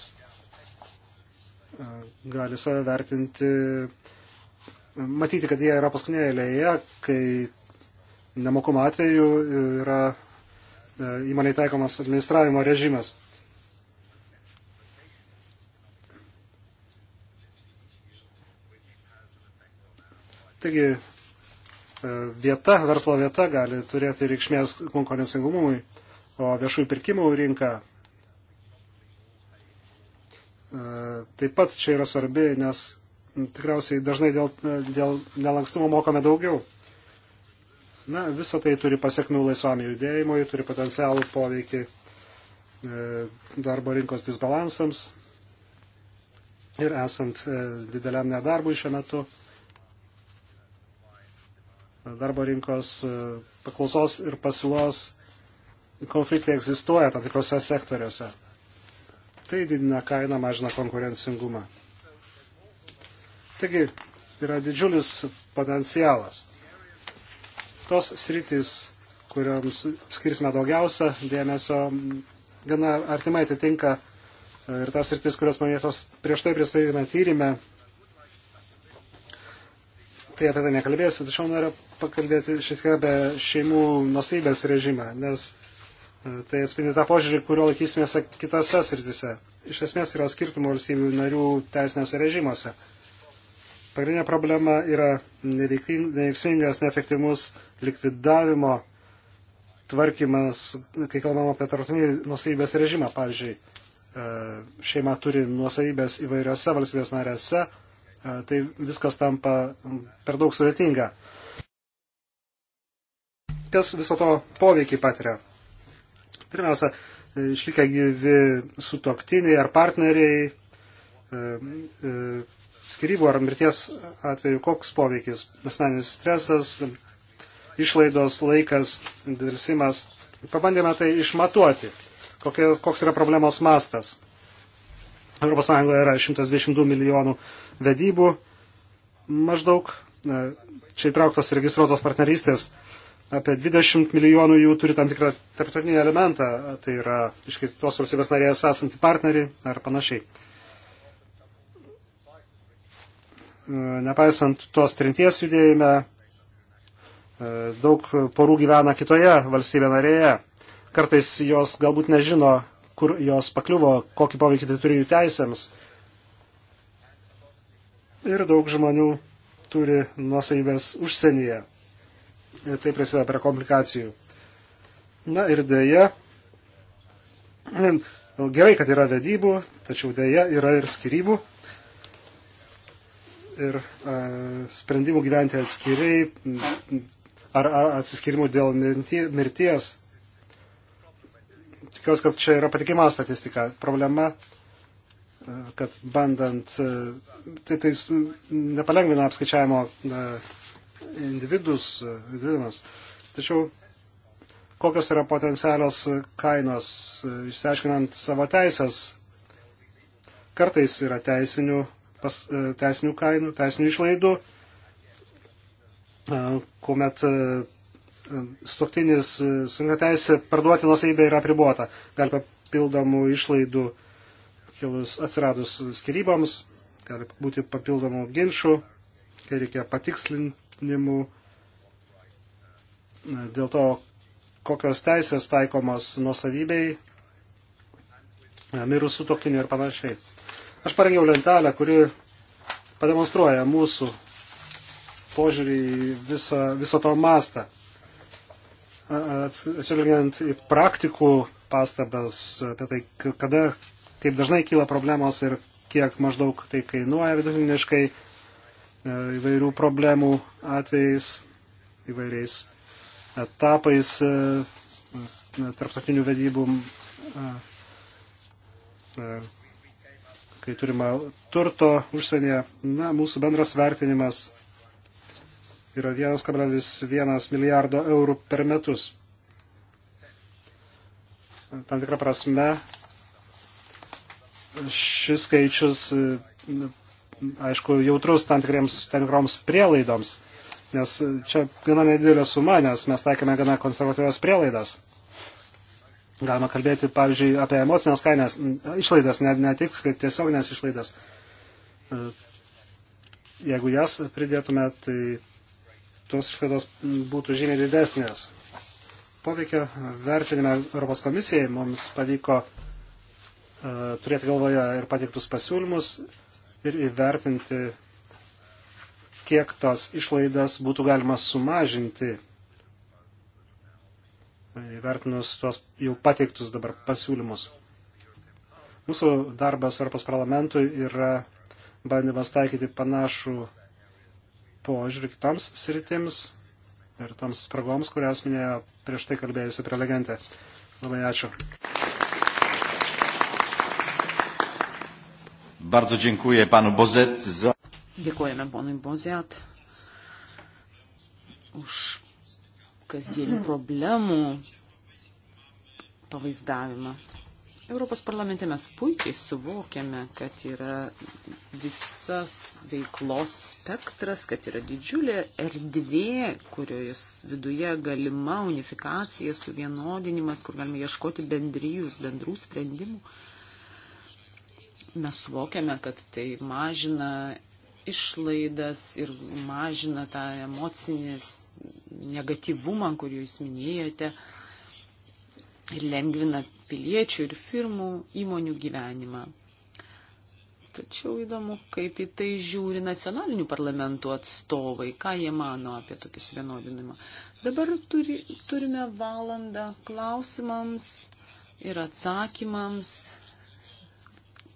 e, gali save vertinti, matyti, kad jie yra paskutinėje eilėje, kai nemokumo atveju yra e, įmonai taikomas administravimo režimas. Taigi e, vieta, verslo vieta gali turėti reikšmės konkurencingumui, o viešųjų pirkimų rinka e, taip pat čia yra svarbi, nes tikriausiai dažnai dėl, dėl nelankstumo mokame daugiau. Na, visa tai turi pasiekmių laisvam judėjimui, turi potencialų poveikį e, darbo rinkos disbalansams ir esant dideliam nedarbui šiuo metu darbo rinkos e, paklausos ir pasiūlos konfliktai egzistuoja tam tikrose sektoriuose. Tai didina kainą, mažina konkurencingumą. Taigi yra didžiulis potencialas. Tos sritys, kuriams skirsime daugiausia dėmesio, gana artimai atitinka e, ir tas sritis, kurios manėtos prieš tai pristatydame tyrimę. Tai apie tai nekalbėsiu, tačiau noriu pakalbėti šiek tiek apie šeimų nusaibės režimą, nes e, tai atspindi tą požiūrį, kurio laikysimės kitose sritise. Iš esmės yra skirtumų valstybių narių teisiniuose režimuose. Pagrindinė problema yra neveiksmingas, neefektyvus likvidavimo tvarkymas, kai kalbam apie tarptautinį nusaibės režimą, pavyzdžiui, e, šeima turi nuosavybės įvairiose valstybės narėse, e, tai viskas tampa per daug sudėtinga. Kas viso to poveikį patiria? Pirmiausia, e, išlikę gyvi sutoktiniai ar partneriai, e, e, skirybų ar mirties atveju, koks poveikis, asmeninis stresas, išlaidos, laikas, dėlsimas. Pabandėme tai išmatuoti, kokie, koks yra problemos mastas. ES yra 122 milijonų vedybų, maždaug čia įtrauktos registruotos partnerystės apie 20 milijonų jų turi tam tikrą tarptautinį elementą, tai yra iš kitos valstybės narės esantį partnerį ar panašiai. Nepaisant tos trinties judėjime, daug porų gyvena kitoje valstybė narėje. Kartais jos galbūt nežino, kur jos pakliuvo, kokį poveikį tai turi jų teisėms. Ir daug žmonių turi nuosaivės užsienyje ir tai prisideda prie komplikacijų. Na ir dėja, gerai, kad yra vedybų, tačiau dėja yra ir skirybų. Ir e, sprendimų gyventi atskiriai ar, ar atsiskirimų dėl mirties. Tikiuosi, kad čia yra patikima statistika. Problema kad bandant, tai, tai nepalengvina apskaičiavimo individus, individams. Tačiau kokios yra potencialios kainos, išsiaiškinant savo teisės. Kartais yra teisinių, pas, e, teisinių kainų, teisinių išlaidų, e, kuomet e, stoktinis sunka teisė parduoti nusaibę yra pribuota. Gali papildomų išlaidų kilus, atsiradus skiryboms, gali būti papildomų ginčių, kai reikia patikslinti vertinimų e, dėl to, kokios teisės taikomos nuosavybei, e, mirusų toktinių ir panašiai. Aš parengiau lentelę, kuri pademonstruoja mūsų požiūrį į visą, viso to mastą. Atsižvelgiant į praktikų pastabas apie tai, kada, kaip dažnai kyla problemos ir kiek maždaug tai kainuoja vidutiniškai, E, įvairių problemų atvejais, įvairiais etapais e, tarptautinių vedybų, e, kai turime turto užsienyje. Na, mūsų bendras vertinimas yra 1,1 milijardo eurų per metus. Tam tikrą prasme šis skaičius aišku, jautrus tam tikriems tam tikroms prielaidoms, nes čia gana nedidelė suma, nes mes taikėme gana konservatyvias prielaidas. Galima kalbėti, pavyzdžiui, apie emocinės kainės išlaidas, ne, ne tik tiesioginės išlaidas. Jeigu jas pridėtume, tai tos išlaidos būtų žymiai didesnės. Poveikio vertinime Europos komisijai mums pavyko uh, turėti galvoje ir pateiktus pasiūlymus ir įvertinti, kiek tas išlaidas būtų galima sumažinti, įvertinus tuos jau pateiktus dabar pasiūlymus. Mūsų darbas Europos parlamentui yra bandymas taikyti panašų požiūrį kitoms sritims ir toms spragoms, kurias minėjo prieš tai kalbėjusi prelegentė. Labai ačiū. Bardzo dziękuję panu Bozet za. Dėkojame ponui Bozet už kasdienių problemų pavaizdavimą. Europos parlamente mes puikiai suvokiame, kad yra visas veiklos spektras, kad yra didžiulė erdvė, kurios viduje galima unifikacija, suvienodinimas, kur galima ieškoti bendrijus, bendrų sprendimų. Uh, Mes suvokiame, kad tai mažina išlaidas ir mažina tą emocinės negatyvumą, kurį jūs minėjote, ir lengvina piliečių ir firmų įmonių gyvenimą. Tačiau įdomu, kaip į tai žiūri nacionalinių parlamentų atstovai, ką jie mano apie tokius vienodinimą. Dabar turi, turime valandą klausimams ir atsakymams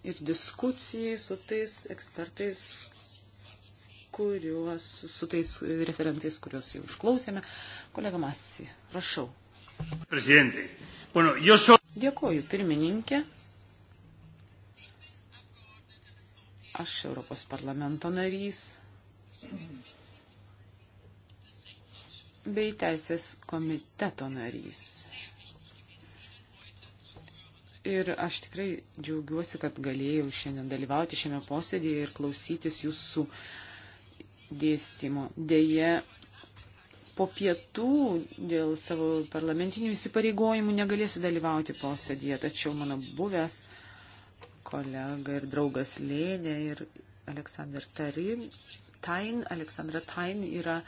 ir diskusijai su tais ekspertais, kuriuos, su tais referentais, kuriuos jau išklausėme. Kolega Masi, prašau. Prezidentai. Bueno, so... Dėkuoju, pirmininkė. Aš Europos parlamento narys bei teisės komiteto narys. Ir aš tikrai džiaugiuosi, kad galėjau šiandien dalyvauti šiame posėdėje ir klausytis jūsų dėstymo. Deja, po pietų dėl savo parlamentinių įsipareigojimų negalėsiu dalyvauti posėdėje, tačiau mano buvęs kolega ir draugas Lėnė ir Aleksandr Tarin, Tain, Aleksandra Tain yra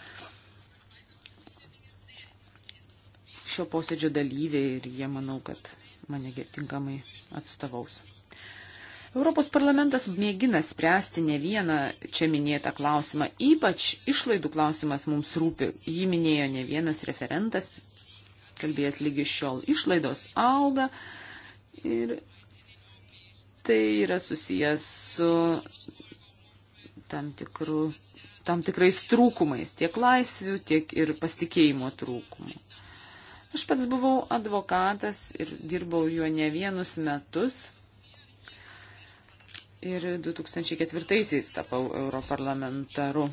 šio posėdžio dalyviai ir jie manau, kad mane tinkamai atstovaus. Europos parlamentas mėgina spręsti ne vieną čia minėtą klausimą, ypač išlaidų klausimas mums rūpi. Jį minėjo ne vienas referentas, kalbėjęs lygi šiol. Išlaidos auga ir tai yra susijęs su tam, tikru, tam tikrais trūkumais, tiek laisvių, tiek ir pasitikėjimo trūkumų. Aš pats buvau advokatas ir dirbau juo ne vienus metus. Ir 2004-aisiais tapau europarlamentaru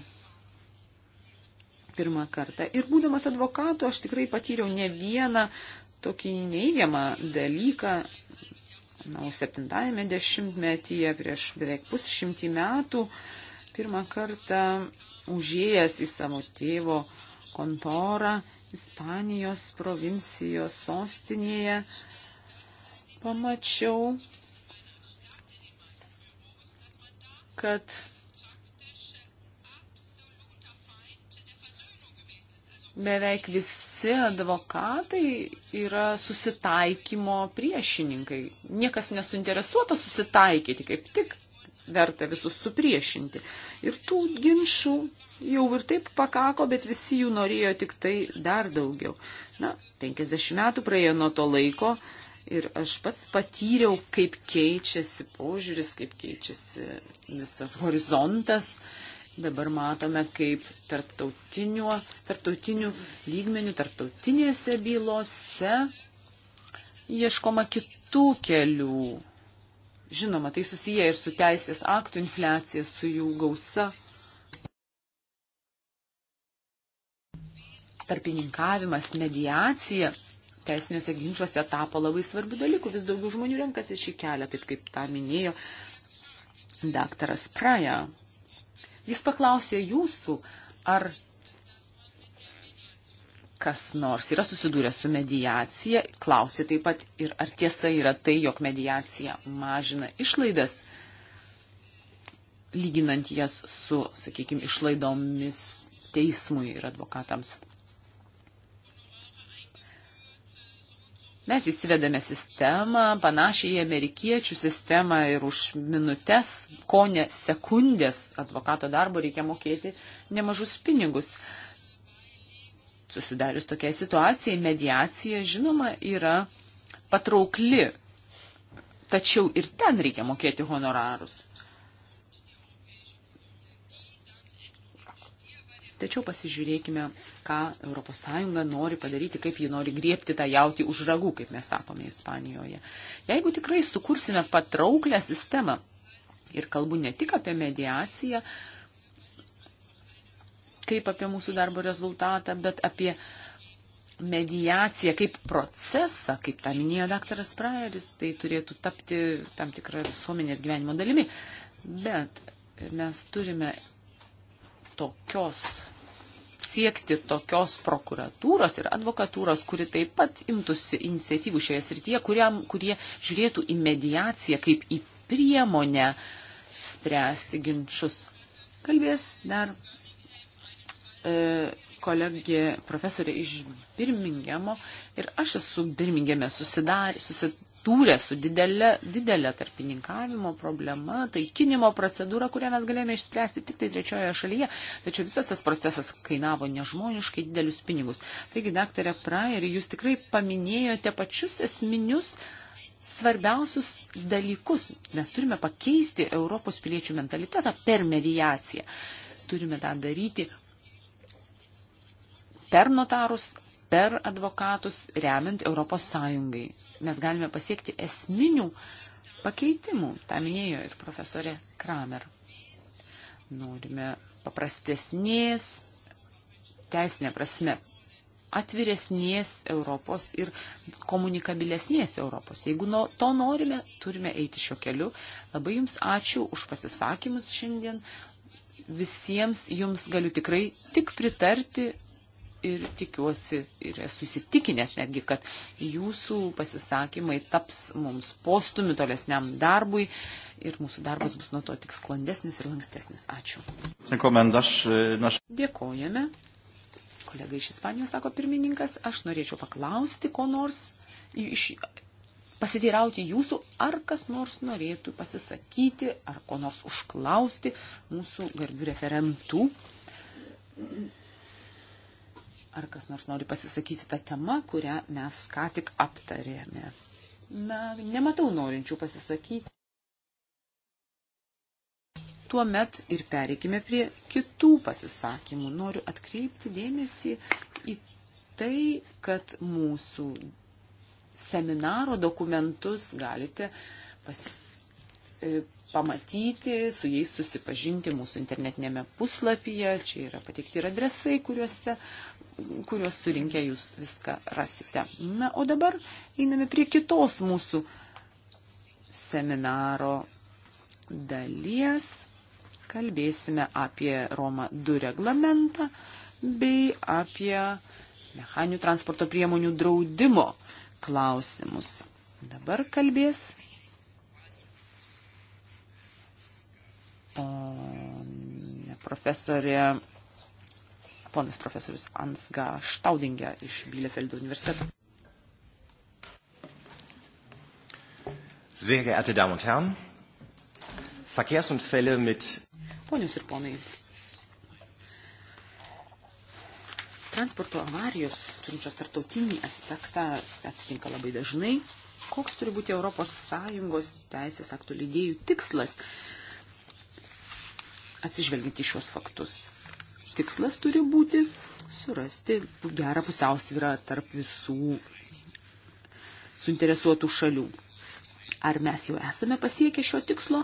pirmą kartą. Ir būdamas advokatu, aš tikrai patyriau ne vieną tokį neigiamą dalyką. Na, o septintajame dešimtmetyje, prieš beveik pusšimtį metų, pirmą kartą užėjęs į savo tėvo kontorą, Ispanijos provincijos sostinėje pamačiau, kad beveik visi advokatai yra susitaikymo priešininkai. Niekas nesuinteresuota susitaikyti, kaip tik verta visus supriešinti. Ir tų ginčių jau ir taip pakako, bet visi jų norėjo tik tai dar daugiau. Na, 50 metų praėjo nuo to laiko ir aš pats patyriau, kaip keičiasi požiūris, kaip keičiasi visas horizontas. Dabar matome, kaip tarptautinių lygmenių, tarptautinėse bylose ieškoma kitų kelių Žinoma, tai susiję ir su teisės aktų infliacija, su jų gausa. Tarpininkavimas, mediacija teisiniuose ginčiuose tapo labai svarbių dalykų. Vis daugiau žmonių renkasi šį kelią, taip kaip tą minėjo daktaras Praja. Jis paklausė jūsų, ar kas nors yra susidūręs su mediacija, klausė taip pat ir ar tiesa yra tai, jog mediacija mažina išlaidas, lyginant jas su, sakykime, išlaidomis teismui ir advokatams. Mes įsivedame sistemą, panašiai į amerikiečių sistemą ir už minutės, ko ne sekundės advokato darbo reikia mokėti nemažus pinigus susidarius tokia situacija, mediacija, žinoma, yra patraukli, tačiau ir ten reikia mokėti honorarus. Tačiau pasižiūrėkime, ką ES nori padaryti, kaip ji nori griepti tą jautį už ragų, kaip mes sakome Ispanijoje. Jeigu tikrai sukursime patrauklę sistemą, ir kalbu ne tik apie mediaciją, uh, kaip apie mūsų darbo rezultatą, bet apie mediaciją kaip procesą, kaip tą minėjo daktaras Praeris, tai turėtų tapti tam tikrą visuomenės gyvenimo dalimi. Bet mes turime tokios siekti tokios prokuratūros ir advokatūros, kuri taip pat imtųsi iniciatyvų šioje srityje, kuriam, kurie žiūrėtų į mediaciją kaip į priemonę spręsti ginčius. Kalbės dar E, kolegė profesorė iš Birmingemo ir aš esu Birmingeme susitūrę su didelė, didelė tarpininkavimo problema, taikinimo procedūra, kurią mes galėjome išspręsti tik tai trečiojoje šalyje, tačiau visas tas procesas kainavo nežmoniškai didelius pinigus. Taigi, daktarė Praer, jūs tikrai paminėjote pačius esminius svarbiausius dalykus. Mes turime pakeisti Europos piliečių mentalitetą per mediaciją. Turime tą daryti per notarus, per advokatus, remiant Europos Sąjungai. Mes galime pasiekti esminių pakeitimų, tą minėjo ir profesorė Kramer. Norime paprastesnės, teisinė prasme, atviresnės Europos ir komunikabilesnės Europos. Jeigu no, to norime, turime eiti šiuo keliu. Labai Jums ačiū už pasisakymus šiandien. Visiems Jums galiu tikrai tik pritarti ir tikiuosi ir esu įsitikinęs netgi, kad jūsų pasisakymai taps mums postumiu tolesniam darbui ir mūsų darbas bus nuo to tik sklandesnis ir lankstesnis. Ačiū. E, Dėkojame. Kolega iš Ispanijos sako pirmininkas, aš norėčiau paklausti ko nors, iš, pasiteirauti jūsų, ar kas nors norėtų pasisakyti, ar ko nors užklausti mūsų garbių referentų. Mm-hmm. Ar kas nors nori pasisakyti tą temą, kurią mes ką tik aptarėme? Na, nematau norinčių pasisakyti. Tuomet ir pereikime prie kitų pasisakymų. Noriu atkreipti dėmesį į tai, kad mūsų seminaro dokumentus galite pas, e, pamatyti, su jais susipažinti mūsų internetinėme puslapyje. Čia yra patikti ir adresai, kuriuose kuriuos surinkę jūs viską rasite. Na, o dabar einame prie kitos mūsų seminaro dalies. Kalbėsime apie Roma 2 reglamentą bei apie mechaninių transporto priemonių draudimo klausimus. Dabar kalbės o, profesorė ponas profesorius Ansga Štaudingė iš Bielefeldo universiteto. Sehr geehrte Damen und Herren, Verkehrsunfälle mit. Ponios ir ponai, transporto avarijos, turinčios tartautinį aspektą, atsitinka labai dažnai. Koks turi būti ES teisės aktų lydėjų tikslas atsižvelginti šios faktus? tikslas turi būti surasti gerą pusiausvyrą tarp visų suinteresuotų šalių. Ar mes jau esame pasiekę šio tikslo?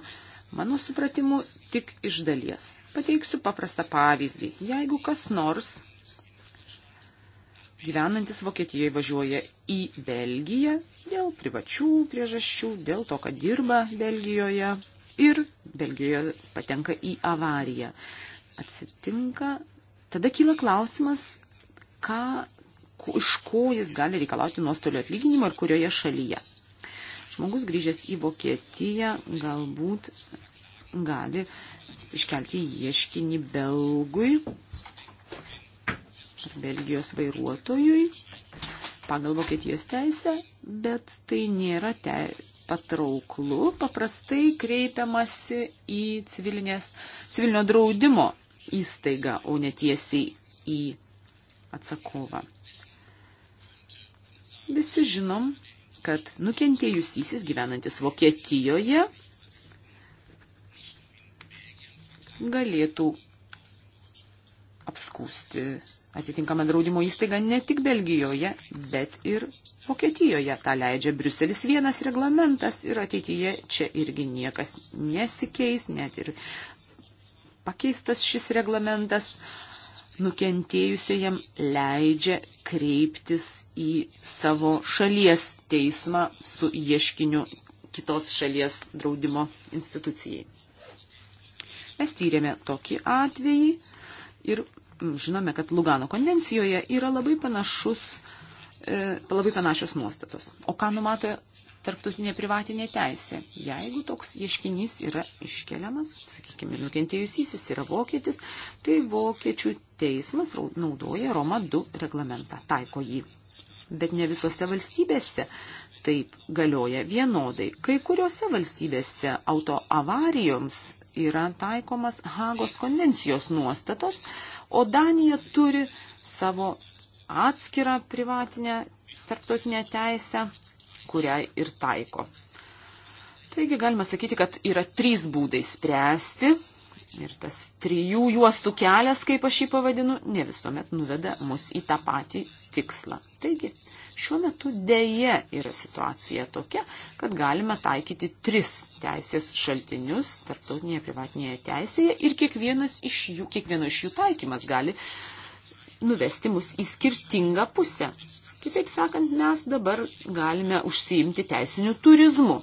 Mano supratimu, tik iš dalies. Pateiksiu paprastą pavyzdį. Jeigu kas nors gyvenantis Vokietijoje važiuoja į Belgiją dėl privačių priežasčių, dėl to, kad dirba Belgijoje ir Belgijoje patenka į avariją atsitinka, tada kyla klausimas, ką, iš ko jis gali reikalauti nuostolio atlyginimo ir kurioje šalyje. Žmogus grįžęs į Vokietiją galbūt gali iškelti ieškinį Belgui ar Belgijos vairuotojui pagal Vokietijos teisę, bet tai nėra te patrauklu. Paprastai kreipiamasi į civilinio draudimo įstaigą, o ne tiesiai į atsakovą. Visi žinom, kad nukentėjusysis gyvenantis Vokietijoje galėtų apskūsti atitinkamą draudimo įstaigą ne tik Belgijoje, bet ir Vokietijoje. Ta leidžia Briuselis vienas reglamentas ir ateityje čia irgi niekas nesikeis, net ir pakeistas šis reglamentas, nukentėjusiejam leidžia kreiptis į savo šalies teismą su ieškiniu kitos šalies draudimo institucijai. Mes tyrėme tokį atvejį ir mm, žinome, kad Lugano konvencijoje yra labai panašus e, labai panašios nuostatos. O ką numato tarptautinė privatinė teisė. Jeigu toks ieškinys yra iškeliamas, sakykime, nukentėjusysis yra vokietis, tai vokiečių teismas naudoja Roma 2 reglamentą, taiko jį. Bet ne visose valstybėse taip galioja vienodai. Kai kuriuose valstybėse autoavarijoms yra taikomas Hagos konvencijos nuostatos, o Danija turi savo atskirą privatinę tarptautinę teisę kurią ir taiko. Taigi galima sakyti, kad yra trys būdai spręsti ir tas trijų juostų kelias, kaip aš jį pavadinu, ne visuomet nuveda mus į tą patį tikslą. Taigi, šiuo metu dėje yra situacija tokia, kad galime taikyti tris teisės šaltinius tarptautinėje privatinėje teisėje ir kiekvienas iš jų, kiekvieno iš jų taikymas gali nuvesti mus į skirtingą pusę. Kitaip sakant, mes dabar galime užsiimti teisiniu turizmu.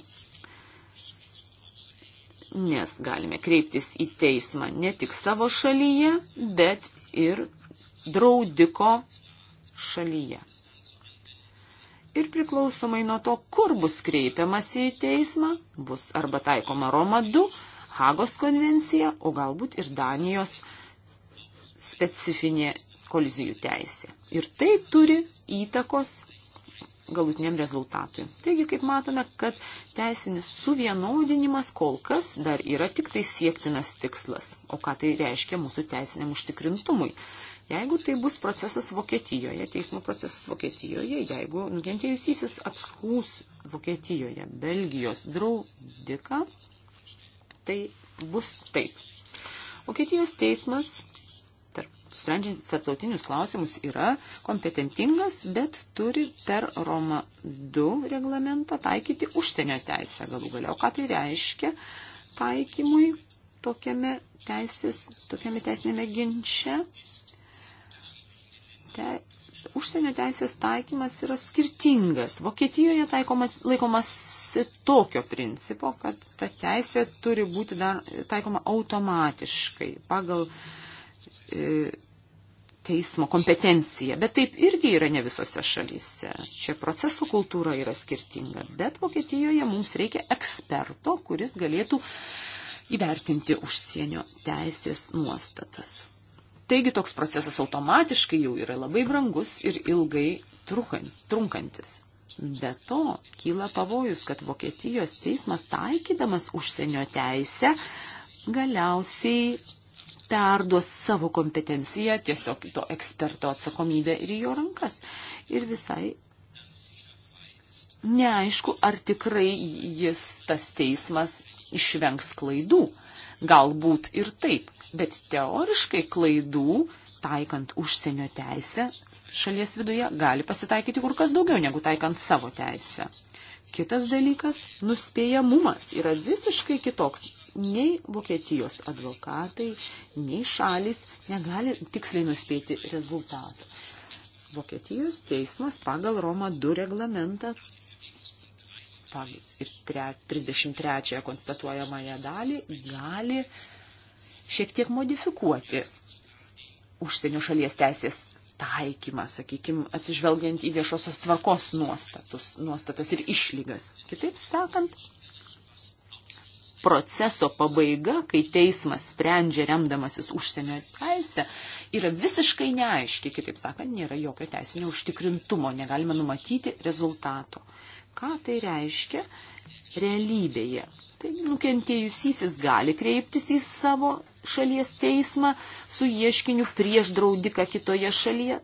Nes galime kreiptis į teismą ne tik savo šalyje, bet ir draudiko šalyje. Ir priklausomai nuo to, kur bus kreipiamas į teismą, bus arba taikoma Roma 2, Hagos konvencija, o galbūt ir Danijos specifinė kolizijų teisė. Ir tai turi įtakos galutiniam rezultatui. Taigi, kaip matome, kad teisinis suvienodinimas kol kas dar yra tik tai siektinas tikslas. O ką tai reiškia mūsų teisiniam užtikrintumui? Jeigu tai bus procesas Vokietijoje, teismo procesas Vokietijoje, jeigu nukentėjusysis apskūs Vokietijoje Belgijos draudiką, tai bus taip. Vokietijos teismas sprendžiant tarptautinius klausimus, yra kompetentingas, bet turi per Roma 2 reglamentą taikyti užsienio teisę galų galiau. Ką tai reiškia taikymui tokiame, teisės, tokiame teisinėme ginče? Te, užsienio teisės taikymas yra skirtingas. Vokietijoje taikomas, laikomas tokio principo, kad ta teisė turi būti dar taikoma automatiškai pagal e, teismo kompetencija, bet taip irgi yra ne visose šalyse. Čia procesų kultūra yra skirtinga, bet Vokietijoje mums reikia eksperto, kuris galėtų įvertinti užsienio teisės nuostatas. Taigi toks procesas automatiškai jau yra labai brangus ir ilgai trunkantis. Be to, kyla pavojus, kad Vokietijos teismas taikydamas užsienio teisę galiausiai perduos savo kompetenciją, tiesiog to eksperto atsakomybę ir jo rankas. Ir visai neaišku, ar tikrai jis, tas teismas, išvengs klaidų. Galbūt ir taip, bet teoriškai klaidų, taikant užsienio teisę, šalies viduje gali pasitaikyti kur kas daugiau negu taikant savo teisę. Kitas dalykas - nuspėjamumas yra visiškai kitoks nei Vokietijos advokatai, nei šalis negali tiksliai nuspėti rezultatų. Vokietijos teismas pagal Roma 2 reglamentą ir 33 konstatuojamąją dalį gali šiek tiek modifikuoti užsienio šalies teisės taikymą, sakykime, atsižvelgiant į viešosios tvarkos nuostatus, nuostatas ir išlygas. Kitaip sakant, proceso pabaiga, kai teismas sprendžia remdamasis užsienio teisę, yra visiškai neaiški, kitaip sakant, nėra jokio teisinio užtikrintumo, negalime numatyti rezultato. Ką tai reiškia? Realybėje. Tai nukentėjusysis gali kreiptis į savo šalies teismą su ieškiniu prieš draudiką kitoje šalyje,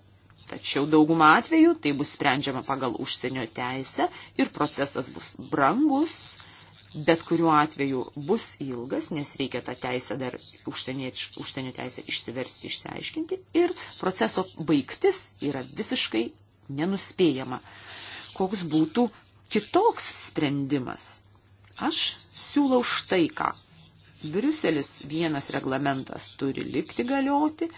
Tačiau daugumą atvejų tai bus sprendžiama pagal užsienio teisę ir procesas bus brangus, bet kuriuo atveju bus ilgas, nes reikia tą teisę dar užsienio teisę išsiversti, išsiaiškinti ir proceso baigtis yra visiškai nenuspėjama. Koks būtų kitoks sprendimas? Aš siūlau štai ką. Briuselis vienas reglamentas turi likti galioti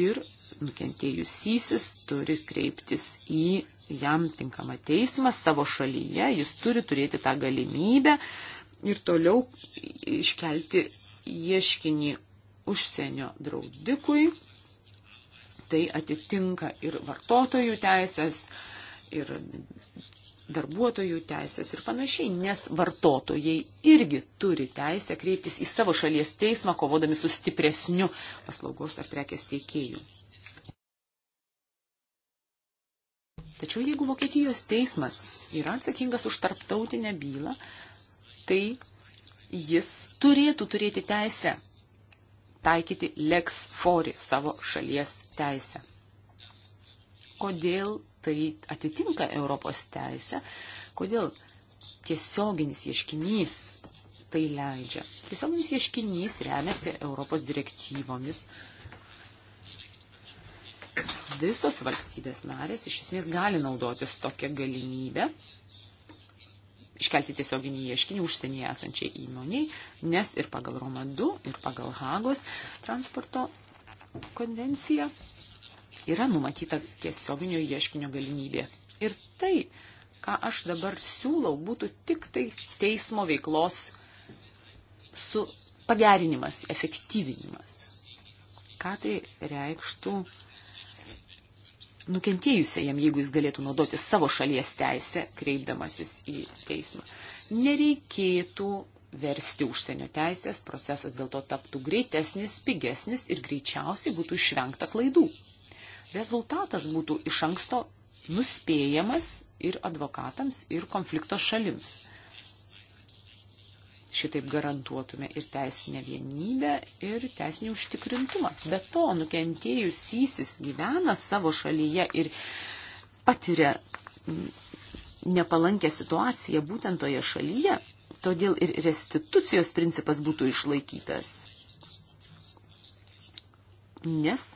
ir nukentėjusysis turi kreiptis į jam tinkamą teismą savo šalyje, jis turi turėti tą galimybę uh, ir toliau iškelti ieškinį užsienio draudikui. Tai atitinka ir vartotojų teisės, ir darbuotojų teisės ir panašiai, nes vartotojai irgi turi teisę kreiptis į savo šalies teismą, kovodami su stipresniu paslaugos ar prekės teikėju. Tačiau jeigu Vokietijos teismas yra atsakingas už tarptautinę bylą, tai jis turėtų turėti teisę taikyti lex fori savo šalies teisę. Kodėl tai atitinka Europos teisę, kodėl tiesioginis ieškinys tai leidžia. Tiesioginis ieškinys remiasi Europos direktyvomis. Visos valstybės narės iš esmės gali naudotis tokią galimybę iškelti tiesioginį ieškinį užsienyje esančiai įmoniai, nes ir pagal Roma 2, ir pagal Hagos transporto konvenciją yra numatyta tiesioginio ieškinio galimybė. Ir tai, ką aš dabar siūlau, būtų tik tai teismo veiklos su pagerinimas, efektyvinimas. Ką tai reikštų nukentėjusiajam, jeigu jis galėtų naudoti savo šalies teisę, kreipdamasis į teismą. Nereikėtų versti užsienio teisės, procesas dėl to taptų greitesnis, pigesnis ir greičiausiai būtų išvengta klaidų. Rezultatas būtų iš anksto nuspėjamas ir advokatams, ir konflikto šalims. Šitaip garantuotume ir teisinę vienybę, ir teisinį užtikrintumą. Be to, nukentėjusysis gyvena savo šalyje ir patiria nepalankę situaciją būtent toje šalyje, todėl ir restitucijos principas būtų išlaikytas. Nes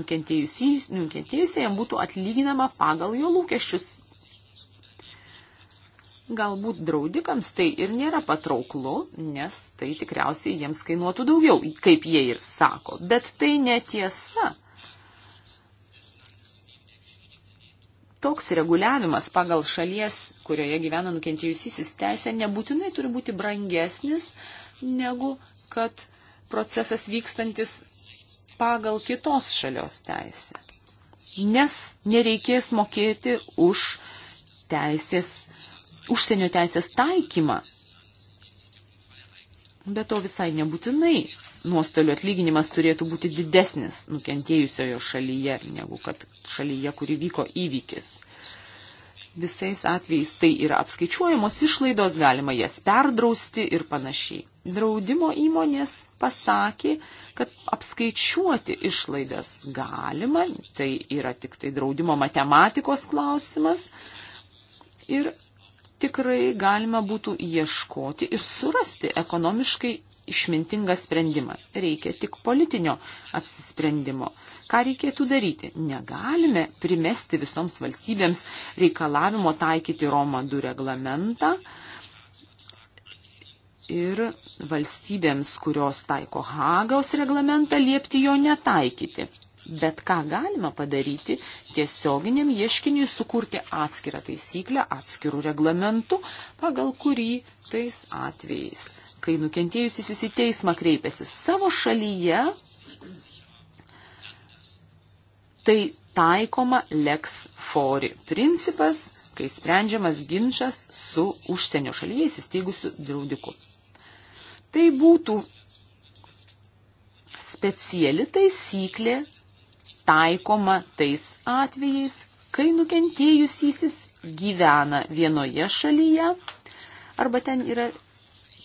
nukentėjusiai būtų atlyginama pagal jo lūkesčius Galbūt draudikams tai ir nėra patrauklu, nes tai tikriausiai jiems kainuotų daugiau, kaip jie ir sako. Bet tai netiesa. Toks reguliavimas pagal šalies, kurioje gyvena nukentėjusysis teisė, nebūtinai turi būti brangesnis negu kad procesas vykstantis pagal kitos šalios teisę. Nes nereikės mokėti už teisės užsienio teisės taikymą. Bet to visai nebūtinai nuostolių atlyginimas turėtų būti didesnis nukentėjusiojo šalyje, negu kad šalyje, kuri vyko įvykis. Visais atvejais tai yra apskaičiuojamos išlaidos, galima jas perdrausti ir panašiai. Draudimo įmonės pasakė, kad apskaičiuoti išlaidas galima, tai yra tik tai draudimo matematikos klausimas. Ir tikrai galima būtų ieškoti ir surasti ekonomiškai išmintingą sprendimą. Reikia tik politinio apsisprendimo. Ką reikėtų daryti? Negalime primesti visoms valstybėms reikalavimo taikyti Roma 2 reglamentą. Ir valstybėms, kurios taiko Hagos reglamentą, liepti jo netaikyti bet ką galima padaryti tiesioginiam ieškiniui sukurti atskirą taisyklę, atskirų reglamentų, pagal kurį tais atvejais, kai nukentėjusis į teismą kreipiasi savo šalyje, tai taikoma lex fori principas, kai sprendžiamas ginčas su užsienio šalyje įsisteigusiu draudiku. Tai būtų speciali taisyklė taikoma tais atvejais, kai nukentėjusysis gyvena vienoje šalyje arba ten yra,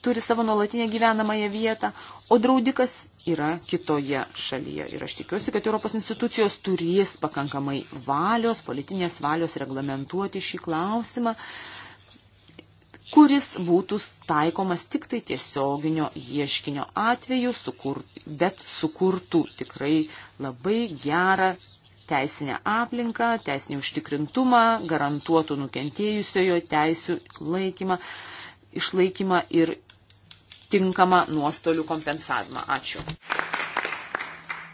turi savo nuolatinę gyvenamąją vietą, o draudikas yra kitoje šalyje. Ir aš tikiuosi, kad Europos institucijos turės pakankamai valios, politinės valios reglamentuoti šį klausimą, kuris būtų taikomas tik tai tiesioginio ieškinio atveju, sukurt, bet sukurtų tikrai labai gerą teisinę aplinką, teisinį užtikrintumą, garantuotų nukentėjusiojo teisų laikymą, išlaikymą ir tinkamą nuostolių kompensavimą. Ačiū.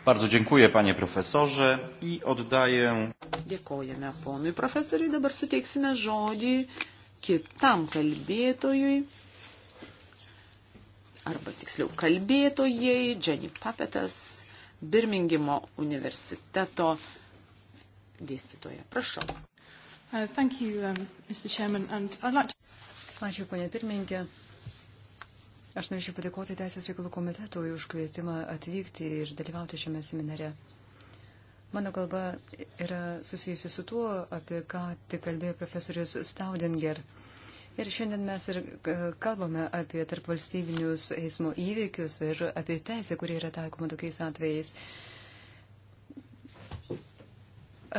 Bardzo dziękuję panie profesorze i oddaję. Dėkojame ponui profesoriui, dabar suteiksime žodį kitam kalbėtojui, arba tiksliau kalbėtojai, Jenny Papetas, Birmingimo universiteto dėstytoja. Prašau. Uh, thank you, um, Mr. Chairman, and I'd like to... Ačiū, ponia pirmininkė. Aš norėčiau padėkoti Teisės reikalų komitetui už kvietimą atvykti ir dalyvauti šiame seminare. Uh, Mano kalba yra susijusi su tuo, apie ką tik kalbėjo profesorius Staudinger. Ir šiandien mes ir e, kalbame apie tarpvalstybinius eismo įvykius ir apie teisę, kuri yra taikoma tokiais atvejais.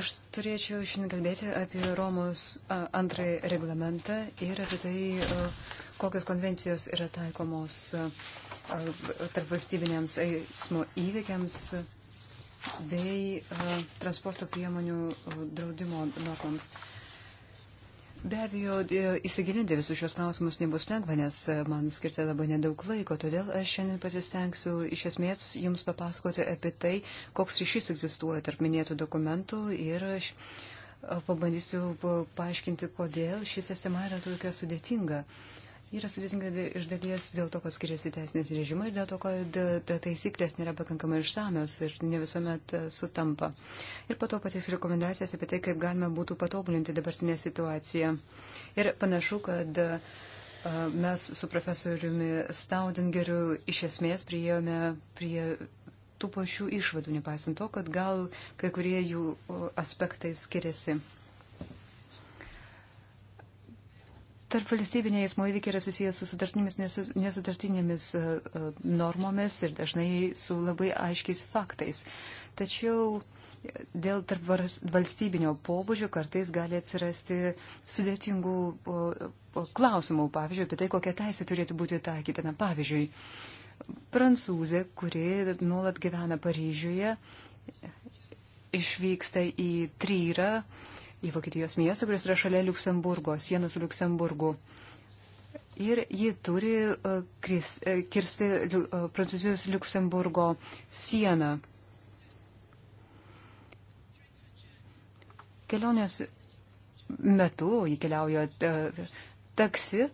Aš turėčiau šiandien kalbėti apie Romos antrąjį reglamentą ir apie tai, e, kokios konvencijos yra taikomos e, tarpvalstybiniams eismo įvykiams bei e, transporto priemonių e, draudimo normams. Be abejo, e, įsigilinti visus šios klausimus nebus lengva, nes man skirta labai nedaug laiko, todėl aš šiandien pasistengsiu iš esmės jums papasakoti apie tai, koks ryšys egzistuoja tarp minėtų dokumentų ir aš pabandysiu paaiškinti, kodėl ši sistema yra tokia sudėtinga. Uh, yra sudėtinga iš dalies dėl to, kad skiriasi teisinės režimai ir dėl to, kad e, taisyklės nėra pakankamai išsamios ir ne visuomet e, sutampa. Ir po to pateiksiu rekomendacijas apie tai, kaip galima būtų patobulinti dabartinę situaciją. Ir panašu, kad e, mes su profesoriumi Staudingeriu iš esmės priėjome prie tų pačių išvadų, nepaisant to, kad gal kai kurie jų aspektai skiriasi. Tarp valstybinė eismo įvykiai yra susijęs su sutartinėmis, nesutartinėmis e, e, normomis ir dažnai su labai aiškiais faktais. Tačiau dėl tarp valstybinio pobūdžio kartais gali atsirasti sudėtingų klausimų, pavyzdžiui, apie tai, kokia teisė turėtų būti taikytina. Pavyzdžiui, prancūzė, kuri nuolat gyvena Paryžiuje, išvyksta į Tryrą į Vokietijos miestą, kuris yra šalia Luksemburgo, sienos su Luksemburgu. Ir ji turi uh, kris, uh, kirsti uh, Prancūzijos Luksemburgo sieną. Kelionės metu ji keliauja taksi,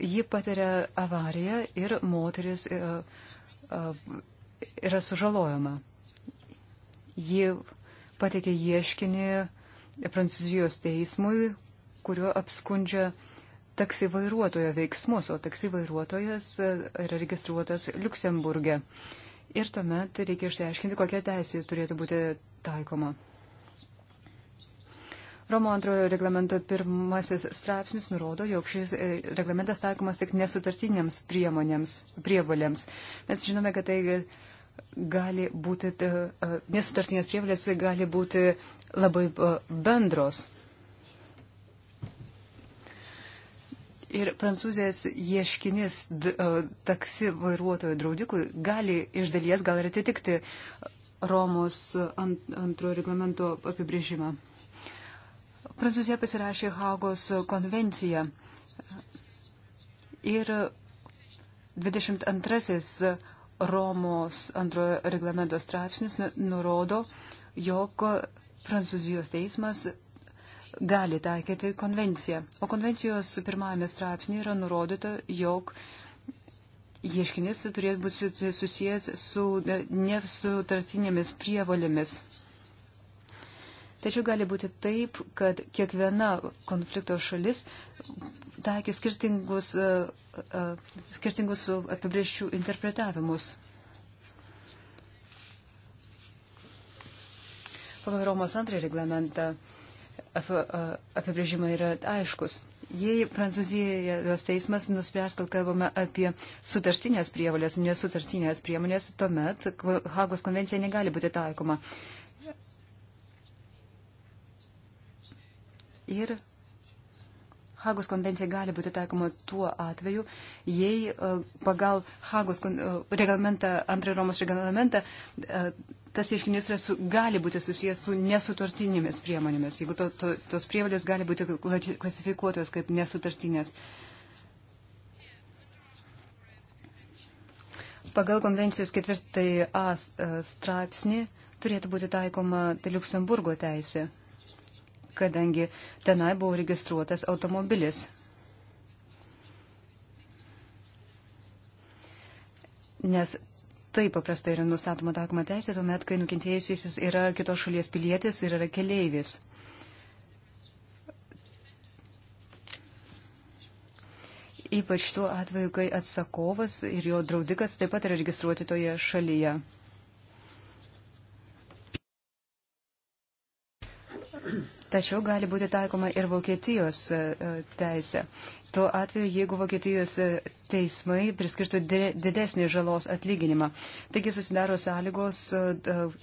ji patiria avariją ir moteris yra sužalojama. Ji pateikė ieškinį Prancūzijos teismui, kuriuo apskundžia taksi vairuotojo veiksmus, o taksi vairuotojas yra registruotas Luksemburgė. Ir tuomet reikia išsiaiškinti, kokia teisė turėtų būti taikoma. Romo antrojo reglamento pirmasis straipsnis nurodo, jog šis e, reglamentas taikomas tik nesutartiniams priemonėms, prievalėms. Mes žinome, kad tai gali būti, e, e, nesutartinės prievalės gali būti labai e, bendros. Ir prancūzijos ieškinis taksi vairuotojo draudikui gali iš dalies gal ir atitikti Romos ant, antro reglamento apibrėžimą. Prancūzija pasirašė Hagos konvenciją ir 22 Romos antrojo reglamento straipsnis nu, nurodo, jog Prancūzijos teismas gali taikyti konvenciją. O konvencijos pirmajame straipsnėje yra nurodyta, jog ieškinys turėtų būti susijęs su nesutartinėmis prievalėmis. Tačiau gali būti taip, kad kiekviena konflikto šalis taikė skirtingus, e, e, skirtingus apibrieščių interpretavimus. Pagal Romos antrąjį reglamentą apibrėžimai yra aiškus. Jei Prancūzijos teismas nuspręs, kad kalbame apie sutartinės prievalės, nesutartinės priemonės, tuomet Hagos konvencija negali būti taikoma. Ir Hagos konvencija gali būti taikoma tuo atveju, jei e, pagal Hagos e, reglamentą, antrąjį Romos reglamentą, e, tas ieškinys su, gali būti susijęs su nesutartinėmis priemonėmis, jeigu to, to, tos prievalės gali būti klasifikuotos kaip nesutartinės. Pagal konvencijos ketvirtąjį A straipsnį turėtų būti taikoma tai Luxemburgo teisė kadangi tenai buvo registruotas automobilis. Nes taip paprastai yra nustatoma takoma teisė tuomet, kai nukentėjusysis yra kitos šalies pilietis ir yra keleivis. Ypač tuo atveju, kai atsakovas ir jo draudikas taip pat yra registruoti toje šalyje. Tačiau gali būti taikoma ir Vokietijos e, e, teisė. Tuo atveju, jeigu Vokietijos e, teismai priskirtų didesnį žalos atlyginimą. Taigi susidaro sąlygos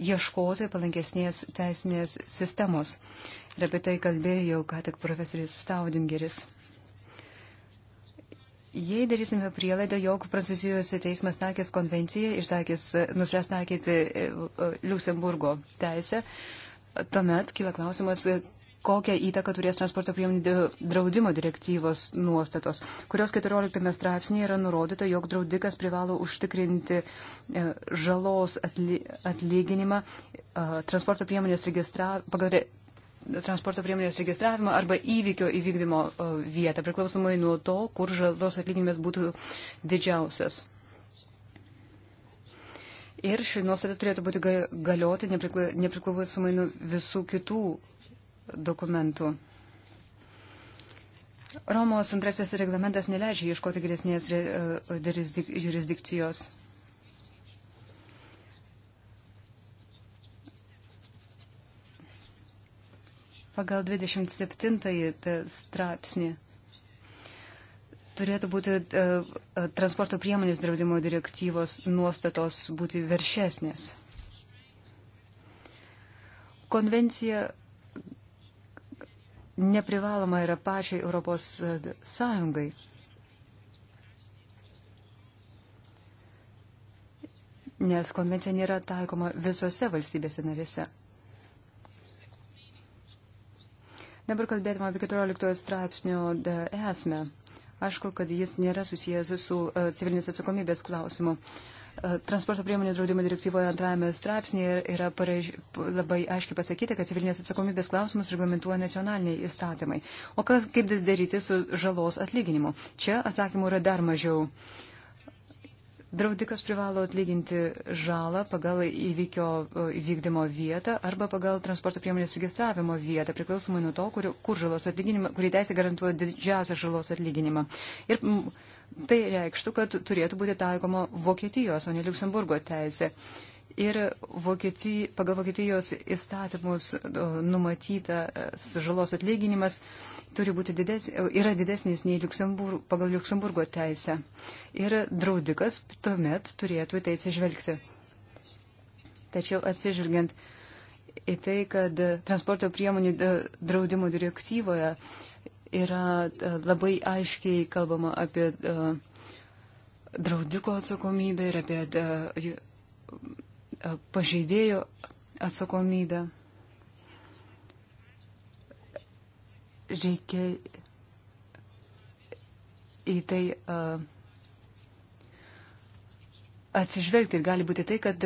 ieškoti palankesnės teisinės sistemos. Ir apie tai kalbėjo ką tik profesorius Staudingeris. Jei darysime prielaidą, jog Prancūzijos teismas takės konvenciją ir takės, nuspręs takyti Liuksemburgo teisę, tuomet kyla klausimas, kokią įtaką turės transporto priemonių draudimo direktyvos nuostatos, kurios 14 straipsnėje yra nurodyta, jog draudikas privalo užtikrinti e, žalos atlyginimą e, transporto priemonės pagal transporto priemonės registravimą arba įvykio įvykdymo e, vietą, priklausomai nuo to, kur žalos atlyginimas būtų didžiausias. Ir ši nuostata turėtų būti galioti nepriklausomai nuo visų kitų dokumentų. Romos antrasis reglamentas neleidžia ieškoti geresnės e, jurisdikcijos. Pagal 27 straipsnį turėtų būti uh, transporto priemonės draudimo direktyvos nuostatos būti veršesnės. Konvencija neprivaloma yra pačiai Europos e, Sąjungai. Nes konvencija nėra taikoma visose valstybėse narėse. Dabar kalbėtume apie 14 straipsnio e, esmę. Aišku, kad jis nėra susijęs su e, civilinės atsakomybės klausimu. Uh, E, transporto priemonių draudimo direktyvoje antrajame straipsnėje yra pareiž... labai aiškiai pasakyti, kad civilinės atsakomybės klausimus reglamentuoja nacionaliniai įstatymai. O kas kaip daryti su žalos atlyginimu? Čia atsakymų yra dar mažiau. Draudikas privalo atlyginti žalą pagal įvykio e, įvykdymo vietą arba pagal transporto priemonės registravimo vietą, priklausomai nuo to, kur, kur žalos atlyginimą, kurį teisė garantuoja didžiausią žalos atlyginimą. Ir tai reikštų, kad turėtų būti taikoma Vokietijos, o ne Luxemburgo teisė. Ir Vokietij, pagal Vokietijos įstatymus numatytas žalos atlyginimas turi būti dides, yra didesnis nei Luxembur, pagal Luxemburgo teisę. Ir draudikas tuomet turėtų į tai atsižvelgti. Tačiau atsižvelgiant į tai, kad transporto priemonių e, draudimo direktyvoje uh, yra e, labai aiškiai kalbama apie e, draudiko atsakomybę ir apie e, pažeidėjo atsakomybę. Reikia į tai atsižvelgti ir gali būti tai, kad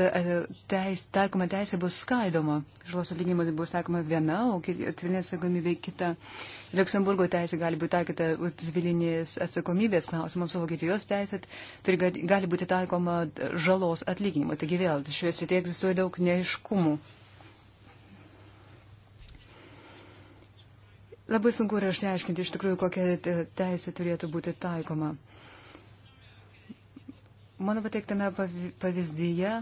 teis, taikoma teisė bus skaidoma. Žalos atlyginimai bus taikoma viena, o civilinė atsakomybė kita. Uh, Luksemburgo teisė gali būti taikyta civilinės atsakomybės klausimams, o Vokietijos teisė turi, gali būti taikoma žalos atlyginimo. Taigi vėl šioje srityje egzistuoja daug neiškumų. Labai sunku yra išsiaiškinti iš tikrųjų, kokia teisė turėtų būti taikoma. Mano pateiktame pavyzdyje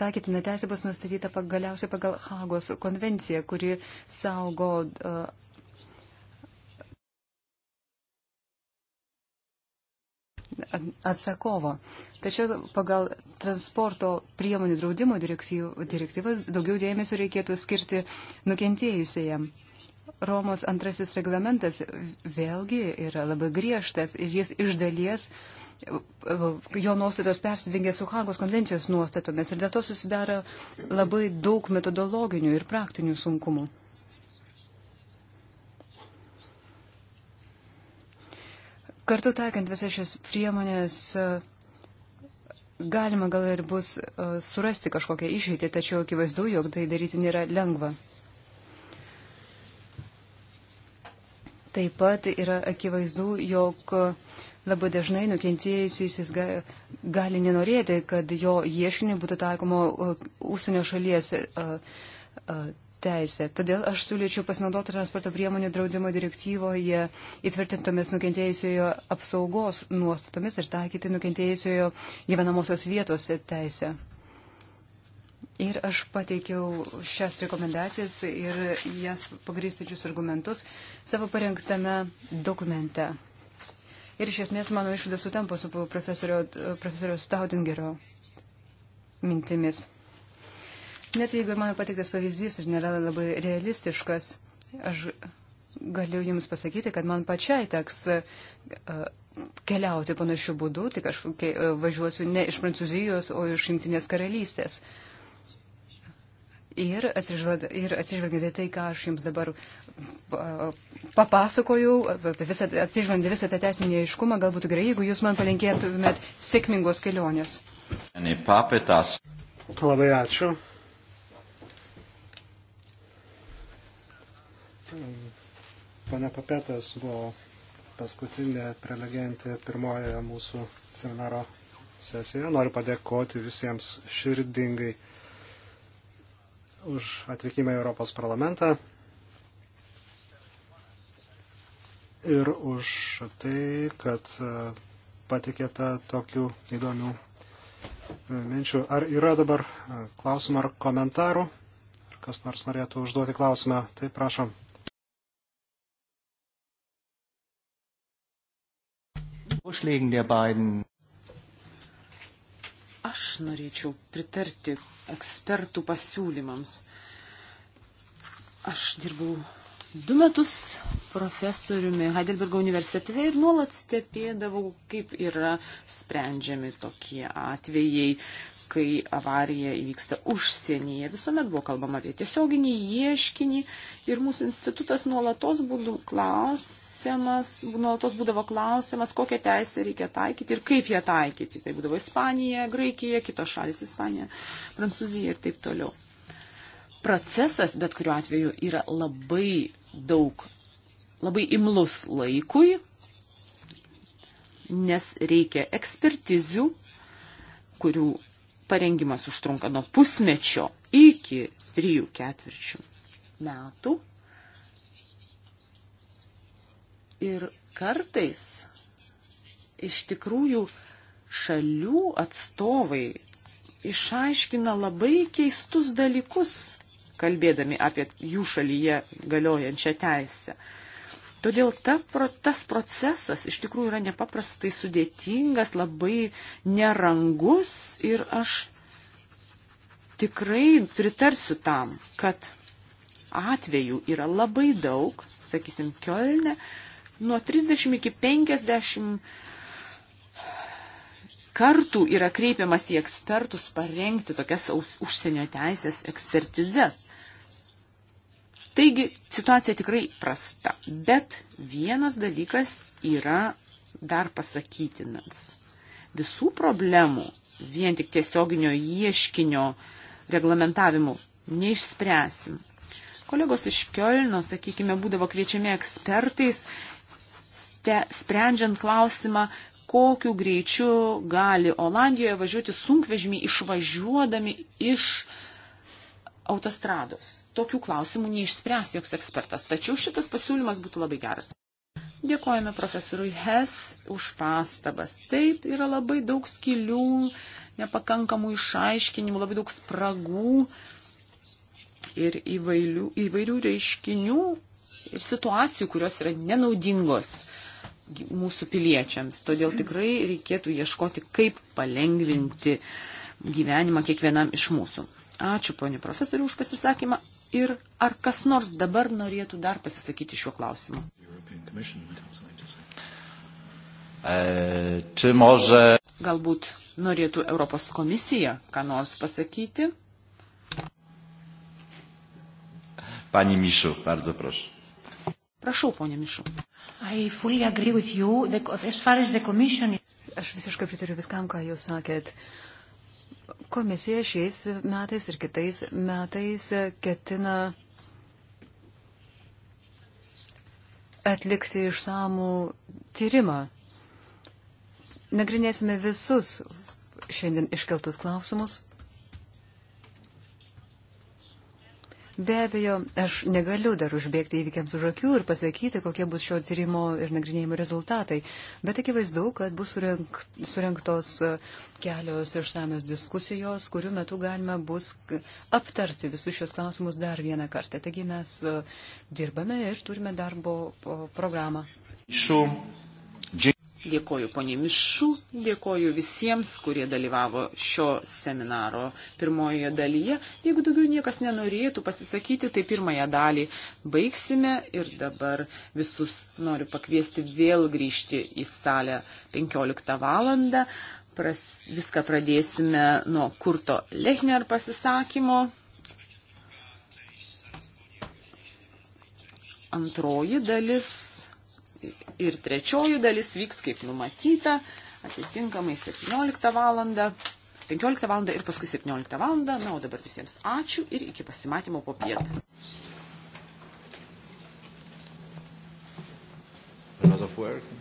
taikytina teisė bus nustatyta galiausiai pagal Hagos konvenciją, kuri saugo. E, atsakovo. Tačiau pagal transporto priemonių draudimo direktyvą daugiau dėmesio reikėtų skirti nukentėjusiejam. Romos antrasis reglamentas vėlgi yra labai griežtas ir jis iš dalies uh, jo nuostatos persidengia su Hagos konvencijos nuostatomis ir dėl to susidaro labai daug metodologinių ir praktinių sunkumų. Kartu taikant visas šias priemonės, galima gal ir bus e, surasti kažkokią išeitį, tačiau akivaizdu, jog tai daryti nėra lengva. Taip pat yra akivaizdu, jog uh, Labai dažnai nukentėjusysis gali nenorėti, kad jo ieškiniui būtų taikomo uh, užsienio šalies uh, uh, teisė. Todėl aš siūlyčiau pasinaudoti transporto priemonių draudimo direktyvoje įtvirtintomis nukentėjusiojo apsaugos nuostatomis ir taikyti nukentėjusiojo gyvenamosios vietos teisę. Ir aš pateikiau šias rekomendacijas ir jas pagristačius argumentus savo parengtame dokumente. Ir iš esmės mano išvados sutampa su profesoriaus Staudingerio mintimis. Net jeigu ir mano patiktas pavyzdys ir nėra labai realistiškas, aš galiu Jums pasakyti, kad man pačiai teks e, keliauti panašiu būdu, tik aš e, važiuosiu ne iš Prancūzijos, o iš Jungtinės karalystės. Uh, Ir atsižvelgiant į tai, ką aš jums dabar papasakojau, atsižvelgiant visą tą teisinį aiškumą, galbūt gerai, jeigu jūs man palinkėtumėt sėkmingos kelionės. Labai ačiū. Pane Papetas buvo paskutinė prelegentė pirmojoje mūsų seminaro sesijoje. Noriu padėkoti visiems širdingai už atvykimą į Europos parlamentą ir už tai, kad e, patikėta tokių įdomių e, minčių. Ar yra dabar e, klausimų ar komentarų? Ar kas nors norėtų užduoti klausimą? Tai prašom. Vorschlägen der beiden aš norėčiau pritarti ekspertų pasiūlymams. Aš dirbau du metus profesoriumi Heidelbergo universitete ir nuolat stebėdavau, kaip yra sprendžiami tokie atvejai, kai avarija įvyksta užsienyje. Visuomet buvo kalbama apie tiesioginį ieškinį ir mūsų institutas nuolatos, klausimas, nuolatos būdavo klausimas, kokią teisę reikia taikyti ir kaip ją taikyti. Tai būdavo Ispanija, Graikija, kitos šalis Ispanija, Prancūzija ir taip toliau. Procesas, bet kuriuo atveju, yra labai daug, labai imlus laikui, nes reikia ekspertizių, kurių parengimas užtrunka nuo pusmečio iki trijų ketvirčių metų. Ir kartais iš tikrųjų šalių atstovai išaiškina labai keistus dalykus, kalbėdami apie jų šalyje galiojančią teisę. Todėl ta, tas procesas iš tikrųjų yra nepaprastai sudėtingas, labai nerangus ir aš tikrai pritarsiu tam, kad atvejų yra labai daug, sakysim, Kielne, nuo 30 iki 50 kartų yra kreipiamas į ekspertus parengti tokias užsienio teisės ekspertizes. Taigi situacija tikrai prasta, bet vienas dalykas yra dar pasakytinans. Visų problemų vien tik tiesioginio ieškinio reglamentavimu neišspręsim. Kolegos iš Kielno, sakykime, būdavo kviečiami ekspertais, ste, sprendžiant klausimą, kokiu greičiu gali Olandijoje važiuoti sunkvežimį išvažiuodami iš uh, autostrados. Tokių klausimų neišspręs joks ekspertas, tačiau šitas pasiūlymas būtų labai geras. Dėkojame profesoriui Hes už pastabas. Taip, yra labai daug skilių, nepakankamų išaiškinimų, labai daug spragų ir įvairių, įvairių reiškinių ir situacijų, kurios yra nenaudingos mūsų piliečiams. Todėl tikrai reikėtų ieškoti, kaip palengvinti gyvenimą kiekvienam iš mūsų. Ačiū, ponė profesoriu, už pasisakymą. Ir ar kas nors dabar norėtų dar pasisakyti šiuo klausimu? Uh, czy może. Galbūt norėtų Europos komisija ką nors pasakyti? Pani Miszu, bardzo proszę. Prašau, ponė Mišu. Aš visiškai pritariu viskam, ką jūs sakėt. Uh, Komisija šiais metais ir kitais metais ketina atlikti išsamų tyrimą. Nagrinėsime visus šiandien iškeltus klausimus. Be abejo, aš negaliu dar užbėgti įvykiams už akių ir pasakyti, kokie bus šio tyrimo ir nagrinėjimo rezultatai, bet akivaizdu, kad bus surenk, surinktos e, kelios išsamios diskusijos, kurių metu galima bus aptarti visus šios klausimus dar vieną kartą. Taigi mes e, dirbame ir turime darbo programą. Šiuo Dėkoju poniai Mišų, dėkoju visiems, kurie dalyvavo šio seminaro pirmojoje dalyje. Jeigu daugiau niekas nenorėtų pasisakyti, tai pirmąją dalį baigsime ir dabar visus noriu pakviesti vėl grįžti į salę 15 valandą. Pras, viską pradėsime nuo Kurto Lechner pasisakymo. Antroji dalis ir trečioji dalis vyks kaip numatyta, atitinkamai 17 val. 15 val. ir paskui 17 val. Na, o dabar visiems ačiū ir iki pasimatymo po pietų. Another work.